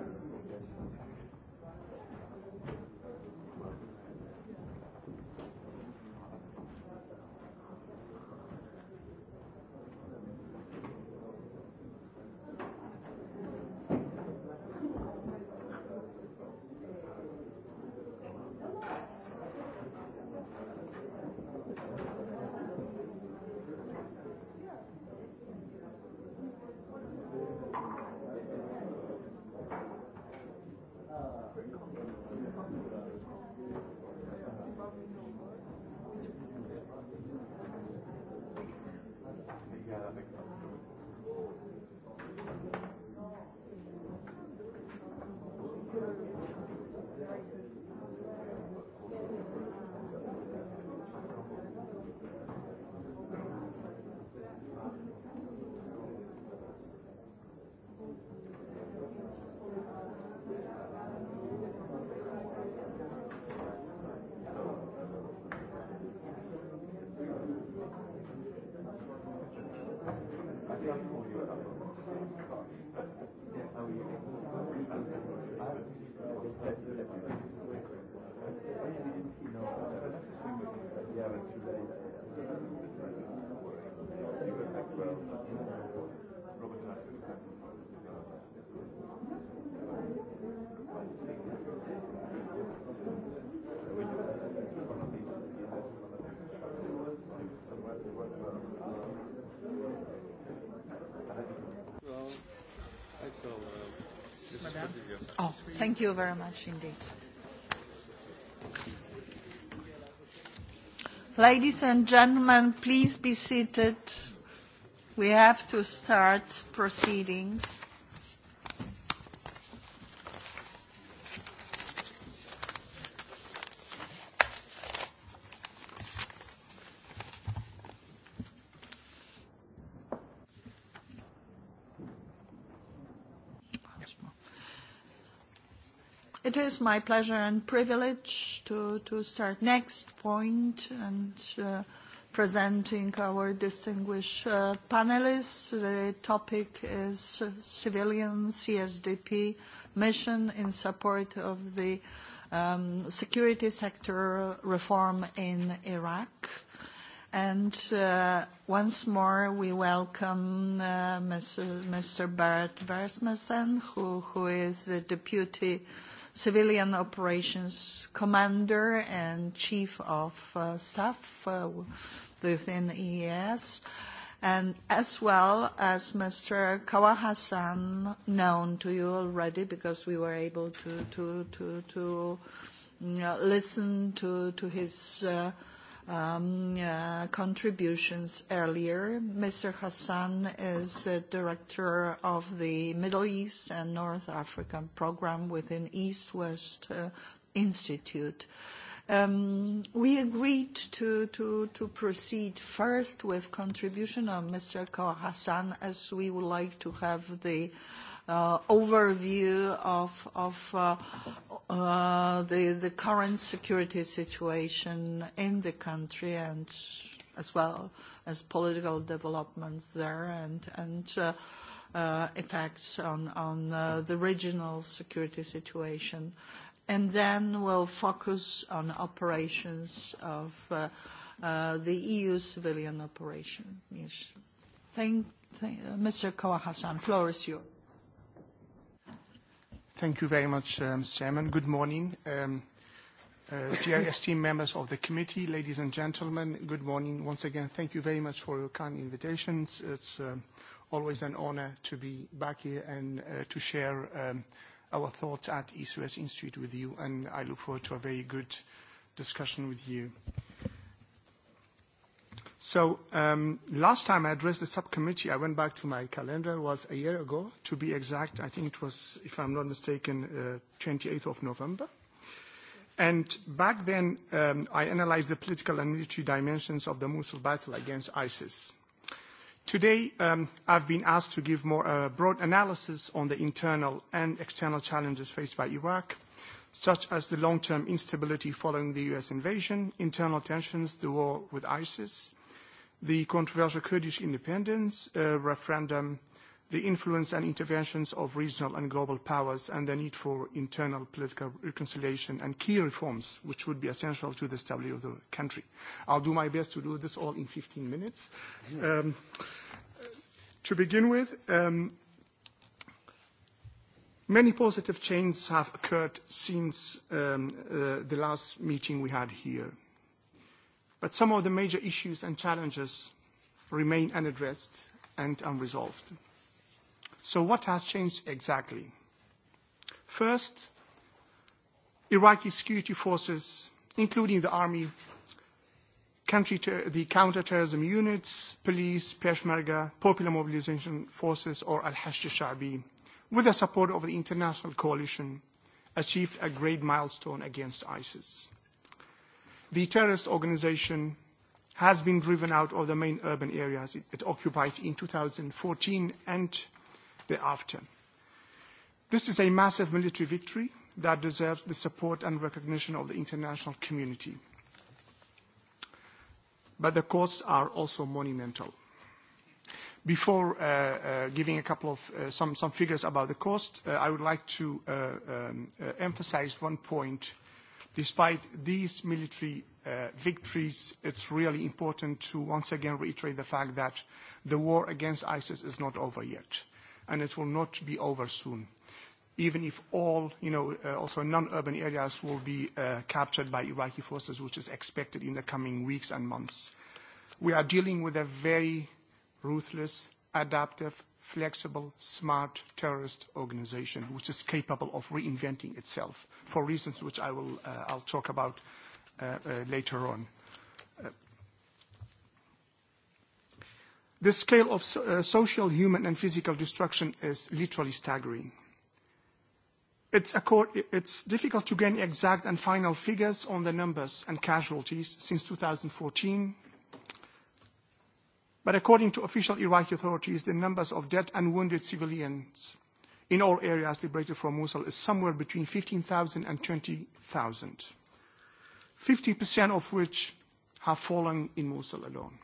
Oh, thank you very much indeed. Ladies and gentlemen, please be seated. We have to start proceedings. It is my pleasure and privilege to, start next point and uh, presenting our distinguished uh, panelists. The topic is civilian CSDP mission in support of the um, security sector reform in Iraq. And uh, once more, we welcome Mr. Mr. Bert Versmesen, who, who is the deputy civilian operations commander and chief of uh, staff uh, within EES, and as well as Mr. Kawahasan, known to you already because we were able to, to, to, to you know, listen to his uh, um, uh, contributions earlier. Mr. Hassan is director of the Middle East and North African program within East-West uh, Institute. Um, we agreed to, to proceed first with contribution of Mr. Hassan, as we would like to have the Uh, overview of, uh, uh, the, current security situation in the country and as well as political developments there and, effects on, the regional security situation. And then we'll focus on operations of the EU civilian operation. Yes. Thank, Mr. floor is yours. Thank you very much, uh, Mr. Chairman. Good morning. Um, uh, dear esteemed members of the committee, ladies and gentlemen, good morning. Once again, thank you very much for your kind invitations. It's um, always an honor to be back here and uh, to share um, our thoughts at West Institute with you, and I look forward to a very good discussion with you. So um, last time I addressed the subcommittee, I went back to my calendar, was a year ago, to be exact. I think it was, if I'm not mistaken, 28th uh, of November. And back then, um, I analyzed the political and military dimensions of the Mosul battle against ISIS. Today, um, I've been asked to give more uh, broad analysis on the internal and external challenges faced by Iraq, such as the long-term instability following the U.S. invasion, internal tensions, the war with ISIS, the controversial Kurdish independence uh, referendum, the influence and interventions of regional and global powers, and the need for internal political reconciliation and key reforms, which would be essential to the stability of the country. I'll do my best to do this all in 15 minutes. Um, to begin with, um, many positive changes have occurred since um, uh, the last meeting we had here But some of the major issues and challenges remain unaddressed and unresolved. So what has changed exactly? First, Iraqi security forces, including the army, country ter the counterterrorism units, police, Peshmerga, popular mobilization forces, or Al-Hashd Sha'bi, with the support of the international coalition, achieved a great milestone against ISIS – the terrorist organization has been driven out of the main urban areas it, occupied in 2014 and thereafter. This is a massive military victory that deserves the support and recognition of the international community. But the costs are also monumental. Before uh, uh, giving a couple of uh, some, some figures about the cost, uh, I would like to uh, um, uh, emphasize one point Despite these military uh, victories, it's really important to once again reiterate the fact that the war against ISIS is not over yet, and it will not be over soon, even if all, you know, uh, also non-urban areas will be uh, captured by Iraqi forces, which is expected in the coming weeks and months. We are dealing with a very ruthless, adaptive, flexible, smart terrorist organization which is capable of reinventing itself for reasons which I will uh, I'll talk about uh, uh, later on. Uh, the scale of so uh, social, human and physical destruction is literally staggering. It's, it's difficult to gain exact and final figures on the numbers and casualties since 2014 But according to official Iraqi authorities, the numbers of dead and wounded civilians in all areas liberated from Mosul is somewhere between 15,000 and 20,000, 50% of which have fallen in Mosul alone.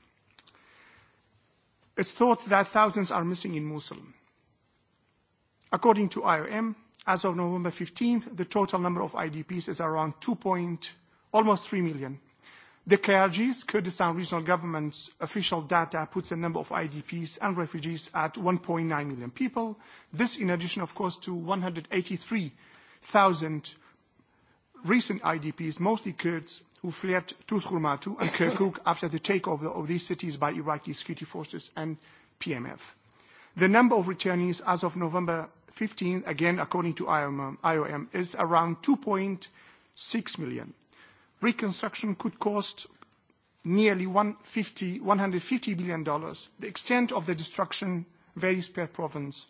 It's thought that thousands are missing in Mosul. According to IOM, as of November 15th, the total number of IDPs is around 2 almost 3 million, The KRG's, Kurdistan Regional Government's official data puts the number of IDPs and refugees at 1.9 million people. This in addition, of course, to 183,000 recent IDPs, mostly Kurds, who fled to Khurmatu and Kirkuk after the takeover of these cities by Iraqi security forces and PMF. The number of returnees as of November 15, again according to IOM is around 2.6 million. Reconstruction could cost nearly $150, $150 billion. The extent of the destruction varies per province,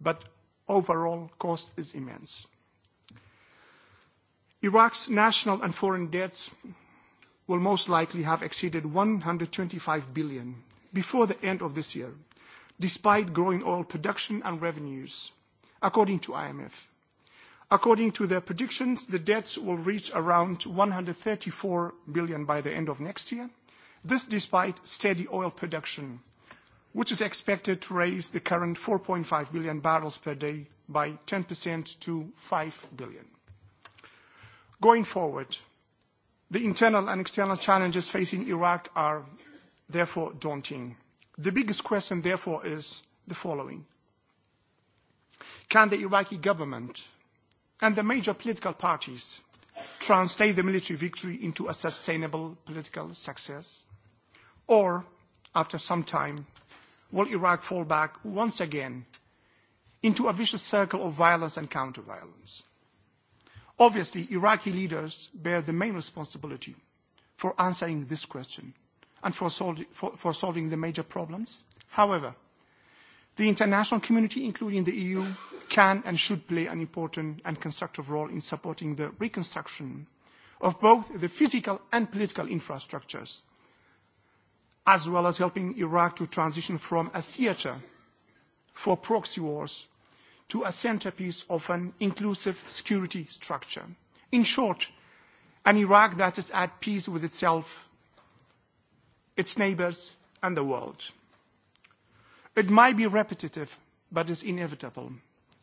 but overall cost is immense. Iraq's national and foreign debts will most likely have exceeded 125 billion before the end of this year, despite growing oil production and revenues, according to IMF. According to their predictions, the debts will reach around 134 billion by the end of next year. This despite steady oil production, which is expected to raise the current 4.5 billion barrels per day by 10% to 5 billion. Going forward, the internal and external challenges facing Iraq are therefore daunting. The biggest question, therefore, is the following: Can the Iraqi government and the major political parties translate the military victory into a sustainable political success? Or, after some time, will Iraq fall back once again into a vicious circle of violence and counter-violence? Obviously, Iraqi leaders bear the main responsibility for answering this question and for, for, for solving the major problems. However, the international community, including the EU, can and should play an important and constructive role in supporting the reconstruction of both the physical and political infrastructures, as well as helping Iraq to transition from a theater for proxy wars to a centerpiece of an inclusive security structure. In short, an Iraq that is at peace with itself, its neighbors, and the world. It might be repetitive, but is inevitable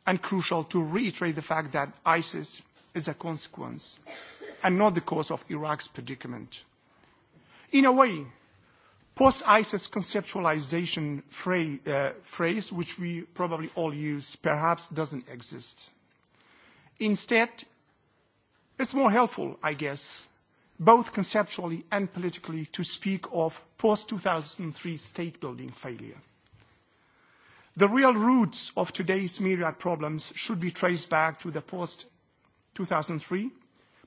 and crucial to reiterate the fact that ISIS is a consequence and not the cause of Iraq's predicament. In a way, post-ISIS conceptualization phrase, uh, phrase, which we probably all use, perhaps doesn't exist. Instead, it's more helpful, I guess, both conceptually and politically, to speak of post-2003 state-building failure. The real roots of today's myriad problems should be traced back to the post-2003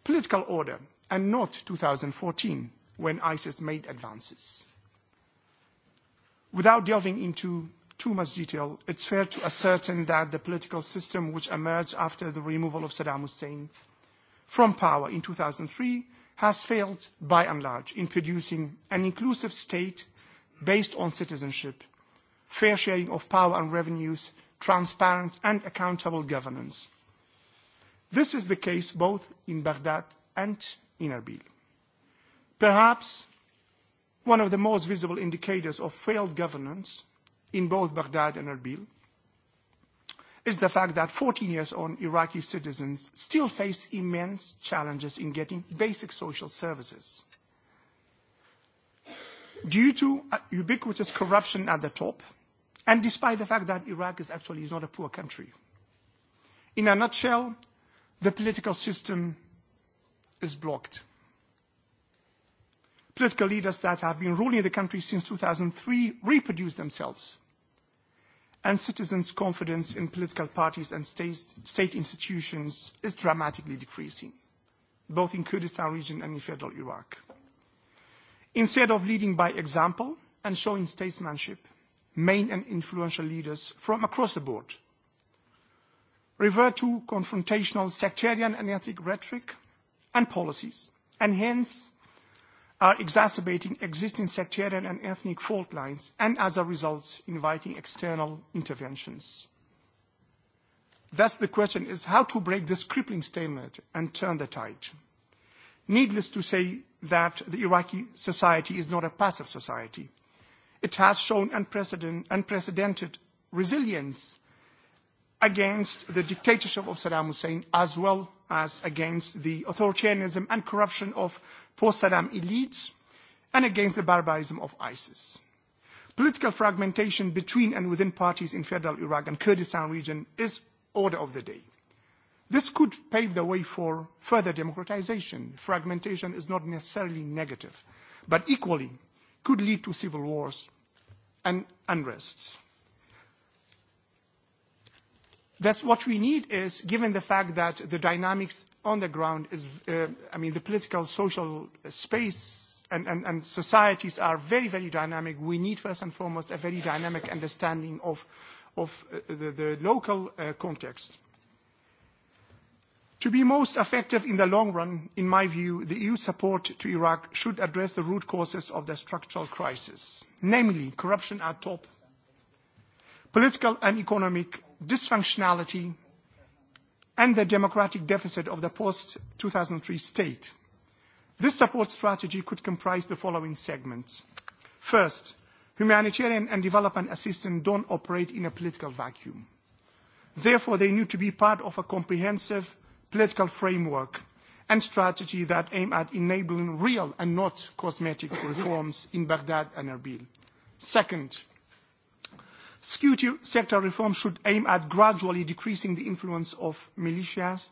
political order and not 2014 when ISIS made advances. Without delving into too much detail, it's fair to ascertain that the political system which emerged after the removal of Saddam Hussein from power in 2003 has failed by and large in producing an inclusive state based on citizenship fair sharing of power and revenues, transparent and accountable governance. This is the case both in Baghdad and in Erbil. Perhaps one of the most visible indicators of failed governance in both Baghdad and Erbil is the fact that 14 years on, Iraqi citizens still face immense challenges in getting basic social services. Due to ubiquitous corruption at the top and despite the fact that Iraq is actually not a poor country. In a nutshell, the political system is blocked. Political leaders that have been ruling the country since 2003 reproduce themselves, and citizens' confidence in political parties and state institutions is dramatically decreasing, both in Kurdistan region and in federal Iraq. Instead of leading by example and showing statesmanship, main and influential leaders from across the board. Revert to confrontational sectarian and ethnic rhetoric and policies, and hence are exacerbating existing sectarian and ethnic fault lines, and as a result, inviting external interventions. Thus, the question is how to break this crippling stalemate and turn the tide. Needless to say that the Iraqi society is not a passive society. It has shown unprecedented resilience against the dictatorship of Saddam Hussein as well as against the authoritarianism and corruption of post-Saddam elites and against the barbarism of ISIS. Political fragmentation between and within parties in federal Iraq and Kurdistan region is order of the day. This could pave the way for further democratization. Fragmentation is not necessarily negative, but equally could lead to civil wars and unrest That's what we need is, given the fact that the dynamics on the ground is, uh, I mean, the political, social space and, and, and societies are very, very dynamic. We need, first and foremost, a very dynamic understanding of, of uh, the, the local uh, context. To be most effective in the long run, in my view, the EU support to Iraq should address the root causes of the structural crisis, namely corruption at top, political and economic dysfunctionality, and the democratic deficit of the post-2003 state. This support strategy could comprise the following segments. First, humanitarian and development assistance don't operate in a political vacuum. Therefore, they need to be part of a comprehensive political framework and strategy that aim at enabling real and not cosmetic reforms in Baghdad and Erbil. Second, security sector reform should aim at gradually decreasing the influence of militias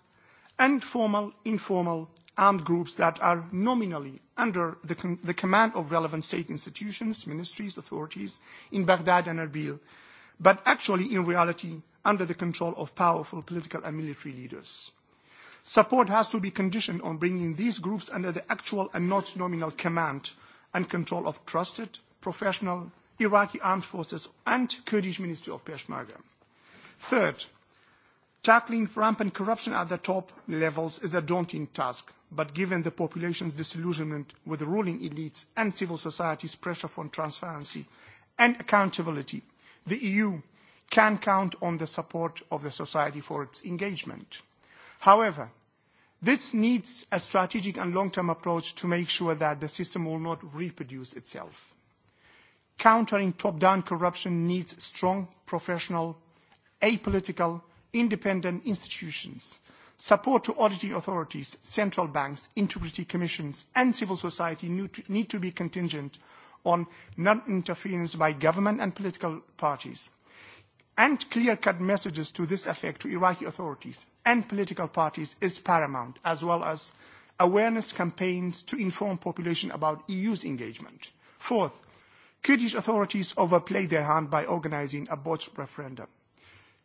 and formal, informal armed groups that are nominally under the, com the command of relevant state institutions, ministries, authorities in Baghdad and Erbil, but actually in reality under the control of powerful political and military leaders. Support has to be conditioned on bringing these groups under the actual and not nominal command and control of trusted, professional Iraqi armed forces and Kurdish Ministry of Peshmerga. Third, tackling rampant corruption at the top levels is a daunting task, but given the population's disillusionment with the ruling elites and civil society's pressure for transparency and accountability, the EU can count on the support of the society for its engagement. However, this needs a strategic and long-term approach to make sure that the system will not reproduce itself. Countering top-down corruption needs strong, professional, apolitical, independent institutions, support to auditing authorities, central banks, integrity commissions, and civil society need to be contingent on non-interference by government and political parties and clear-cut messages to this effect to Iraqi authorities and political parties is paramount, as well as awareness campaigns to inform population about EU's engagement. Fourth, Kurdish authorities overplayed their hand by organizing a botched referendum.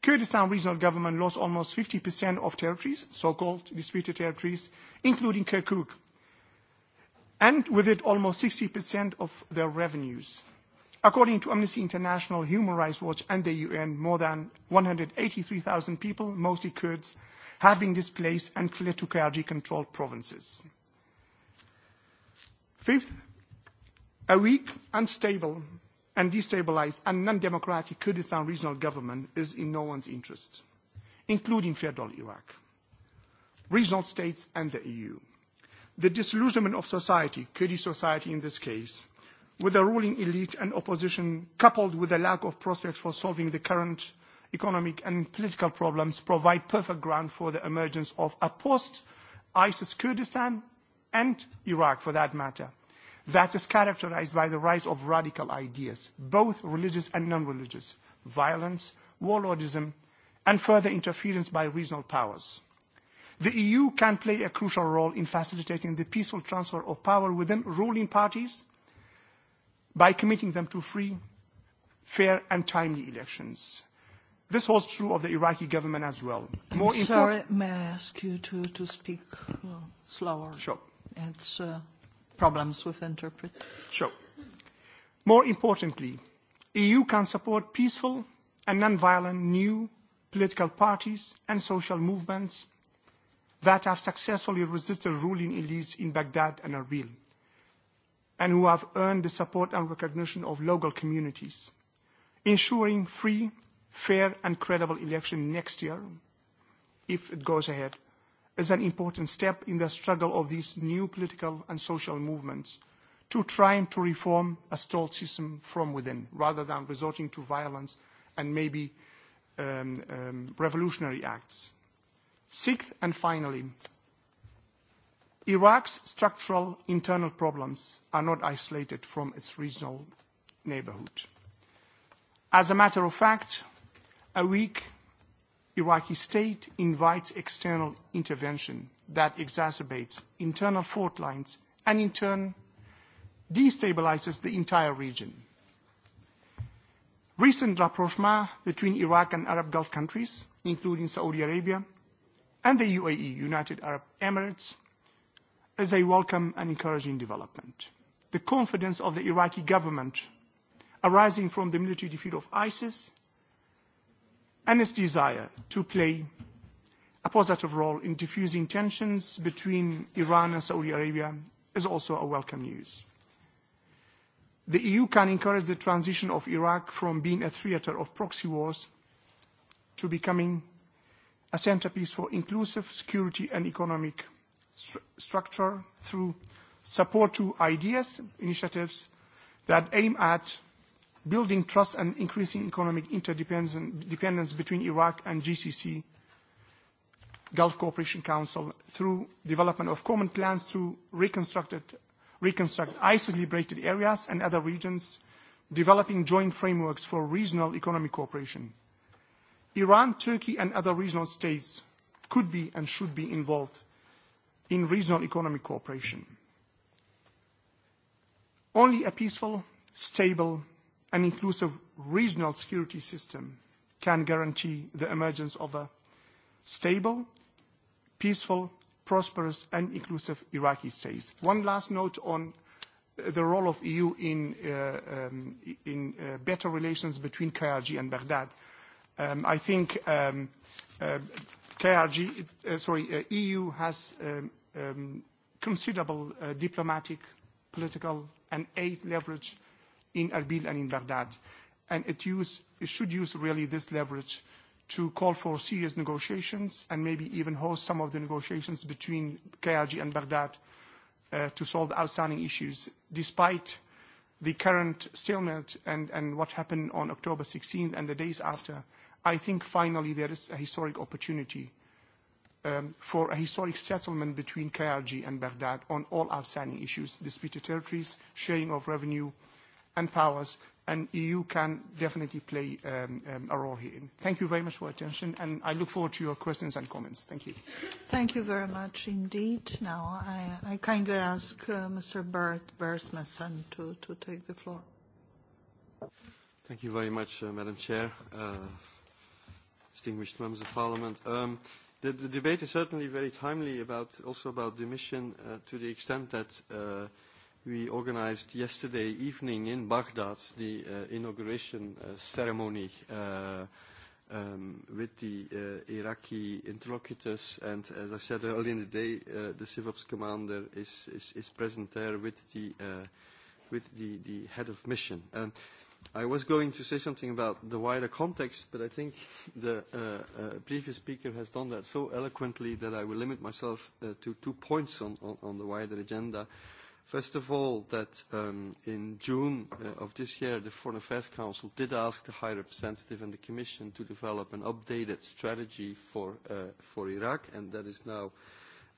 Kurdistan regional government lost almost 50% of territories, so-called disputed territories, including Kirkuk, and with it almost 60% of their revenues. According to Amnesty International, Human Rights Watch and the UN, more than 183,000 people, mostly Kurds, have been displaced and fled to KRG-controlled provinces. Fifth, a weak, unstable, and destabilized and non-democratic Kurdistan regional government is in no one's interest, including federal Iraq, regional states, and the EU. The disillusionment of society, Kurdish society in this case, with the ruling elite and opposition, coupled with the lack of prospects for solving the current economic and political problems, provide perfect ground for the emergence of a post-ISIS Kurdistan and Iraq, for that matter, that is characterized by the rise of radical ideas, both religious and non-religious, violence, warlordism, and further interference by regional powers. The EU can play a crucial role in facilitating the peaceful transfer of power within ruling parties – by committing them to free, fair, and timely elections. This holds true of the Iraqi government as well. More I'm sorry, may I ask you to, to speak uh, slower? Sure. It's uh, problems with interpret. Sure. More importantly, EU can support peaceful and non-violent new political parties and social movements that have successfully resisted ruling elites in Baghdad and Erbil and who have earned the support and recognition of local communities. Ensuring free, fair and credible election next year, if it goes ahead, is an important step in the struggle of these new political and social movements to trying to reform a stalled system from within, rather than resorting to violence and maybe um, um revolutionary acts. Sixth and finally, Iraq's structural internal problems are not isolated from its regional neighborhood. As a matter of fact, a weak Iraqi state invites external intervention that exacerbates internal fault lines and in turn destabilizes the entire region. Recent rapprochement between Iraq and Arab Gulf countries, including Saudi Arabia and the UAE, United Arab Emirates, is a welcome and encouraging development. The confidence of the Iraqi government arising from the military defeat of ISIS and its desire to play a positive role in diffusing tensions between Iran and Saudi Arabia is also a welcome news. The EU can encourage the transition of Iraq from being a theater of proxy wars to becoming a centerpiece for inclusive security and economic structure through support to ideas initiatives that aim at building trust and increasing economic interdependence between Iraq and GCC, Gulf Cooperation Council, through development of common plans to reconstruct, it, reconstruct isolated areas and other regions, developing joint frameworks for regional economic cooperation. Iran, Turkey, and other regional states could be and should be involved in regional economic cooperation. Only a peaceful, stable and inclusive regional security system can guarantee the emergence of a stable, peaceful, prosperous and inclusive Iraqi state. One last note on uh, the role of EU in, uh, um, in uh, better relations between KRG and Baghdad. Um, I think um, uh, KRG, uh, sorry, uh, EU has um, um, considerable uh, diplomatic, political, and aid leverage in Erbil and in Baghdad. And it, use, it should use really this leverage to call for serious negotiations and maybe even host some of the negotiations between KRG and Baghdad uh, to solve the outstanding issues, despite the current stalemate and, and what happened on October 16th and the days after. I think finally there is a historic opportunity Um, for a historic settlement between KRG and Baghdad on all outstanding issues, disputed territories, sharing of revenue and powers, and EU can definitely play um, um, a role here. Thank you very much for your attention, and I look forward to your questions and comments. Thank you. Thank you very much indeed. Now, I, kindly ask uh, Mr. Bert Bersmessen to, take the floor. Thank you very much, uh, Madam Chair, uh, distinguished members of Parliament. The, the debate is certainly very timely about also about the mission uh, to the extent that uh, we organized yesterday evening in Baghdad the uh, inauguration uh, ceremony uh, um, with the uh, Iraqi interlocutors and as I said earlier in the day uh, the CIVOPS commander is, is, is present there with the, uh, with the, the head of mission. Um, i was going to say something about the wider context, but I think the uh, uh, previous speaker has done that so eloquently that I will limit myself uh, to two points on, on, on the wider agenda. First of all, that um, in June uh, of this year, the Foreign Affairs Council did ask the High Representative and the Commission to develop an updated strategy for, uh, for Iraq, and that is now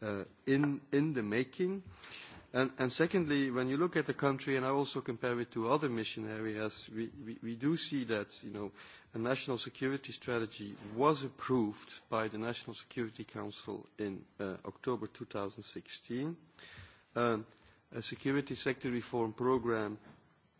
uh, in, in the making. Uh, And, and secondly, when you look at the country, and I also compare it to other mission areas, we, we, we do see that you know, a national security strategy was approved by the National Security Council in uh, October 2016. Um, a security sector reform program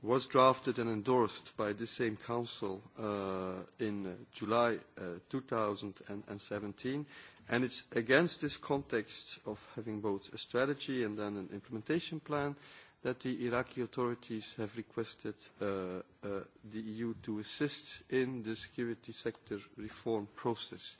was drafted and endorsed by this same council uh, in July uh, 2017 And it's against this context of having both a strategy and then an implementation plan that the Iraqi authorities have requested uh, uh, the EU to assist in the security sector reform process.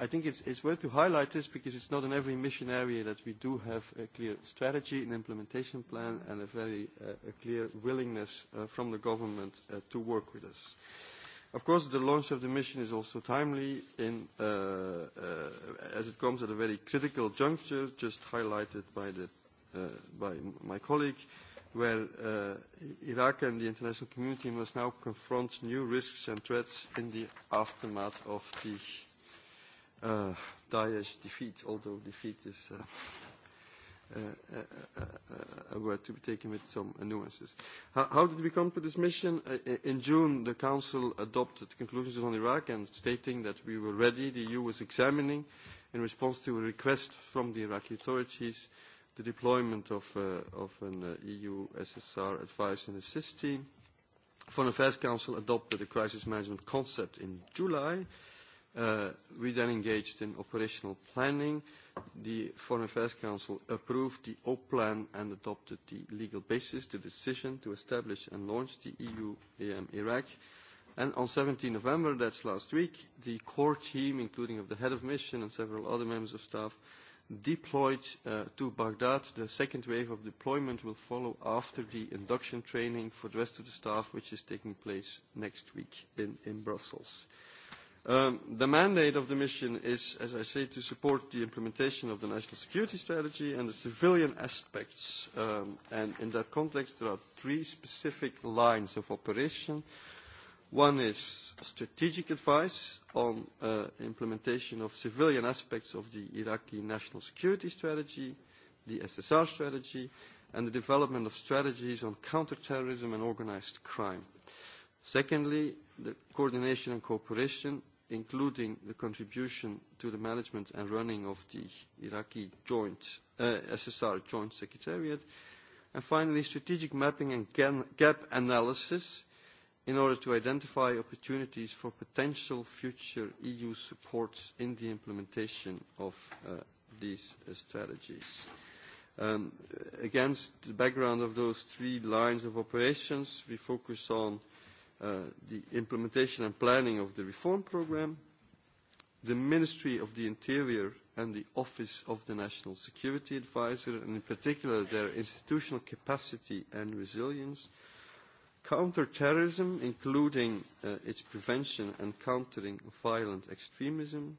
I think it's, it's worth to highlight this because it's not in every mission area that we do have a clear strategy, an implementation plan, and a very uh, clear willingness from the government to work with us. Of course, the launch of the mission is also timely in, uh, uh, as it comes at a very critical juncture, just highlighted by, the, uh, by my colleague, where uh, Iraq and the international community must now confront new risks and threats in the aftermath of the uh, Daesh defeat, although defeat is uh, Uh, uh, uh, were to be taken with some nuances. How, how did we come to this mission? In June, the Council adopted conclusions on Iraq and stating that we were ready, the EU was examining, in response to a request from the Iraqi authorities, the deployment of, uh, of an EU SSR advice and assist team. Foreign Affairs Council adopted a crisis management concept in July. Uh, we then engaged in operational planning the Foreign Affairs Council approved the OP plan and adopted the legal basis the decision to establish and launch the EU EM Iraq. And on 17 November, that's last week, the core team, including of the head of mission and several other members of staff, deployed uh, to Baghdad. The second wave of deployment will follow after the induction training for the rest of the staff, which is taking place next week in, Brussels. Um, the mandate of the mission is, as I say, to support the implementation of the national security strategy and the civilian aspects. Um, and in that context, there are three specific lines of operation. One is strategic advice on the uh, implementation of civilian aspects of the Iraqi national security strategy, the SSR strategy, and the development of strategies on counter terrorism and organised crime. Secondly, the coordination and cooperation including the contribution to the management and running of the Iraqi joint, uh, SSR Joint Secretariat, and finally strategic mapping and gap analysis in order to identify opportunities for potential future EU supports in the implementation of uh, these uh, strategies. Um, against the background of those three lines of operations, we focus on Uh, the implementation and planning of the reform programme, the Ministry of the Interior and the Office of the National Security Advisor, and in particular their institutional capacity and resilience, counter-terrorism, including uh, its prevention and countering violent extremism,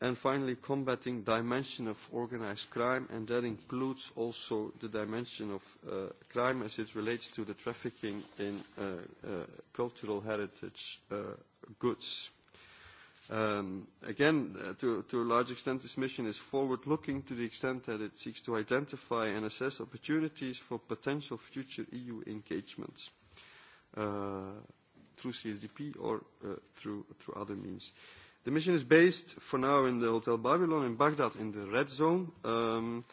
and finally combating dimension of organised crime and that includes also the dimension of uh, crime as it relates to the trafficking in uh, uh, cultural heritage goods. Um, again, to, to a large extent this mission is forward-looking to the extent that it seeks to identify and assess opportunities for potential future EU engagements through CSDP or through, through other means. The mission is based for now in the Hotel Babylon in Baghdad in the red zone. Um,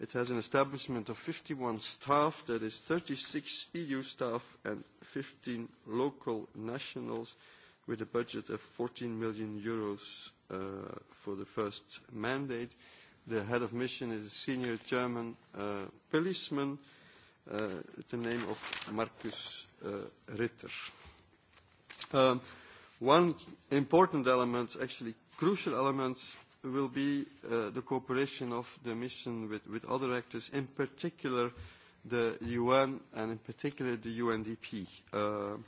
it has an establishment of 51 staff, that is 36 EU staff and 15 local nationals with a budget of 14 million euros uh, for the first mandate. The head of mission is a senior German uh, policeman, uh, the name of Marcus uh, Ritter. Um, one important element, actually crucial element, will be uh, the cooperation of the mission with, with other actors, in particular the UN and in particular the UNDP. Uh,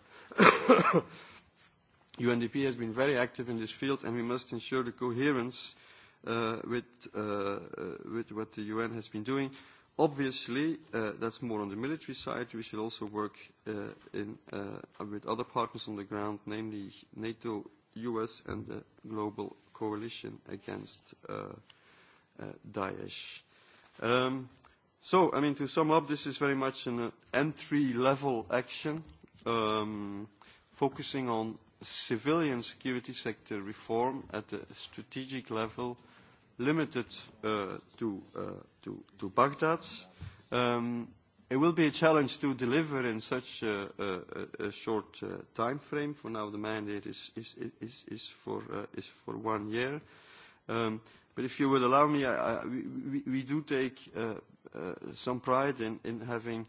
UNDP has been very active in this field and we must ensure the coherence uh, with, uh, with what the UN has been doing Obviously, uh, that's more on the military side. We should also work uh, in, uh, with other partners on the ground, namely NATO, US, and the global coalition against Daesh. Um, so, I mean, to sum up, this is very much an entry-level action um, focusing on civilian security sector reform at a strategic level – limited uh, to, uh, to, to Baghdad. Um, it will be a challenge to deliver in such a, a, a short uh, time frame. For now, the mandate is, is, is, is, for, uh, is for one year. Um, but if you would allow me, I, I, we, we do take uh, uh, some pride in, in having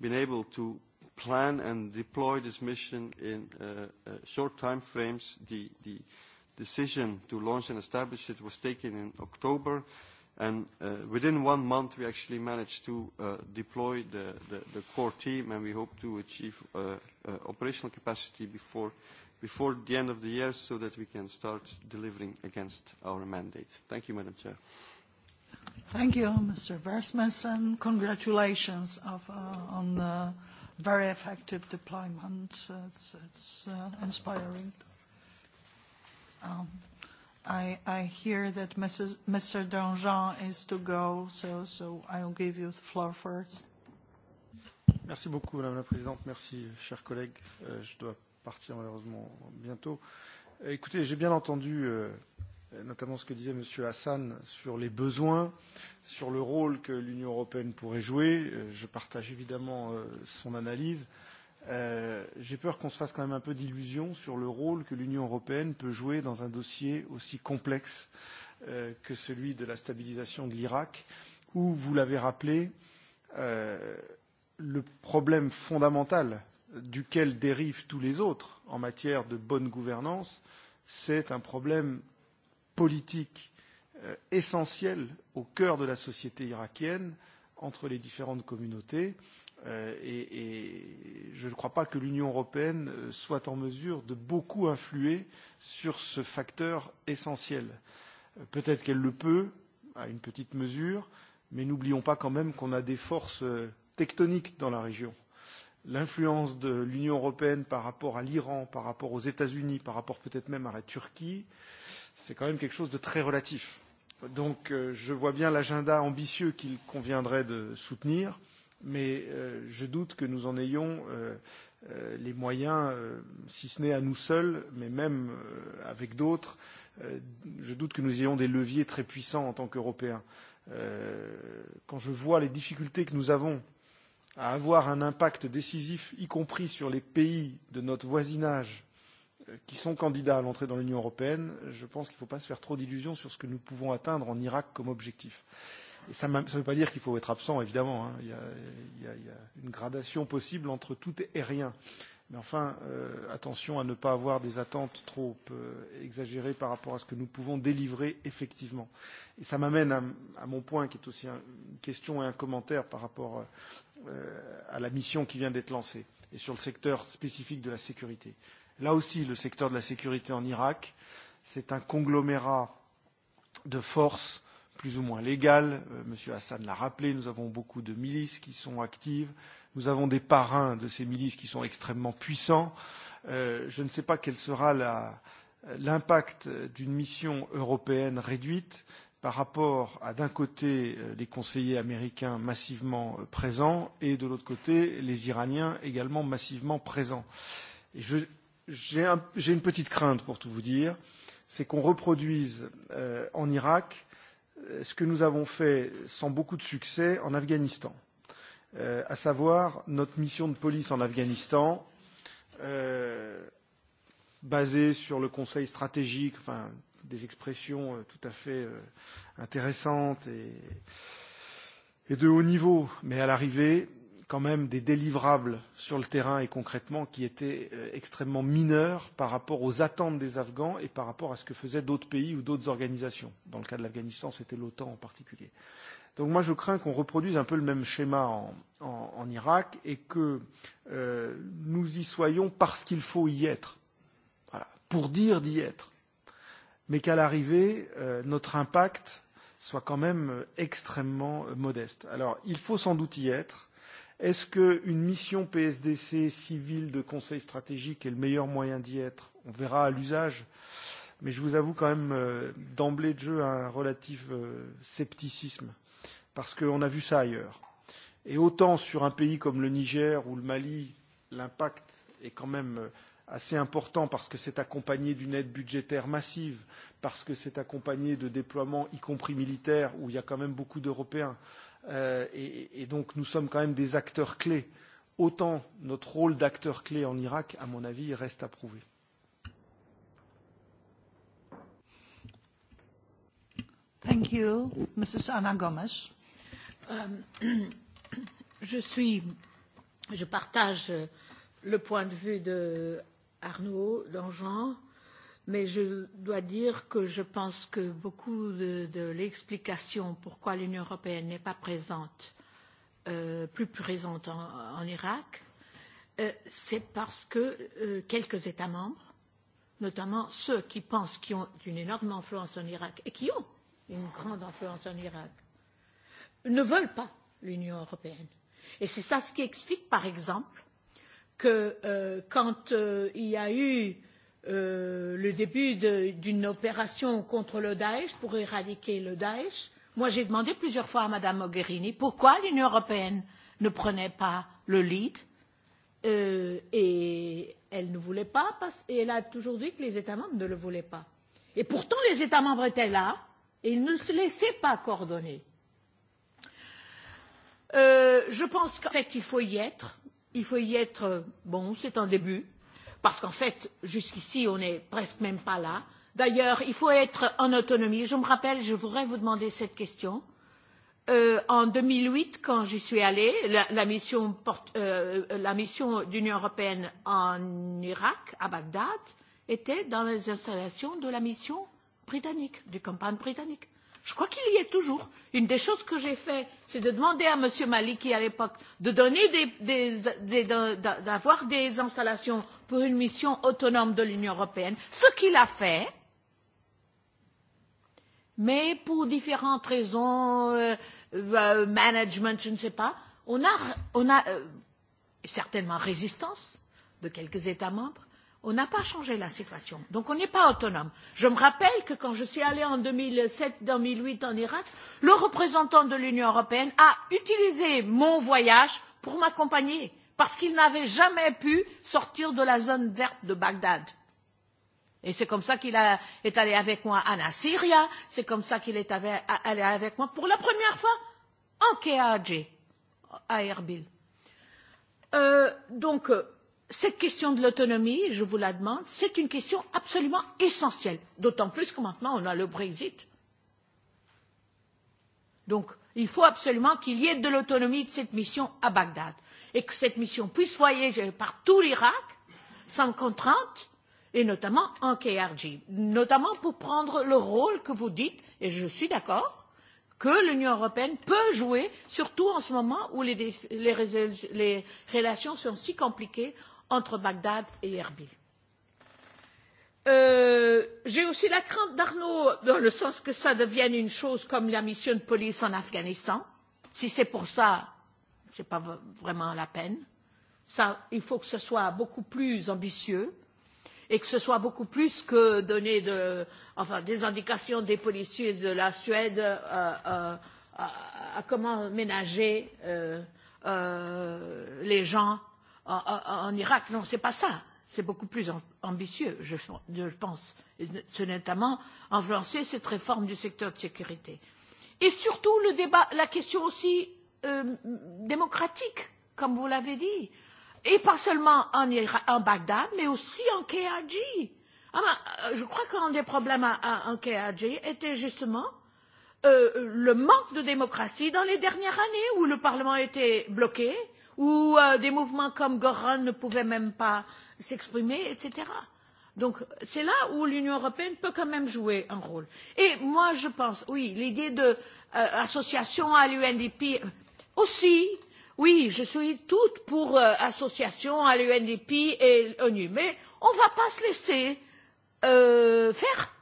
been able to plan and deploy this mission in uh, uh, short time frames. The, the, decision to launch and establish it was taken in October, and uh, within one month we actually managed to uh, deploy the, the, the core team, and we hope to achieve uh, uh, operational capacity before, before the end of the year so that we can start delivering against our mandate. Thank you, Madam Chair. Thank you, Mr. Versmes, and congratulations of, uh, on the very effective deployment. It's, it's inspiring. Um, I, hear that Mr. Danjean is to go, so, I'll give you the floor first. Merci beaucoup, Madame la Présidente. Merci, chers collègues. Euh, je dois partir malheureusement bientôt. Euh, écoutez, j'ai bien entendu euh, notamment ce que disait Monsieur Hassan sur les besoins, sur le rôle que l'Union européenne pourrait jouer. Je partage évidemment son analyse. Euh, j'ai peur qu'on se fasse quand même un peu d'illusions sur le rôle que l'Union européenne peut jouer dans un dossier aussi complexe euh, que celui de la stabilisation de l'Irak, où, vous l'avez rappelé, euh, le problème fondamental duquel dérivent tous les autres en matière de bonne gouvernance, c'est un problème politique essentiel au cœur de la société irakienne entre les différentes communautés Euh, et, et je ne crois pas que l'Union européenne euh, soit en mesure de beaucoup influer sur ce facteur essentiel. Euh, peut-être qu'elle le peut, à une petite mesure, mais n'oublions pas quand même qu'on a des forces tectoniques dans la région. L'influence de l'Union européenne par rapport à l'Iran, par rapport aux États-Unis, par rapport peut-être même à la Turquie, c'est quand même quelque chose de très relatif. Donc je vois bien l'agenda ambitieux qu'il conviendrait de soutenir mais euh, je doute que nous en ayons euh, euh, les moyens, euh, si ce n'est à nous seuls, mais même euh, avec d'autres, euh, je doute que nous ayons des leviers très puissants en tant qu'Européens. Quand je vois les difficultés que nous avons à avoir un impact décisif, y compris sur les pays de notre voisinage qui sont candidats à l'entrée dans l'Union européenne, je pense qu'il ne faut pas se faire trop d'illusions sur ce que nous pouvons atteindre en Irak comme objectif. Euh, Et ça ne veut pas dire qu'il faut être absent, évidemment. Hein. Il, y a, il, y a, il y a une gradation possible entre tout et rien. Mais enfin, euh, attention à ne pas avoir des attentes trop euh, exagérées par rapport à ce que nous pouvons délivrer effectivement. Et ça m'amène à, à mon point, qui est aussi un, une question et un commentaire par rapport euh, à la mission qui vient d'être lancée et sur le secteur spécifique de la sécurité. Là aussi, le secteur de la sécurité en Irak, c'est un conglomérat de forces plus ou moins légal, euh, Monsieur Hassan l'a rappelé, nous avons beaucoup de milices qui sont actives. Nous avons des parrains de ces milices qui sont extrêmement puissants. Euh, je ne sais pas quel sera l'impact d'une mission européenne réduite par rapport à, d'un côté, euh, les conseillers américains massivement présents et, de l'autre côté, les Iraniens également massivement présents. J'ai un, une petite crainte, pour tout vous dire, c'est qu'on reproduise euh, en Irak Euh, ce que nous avons fait sans beaucoup de succès en Afghanistan, euh, à savoir notre mission de police en Afghanistan, euh, basée sur le conseil stratégique, enfin des expressions euh, tout à fait intéressantes et, et de haut niveau, mais à l'arrivée, quand même des délivrables sur le terrain et concrètement qui étaient euh, extrêmement mineurs par rapport aux attentes des Afghans et par rapport à ce que faisaient d'autres pays ou d'autres organisations. Dans le cas de l'Afghanistan, c'était l'OTAN en particulier. Donc moi, je crains qu'on reproduise un peu le même schéma en, en, en Irak et que euh, nous y soyons parce qu'il faut y être, voilà, pour dire d'y être. Mais qu'à l'arrivée, euh, notre impact soit quand même euh, extrêmement euh, modeste. Alors, il faut sans doute y être Est-ce qu'une mission PSDC civile de conseil stratégique est le meilleur moyen d'y être On verra à l'usage. Mais je vous avoue quand même euh, d'emblée de jeu un relatif euh, scepticisme, parce qu'on a vu ça ailleurs. Et autant sur un pays comme le Niger ou le Mali, l'impact est quand même euh, assez important parce que c'est accompagné d'une aide budgétaire massive, parce que c'est accompagné de déploiements, y compris militaires, où il y a quand même beaucoup d'Européens, Euh, et, donc nous sommes quand même des acteurs clés. Autant notre rôle d'acteur clé en Irak, à mon avis, reste à prouver. Thank you. Mrs. Anna Gomes. Euh, je suis, je partage le point de vue de Arnaud mais je dois dire que je pense que beaucoup de, l'explication pourquoi l'Union européenne n'est pas présente, euh, plus présente en, en Irak, euh, c'est parce que euh, quelques États membres, notamment ceux qui pensent qu'ils ont une énorme influence en Irak et qui ont une grande influence en Irak, ne veulent pas l'Union européenne. Et c'est ça ce qui explique, par exemple, que euh, quand euh, il y a eu Euh, le début d'une opération contre le Daesh pour éradiquer le Daesh. Moi, j'ai demandé plusieurs fois à Mme Mogherini pourquoi l'Union européenne ne prenait pas le lead euh, et elle ne voulait pas parce, et elle a toujours dit que les États membres ne le voulaient pas. Et pourtant, les États membres étaient là et ils ne se laissaient pas coordonner. Euh, je pense qu'en fait, il faut y être. Il faut y être, bon, c'est un début parce qu'en fait jusqu'ici on n'est presque même pas là. d'ailleurs il faut être en autonomie. je me rappelle je voudrais vous demander cette question euh, en deux mille huit quand j'y suis allée la, la mission, euh, la d'union européenne en irak à bagdad était dans les installations de la mission britannique du campagne britannique je crois qu'il y est toujours. une des choses que j'ai fait c'est de demander à m. maliki à l'époque de donner des, des, des, d'avoir des installations pour une mission autonome de l'union européenne ce qu'il a fait mais pour différentes raisons euh, euh, management je ne sais pas on a, on a euh, certainement résistance de quelques états membres on n'a pas changé la situation donc on n'est pas autonome. je me rappelle que quand je suis allée en 2007 2008 en irak le représentant de l'union européenne a utilisé mon voyage pour m'accompagner parce qu'il n'avait jamais pu sortir de la zone verte de bagdad. Et c'est comme ça qu'il est allé avec moi en Syrie, c'est comme ça qu'il est allé avec moi pour la première fois en KAG, à Erbil. Euh, donc, cette question de l'autonomie je vous la demande c'est une question absolument essentielle d'autant plus que maintenant on a le brexit. donc il faut absolument qu'il y ait de l'autonomie de cette mission à bagdad et que cette mission puisse voyager par tout l'Irak sans contrainte et notamment en krg notamment pour prendre le rôle que vous dites et je suis d'accord que l'union européenne peut jouer surtout en ce moment où les, les, les relations sont si compliquées entre Bagdad et Erbil. Euh, J'ai aussi la crainte d'Arnaud, dans le sens que ça devienne une chose comme la mission de police en Afghanistan. Si c'est pour ça, ce n'est pas vraiment la peine. Ça, il faut que ce soit beaucoup plus ambitieux et que ce soit beaucoup plus que donner de, enfin, des indications des policiers de la Suède à, euh, euh, à, à comment ménager euh, euh, les gens en, Iraq, Irak. Non, ce n'est pas ça. C'est beaucoup plus ambitieux, je, pense. C'est notamment influencer cette réforme du secteur de sécurité. Et surtout, le débat, la question aussi euh, démocratique, comme vous l'avez dit. Et pas seulement en, Irak, Bagdad, mais aussi en KRG. Ah euh, je crois qu'un des problèmes en KRG était justement euh, le manque de démocratie dans les dernières années où le Parlement était bloqué où euh, des mouvements comme Goran ne pouvaient même pas s'exprimer, etc. Donc c'est là où l'Union européenne peut quand même jouer un rôle. Et moi je pense, oui, l'idée d'association euh, à l'UNDP euh, aussi, oui, je suis toute pour euh, association à l'UNDP et l'ONU, mais on ne va pas se laisser euh, faire,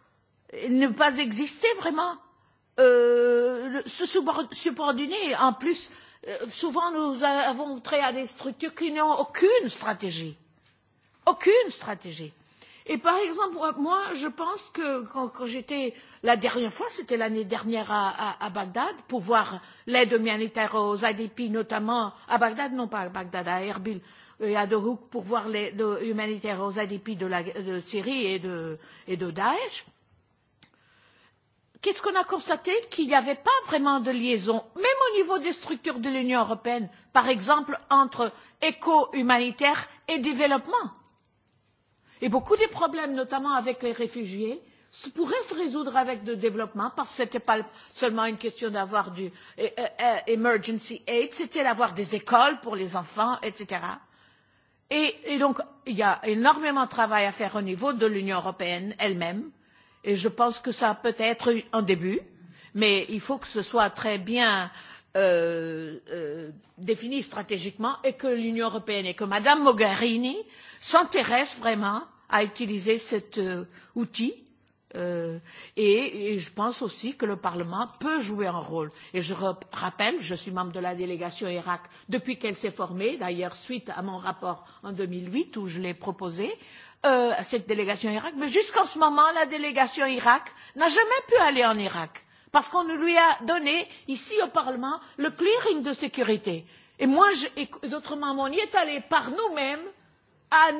ne pas exister vraiment, euh, se subordonner en plus Euh, souvent nous avons trait à des structures qui n'ont aucune stratégie aucune stratégie. et par exemple euh, moi je pense que quand, j'étais la dernière fois c'était l'année dernière à, à, bagdad pour voir l'aide humanitaire aux ADP, notamment à bagdad non pas à bagdad à erbil et à dohuk pour voir l'aide humanitaire aux ADP de, la, de syrie et de, et de daech qu'est ce qu'on a constaté qu'il n'y avait pas vraiment de liaison même au niveau des structures de l'union européenne par exemple entre éco humanitaire et développement. et beaucoup de problèmes notamment avec les réfugiés pourraient se résoudre avec le développement parce que ce n'était pas seulement une question d'avoir du eh, eh, eh, emergency aid c'était d'avoir des écoles pour les enfants etc. et donc il y a énormément de travail à faire au niveau de l'union européenne elle même et je pense que ça peut être un début mais il faut que ce soit très bien euh, euh défini stratégiquement et que l'union européenne et que mme mogherini s'intéressent vraiment à utiliser cet euh, outil euh, et, et je pense aussi que le parlement peut jouer un rôle et je rappelle je suis membre de la délégation irak depuis qu'elle s'est formée d'ailleurs suite à mon rapport en deux mille huit où je l'ai proposé euh, à cette délégation Irak, mais jusqu'en ce moment, la délégation Irak n'a jamais pu aller en Irak, parce qu'on lui a donné, ici au Parlement, le clearing de sécurité. Et moi, et d'autres membres, on y est allé par nous-mêmes,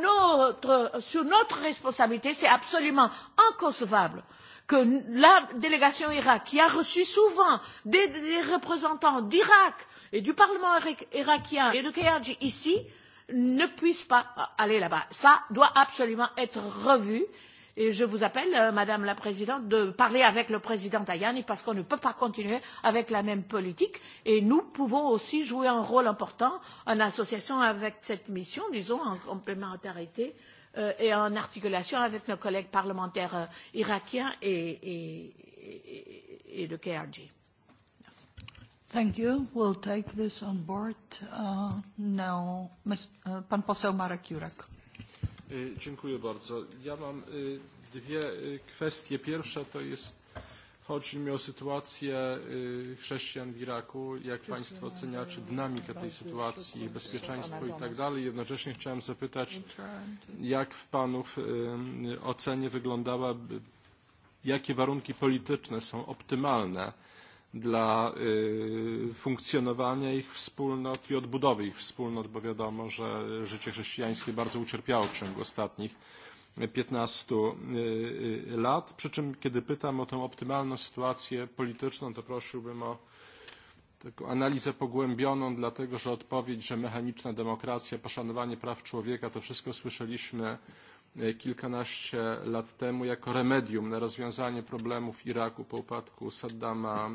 notre, sur notre responsabilité, c'est absolument inconcevable que la délégation Irak, qui a reçu souvent des, des représentants d'Irak et du Parlement irakien et de Kayadji ici, ne puissent pas aller là-bas. Ça doit absolument être revu. Et je vous appelle, euh, Madame la Présidente, de parler avec le Président Tajani parce qu'on ne peut pas continuer avec la même politique. Et nous pouvons aussi jouer un rôle important en association avec cette mission, disons, en complémentarité euh, et en articulation avec nos collègues parlementaires euh, irakiens et, et, et, et le KRG. Thank you. We'll take this on board. Uh, now, uh, pan poseł Marek Jurek. Dziękuję bardzo. Ja mam dwie kwestie. Pierwsza to jest, chodzi mi o sytuację chrześcijan w Iraku. Jak Państwo oceniacie dynamikę tej sytuacji, bezpieczeństwo i tak dalej. Jednocześnie chciałem zapytać, jak w Panów ocenie wyglądała, jakie warunki polityczne są optymalne dla funkcjonowania ich wspólnot i odbudowy ich wspólnot, bo wiadomo, że życie chrześcijańskie bardzo ucierpiało w ciągu ostatnich 15 lat. Przy czym, kiedy pytam o tę optymalną sytuację polityczną, to prosiłbym o taką analizę pogłębioną, dlatego że odpowiedź, że mechaniczna demokracja, poszanowanie praw człowieka, to wszystko słyszeliśmy E, kilkanaście lat temu jako remedium na rozwiązanie problemów Iraku po upadku Saddama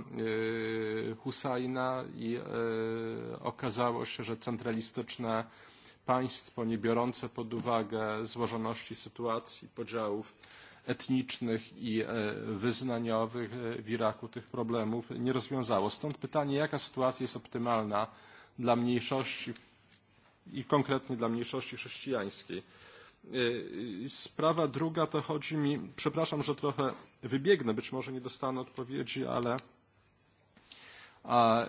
e, Husajna i e, okazało się, że centralistyczne państwo nie biorące pod uwagę złożoności sytuacji, podziałów etnicznych i wyznaniowych w Iraku tych problemów nie rozwiązało. Stąd pytanie, jaka sytuacja jest optymalna dla mniejszości i konkretnie dla mniejszości chrześcijańskiej E, sprawa druga to chodzi mi, przepraszam, że trochę wybiegnę, być może nie dostanę odpowiedzi, ale a, e,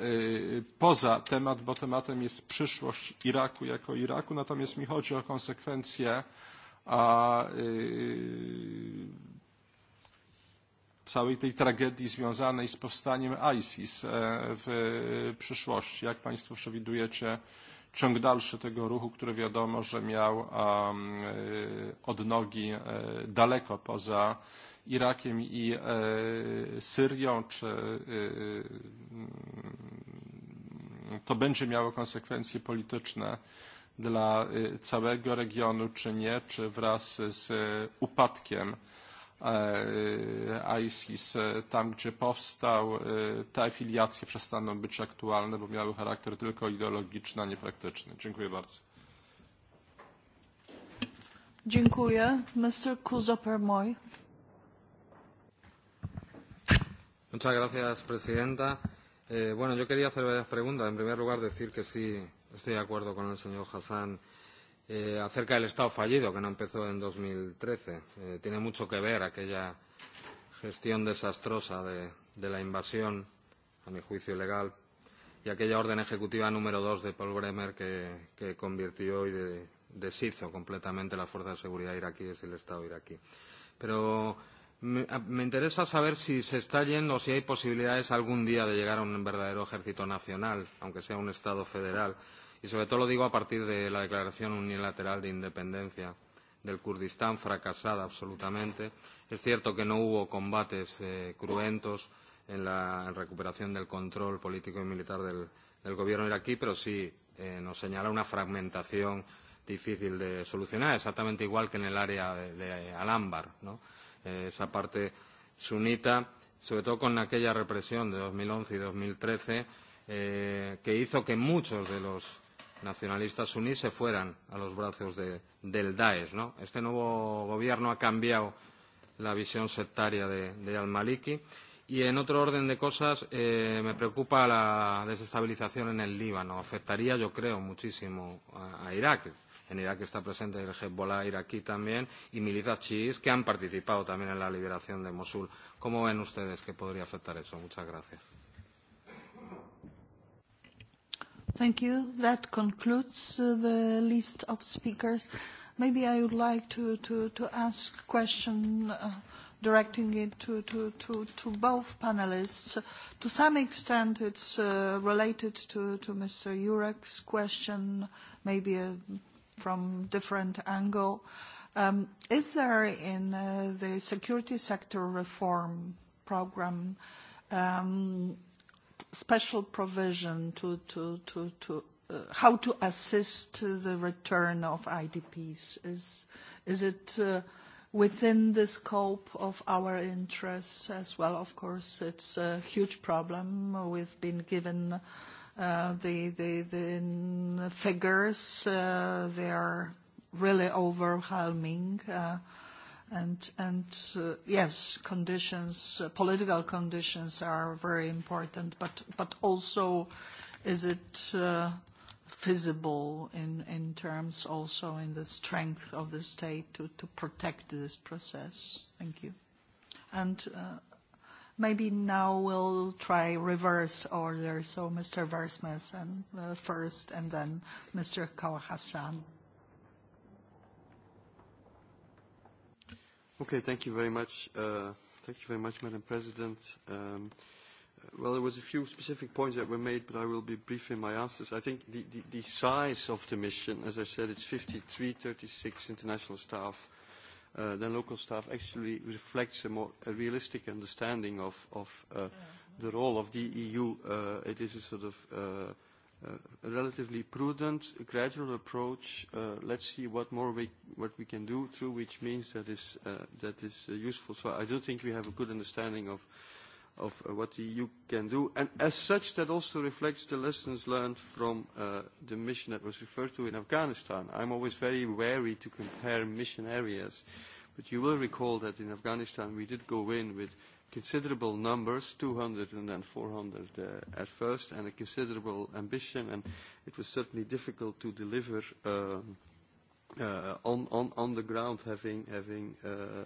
poza temat, bo tematem jest przyszłość Iraku jako Iraku, natomiast mi chodzi o konsekwencje a, e, całej tej tragedii związanej z powstaniem ISIS w przyszłości. Jak Państwo przewidujecie ciąg dalszy tego ruchu, który wiadomo, że miał e, odnogi e, daleko poza Irakiem i e, Syrią, czy to będzie miało konsekwencje polityczne dla całego regionu, czy nie, czy wraz z upadkiem E, ISIS e, tam, gdzie powstał, e, te afiliacje przestaną być aktualne, bo miały charakter tylko ideologiczny, a nie praktyczny. Dziękuję bardzo. Dziękuję. Mr. Kuzoper-Moy. Muchas gracias, presidenta. Eh, bueno, yo quería hacer varias preguntas. En primer lugar, decir que sí, estoy de acuerdo con el señor Hassan eh, acerca del Estado fallido, que no empezó en 2013. Eh, tiene mucho que ver aquella gestión desastrosa de, de la invasión, a mi juicio ilegal, y aquella orden ejecutiva número 2 de Paul Bremer que, que convirtió y de, deshizo completamente las fuerzas de seguridad iraquíes y el Estado iraquí. Pero me, me interesa saber si se está yendo o si hay posibilidades algún día de llegar a un verdadero ejército nacional, aunque sea un Estado federal Y sobre todo lo digo a partir de la declaración unilateral de independencia del Kurdistán, fracasada absolutamente. Es cierto que no hubo combates eh, cruentos en la recuperación del control político y militar del, gobierno iraquí, pero sí eh, nos señala una fragmentación difícil de solucionar, exactamente igual que en el área de, al eh, esa parte sunita, sobre todo con aquella represión de 2011 y 2013, eh, que hizo que muchos de los nacionalistas suníes se fueran a los brazos de, del Daesh. ¿no? Este nuevo gobierno ha cambiado la visión sectaria de, de al-Maliki. Y en otro orden de cosas, eh, me preocupa la desestabilización en el Líbano. Afectaría, yo creo, muchísimo a, a Irak. En Irak está presente el Hezbollah iraquí también y milicias chiíes que han participado también en la liberación de Mosul. ¿Cómo ven ustedes que podría afectar eso? Muchas gracias. Thank you. That concludes uh, the list of speakers. Maybe I would like to, to, to ask question uh, directing it to, to, both panelists. To some extent, it's uh, related to, Mr. Jurek's question, maybe from different angle. Um, is there in the security sector reform program um, special provision to, to, to, to uh, how to assist the return of IDPs? Is, it uh, within the scope of our interests as well? Of course, it's a huge problem. We've been given uh, the, the figures. They are really overwhelming. And, and uh, yes, conditions, uh, political conditions are very important, but, but also is it uh, feasible in, in terms also in the strength of the state to, to protect this process? Thank you. And maybe now we'll try reverse order, so Mr. Versmes first, and then Mr. Kawahasan. Okay, thank you very much. Uh, thank you very much, Madam President. Um, well, there was a few specific points that were made, but I will be brief in my answers. I think the, the, the size of the mission, as I said, it's 53, 36 international staff, uh, then local staff, actually reflects a more a realistic understanding of, of uh, mm-hmm. the role of the EU. Uh, it is a sort of uh, Uh, relatively prudent, gradual approach. Uh, let's see what more we, what we can do through which means that is, uh, that is uh, useful. So I do think we have a good understanding of, of what the EU can do. And as such, that also reflects the lessons learned from the mission that was referred to in Afghanistan. I'm always very wary to compare mission areas, but you will recall that in Afghanistan, we did go in with considerable numbers, 200 and then 400 uh, at first, and a considerable ambition, and it was certainly difficult to deliver um, uh, on, on, on the ground, having, having, uh,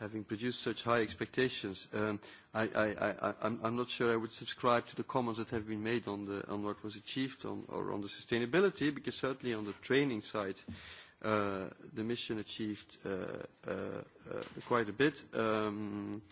having produced such high expectations. Um, I, I, I, I'm, I'm not sure I would subscribe to the comments that have been made on, the, on what was achieved on, or on the sustainability, because certainly on the training side, uh, the mission achieved uh, uh, uh, quite a bit. Um,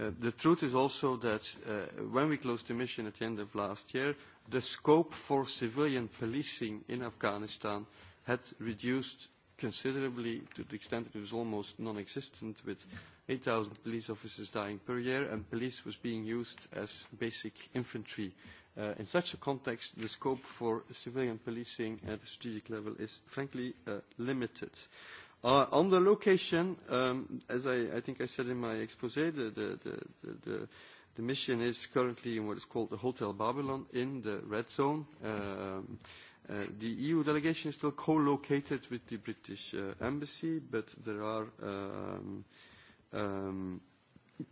Uh, the truth is also that uh, when we closed the mission at the end of last year, the scope for civilian policing in Afghanistan had reduced considerably to the extent that it was almost non-existent with 8,000 police officers dying per year and police was being used as basic infantry. Uh, in such a context, the scope for civilian policing at a strategic level is frankly limited. Uh, on the location, um, as I, I think I said in my exposé, the, mission is currently in what is called the Hotel Babylon in the red zone. Um, uh, the EU delegation is still co-located with the British uh, embassy, but there are um,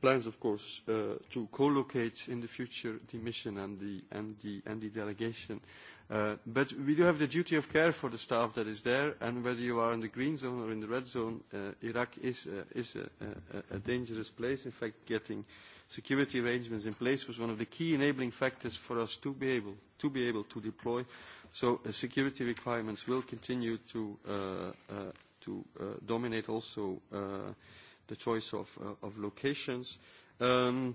plans, of course, to co-locate in the future the mission and the, and the delegation Uh, but we do have the duty of care for the staff that is there, and whether you are in the green zone or in the red zone, uh, Iraq is, uh, is a, a, a dangerous place. In fact, getting security arrangements in place was one of the key enabling factors for us to be able to, be able to deploy. So uh, security requirements will continue to, uh, uh, to uh, dominate also uh, the choice of, uh, of locations. Um,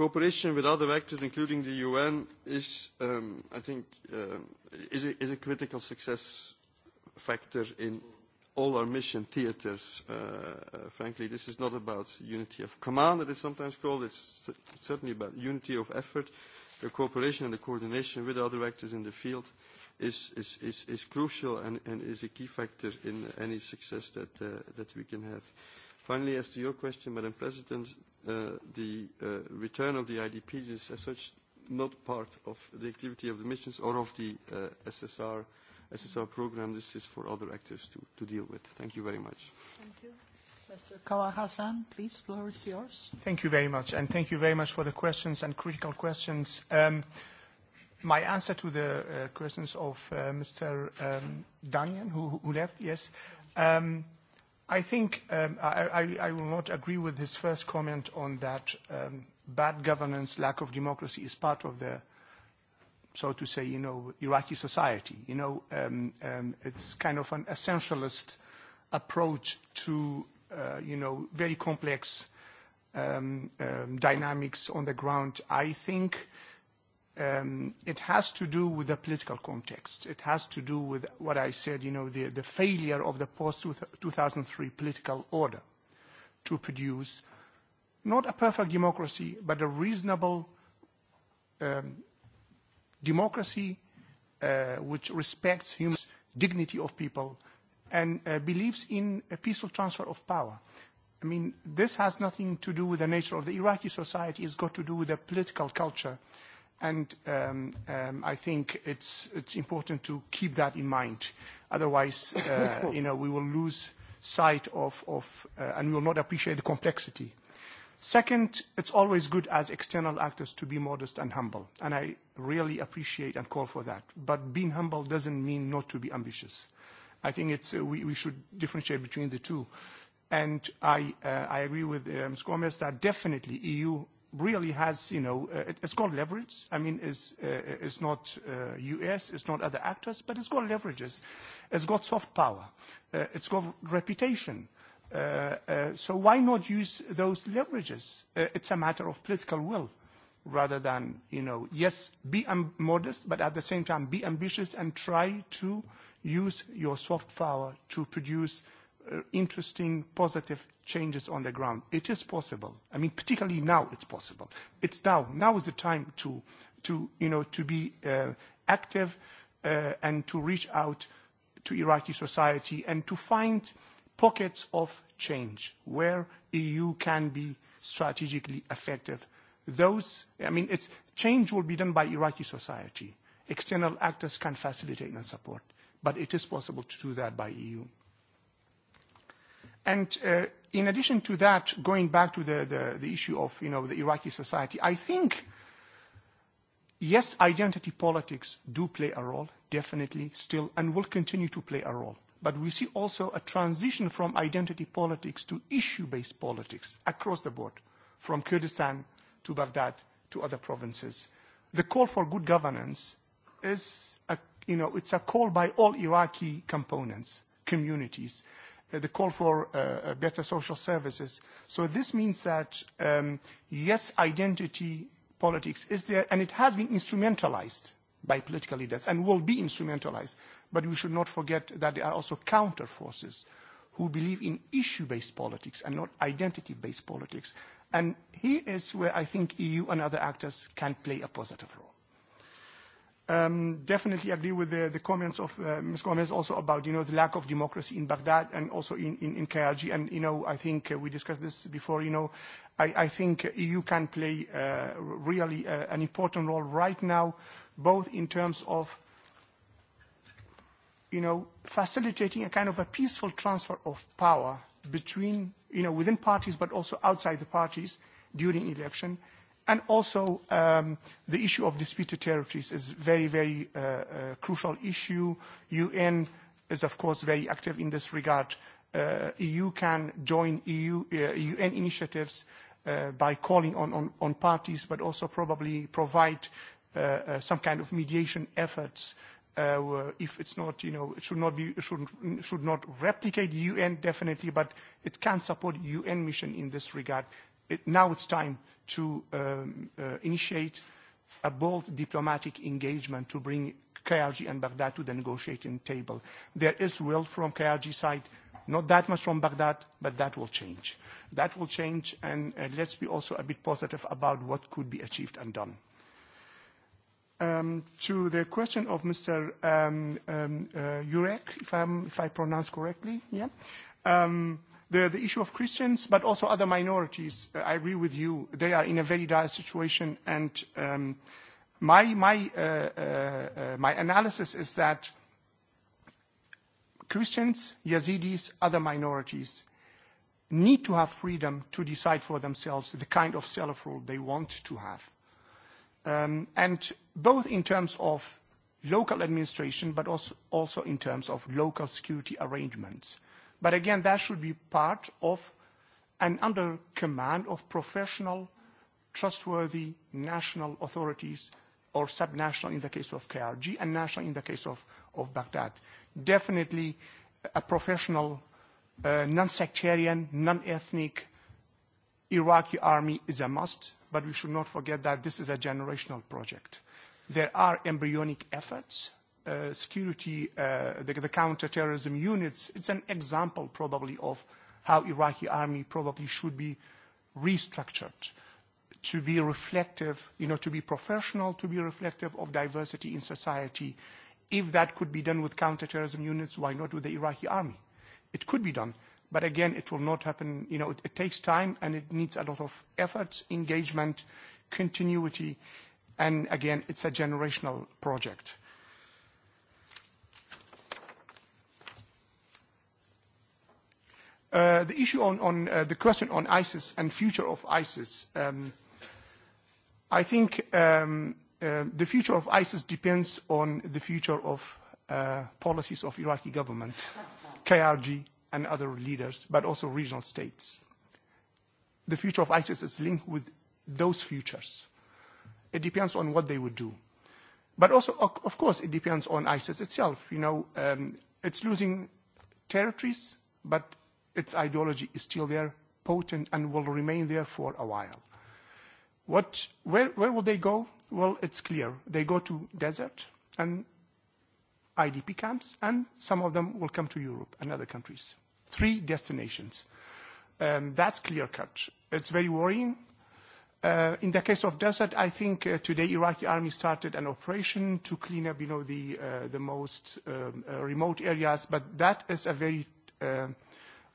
Cooperation with other actors, including the UN, is, um, I think, um, is, a, is a critical success factor in all our mission theatres. Uh, uh, frankly, this is not about unity of command, it is sometimes called. It's certainly about unity of effort. The cooperation and the coordination with other actors in the field is, is, crucial and, is a key factor in any success that, uh, that we can have. Finally, as to your question, Madam President, uh, the uh, return of the IDPs is as such not part of the activity of the missions or of the uh, SSR, SSR program. This is for other actors to, to deal with. Thank you very much. Thank you. Mr. Hassan, please, floor is yours. Thank you very much, and thank you very much for the questions and critical questions. Um, my answer to the questions of Mr. Um, who, who left, yes. Um, i think um, I, I, will not agree with his first comment on that um, bad governance, lack of democracy is part of the, so to say, you know, Iraqi society. You know, um, it's kind of an essentialist approach to, uh, you know, very complex dynamics on the ground. I think Um, it has to do with the political context. It has to do with what I said, you know, the, the failure of the post-2003 political order to produce not a perfect democracy, but a reasonable um, democracy uh, which respects human dignity of people and uh, believes in a peaceful transfer of power. I mean, this has nothing to do with the nature of the Iraqi society. It's got to do with the political culture and um, um, I think it's, it's important to keep that in mind. Otherwise, uh, you know, we will lose sight of, uh, and we will not appreciate the complexity. Second, it's always good as external actors to be modest and humble, and I really appreciate and call for that. But being humble doesn't mean not to be ambitious. I think it's, uh, we, should differentiate between the two. And I, I agree with Ms. Um, Gomez that definitely EU really has, you know, uh, it's got leverage. I mean, it's, uh, not U.S., uh, it's not other actors, but it's got leverages. It's got soft power. It's got reputation. So why not use those leverages? It's a matter of political will rather than, you know, yes, be modest, but at the same time, be ambitious and try to use your soft power to produce interesting, positive changes on the ground. It is possible. I mean, particularly now it's possible. It's now. Now is the time to, to you know, to be uh, active uh, and to reach out to Iraqi society and to find pockets of change where EU can be strategically effective. Those, I mean, it's, change will be done by Iraqi society. External actors can facilitate and support, but it is possible to do that by EU. And uh, in addition to that, going back to the, the, the issue of, you know, the Iraqi society, I think, yes, identity politics do play a role, definitely, still, and will continue to play a role. But we see also a transition from identity politics to issue-based politics across the board, from Kurdistan to Baghdad to other provinces. The call for good governance is, a, you know, it's a call by all Iraqi components, communities. Uh, the call for uh, uh, better social services. So this means that, um, yes, identity politics is there, and it has been instrumentalized by political leaders and will be instrumentalized. But we should not forget that there are also counter forces who believe in issue-based politics and not identity-based politics. And here is where I think EU and other actors can play a positive role. Um, definitely agree with the, comments of uh, Ms. Gomez also about, you know, the lack of democracy in Baghdad and also in, in, And, you know, I think uh, we discussed this before, you know, I, I think EU can play uh, really an important role right now, both in terms of, you know, facilitating a kind of a peaceful transfer of power between, you know, within parties, but also outside the parties during election And also, um, the issue of disputed territories is very, very uh, uh, crucial issue. UN is, of course, very active in this regard. Uh, EU can join EU, UN uh, initiatives by calling on, on, parties, but also probably provide some kind of mediation efforts if it's not, you know, it should not be, it should, should not replicate UN definitely, but it can support UN mission in this regard now it's time to um, uh, initiate a bold diplomatic engagement to bring KRG and Baghdad to the negotiating table. There is will from KRG side, not that much from Baghdad, but that will change. That will change, and uh, let's be also a bit positive about what could be achieved and done. Um, to the question of Mr. Yurek, um, uh, if, if I pronounce correctly, yeah the, issue of Christians, but also other minorities. Uh, I agree with you. They are in a very dire situation. And um, my, my, uh, uh, my analysis is that Christians, Yazidis, other minorities need to have freedom to decide for themselves the kind of self-rule they want to have. Um, and both in terms of local administration, but also, also in terms of local security arrangements But again, that should be part of and under command of professional, trustworthy national authorities or subnational in the case of KRG and national in the case of, of Baghdad. Definitely a professional, uh, non-sectarian, non-ethnic Iraqi army is a must, but we should not forget that this is a generational project. There are embryonic efforts Uh, security, uh, the, the terrorism units, it's an example probably of how Iraqi army probably should be restructured to be reflective, you know, to be professional, to be reflective of diversity in society. If that could be done with counterterrorism units, why not with the Iraqi army? It could be done. But again, it will not happen. You know, it, it takes time and it needs a lot of efforts, engagement, continuity. And again, it's a generational project. Uh, the issue on, on uh, the question on ISIS and future of ISIS, um, I think um, uh, the future of ISIS depends on the future of uh, policies of Iraqi government, KRG and other leaders, but also regional states. The future of ISIS is linked with those futures. It depends on what they would do. But also, of course, it depends on ISIS itself. You know, um, it's losing territories, but its ideology is still there, potent, and will remain there for a while. What, where, where will they go? Well, it's clear. They go to desert and IDP camps, and some of them will come to Europe and other countries. Three destinations. Um, that's clear-cut. It's very worrying. Uh, in the case of desert, I think uh, today Iraqi army started an operation to clean up, you know, the, uh, the most um, uh, remote areas, but that is a very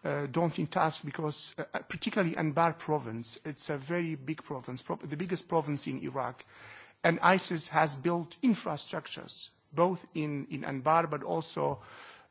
Uh, task because uh, uh, particularly Anbar province, it's a very big province, pro the biggest province in Iraq. And ISIS has built infrastructures, both in, in Anbar but also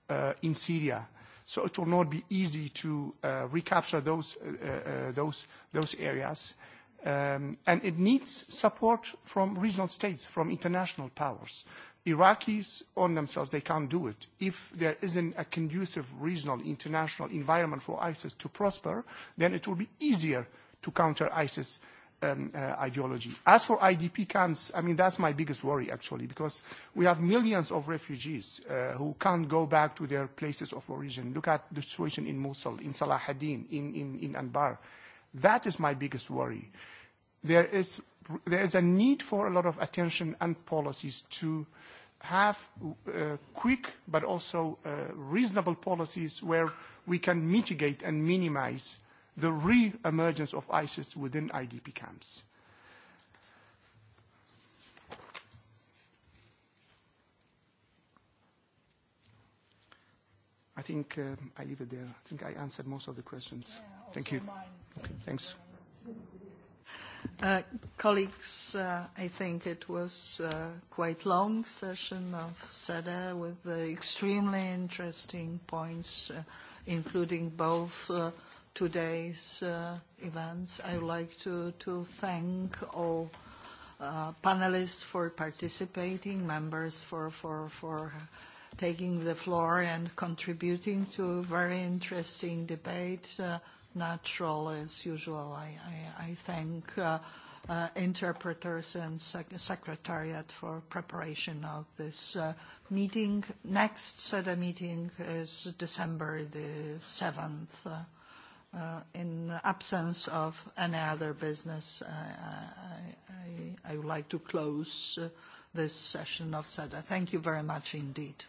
uh, in Syria. So it will not be easy to uh, recapture those, uh, uh, those, those areas. Um, and it needs support from regional states, from international powers. Iraqis on themselves, they can't do it. If there isn't a conducive regional, international environment for ISIS to prosper, then it will be easier to counter ISIS um, uh, ideology. As for IDP camps, I mean, that's my biggest worry, actually, because we have millions of refugees uh, who can't go back to their places of origin. Look at the situation in Mosul, in Salah in, in, in Anbar. That is my biggest worry there is there is a need for a lot of attention and policies to have uh, quick but also uh, reasonable policies where we can mitigate and minimize the re-emergence of ISIS within IDP camps. I think um, I leave it there. I think I answered most of the questions. Thank you. thanks. Uh, colleagues, uh, I think it was a uh, quite long session of SEDA with uh, extremely interesting points, including both today's events. I would like to, to thank all panelists for participating, members for, for, for taking the floor and contributing to a very interesting debate natural as usual. I, thank uh, uh, interpreters and secretariat for preparation of this uh, meeting. Next SEDA meeting is December the 7th. in absence of any other business, I, would like to close this session of SEDA. Thank you very much indeed.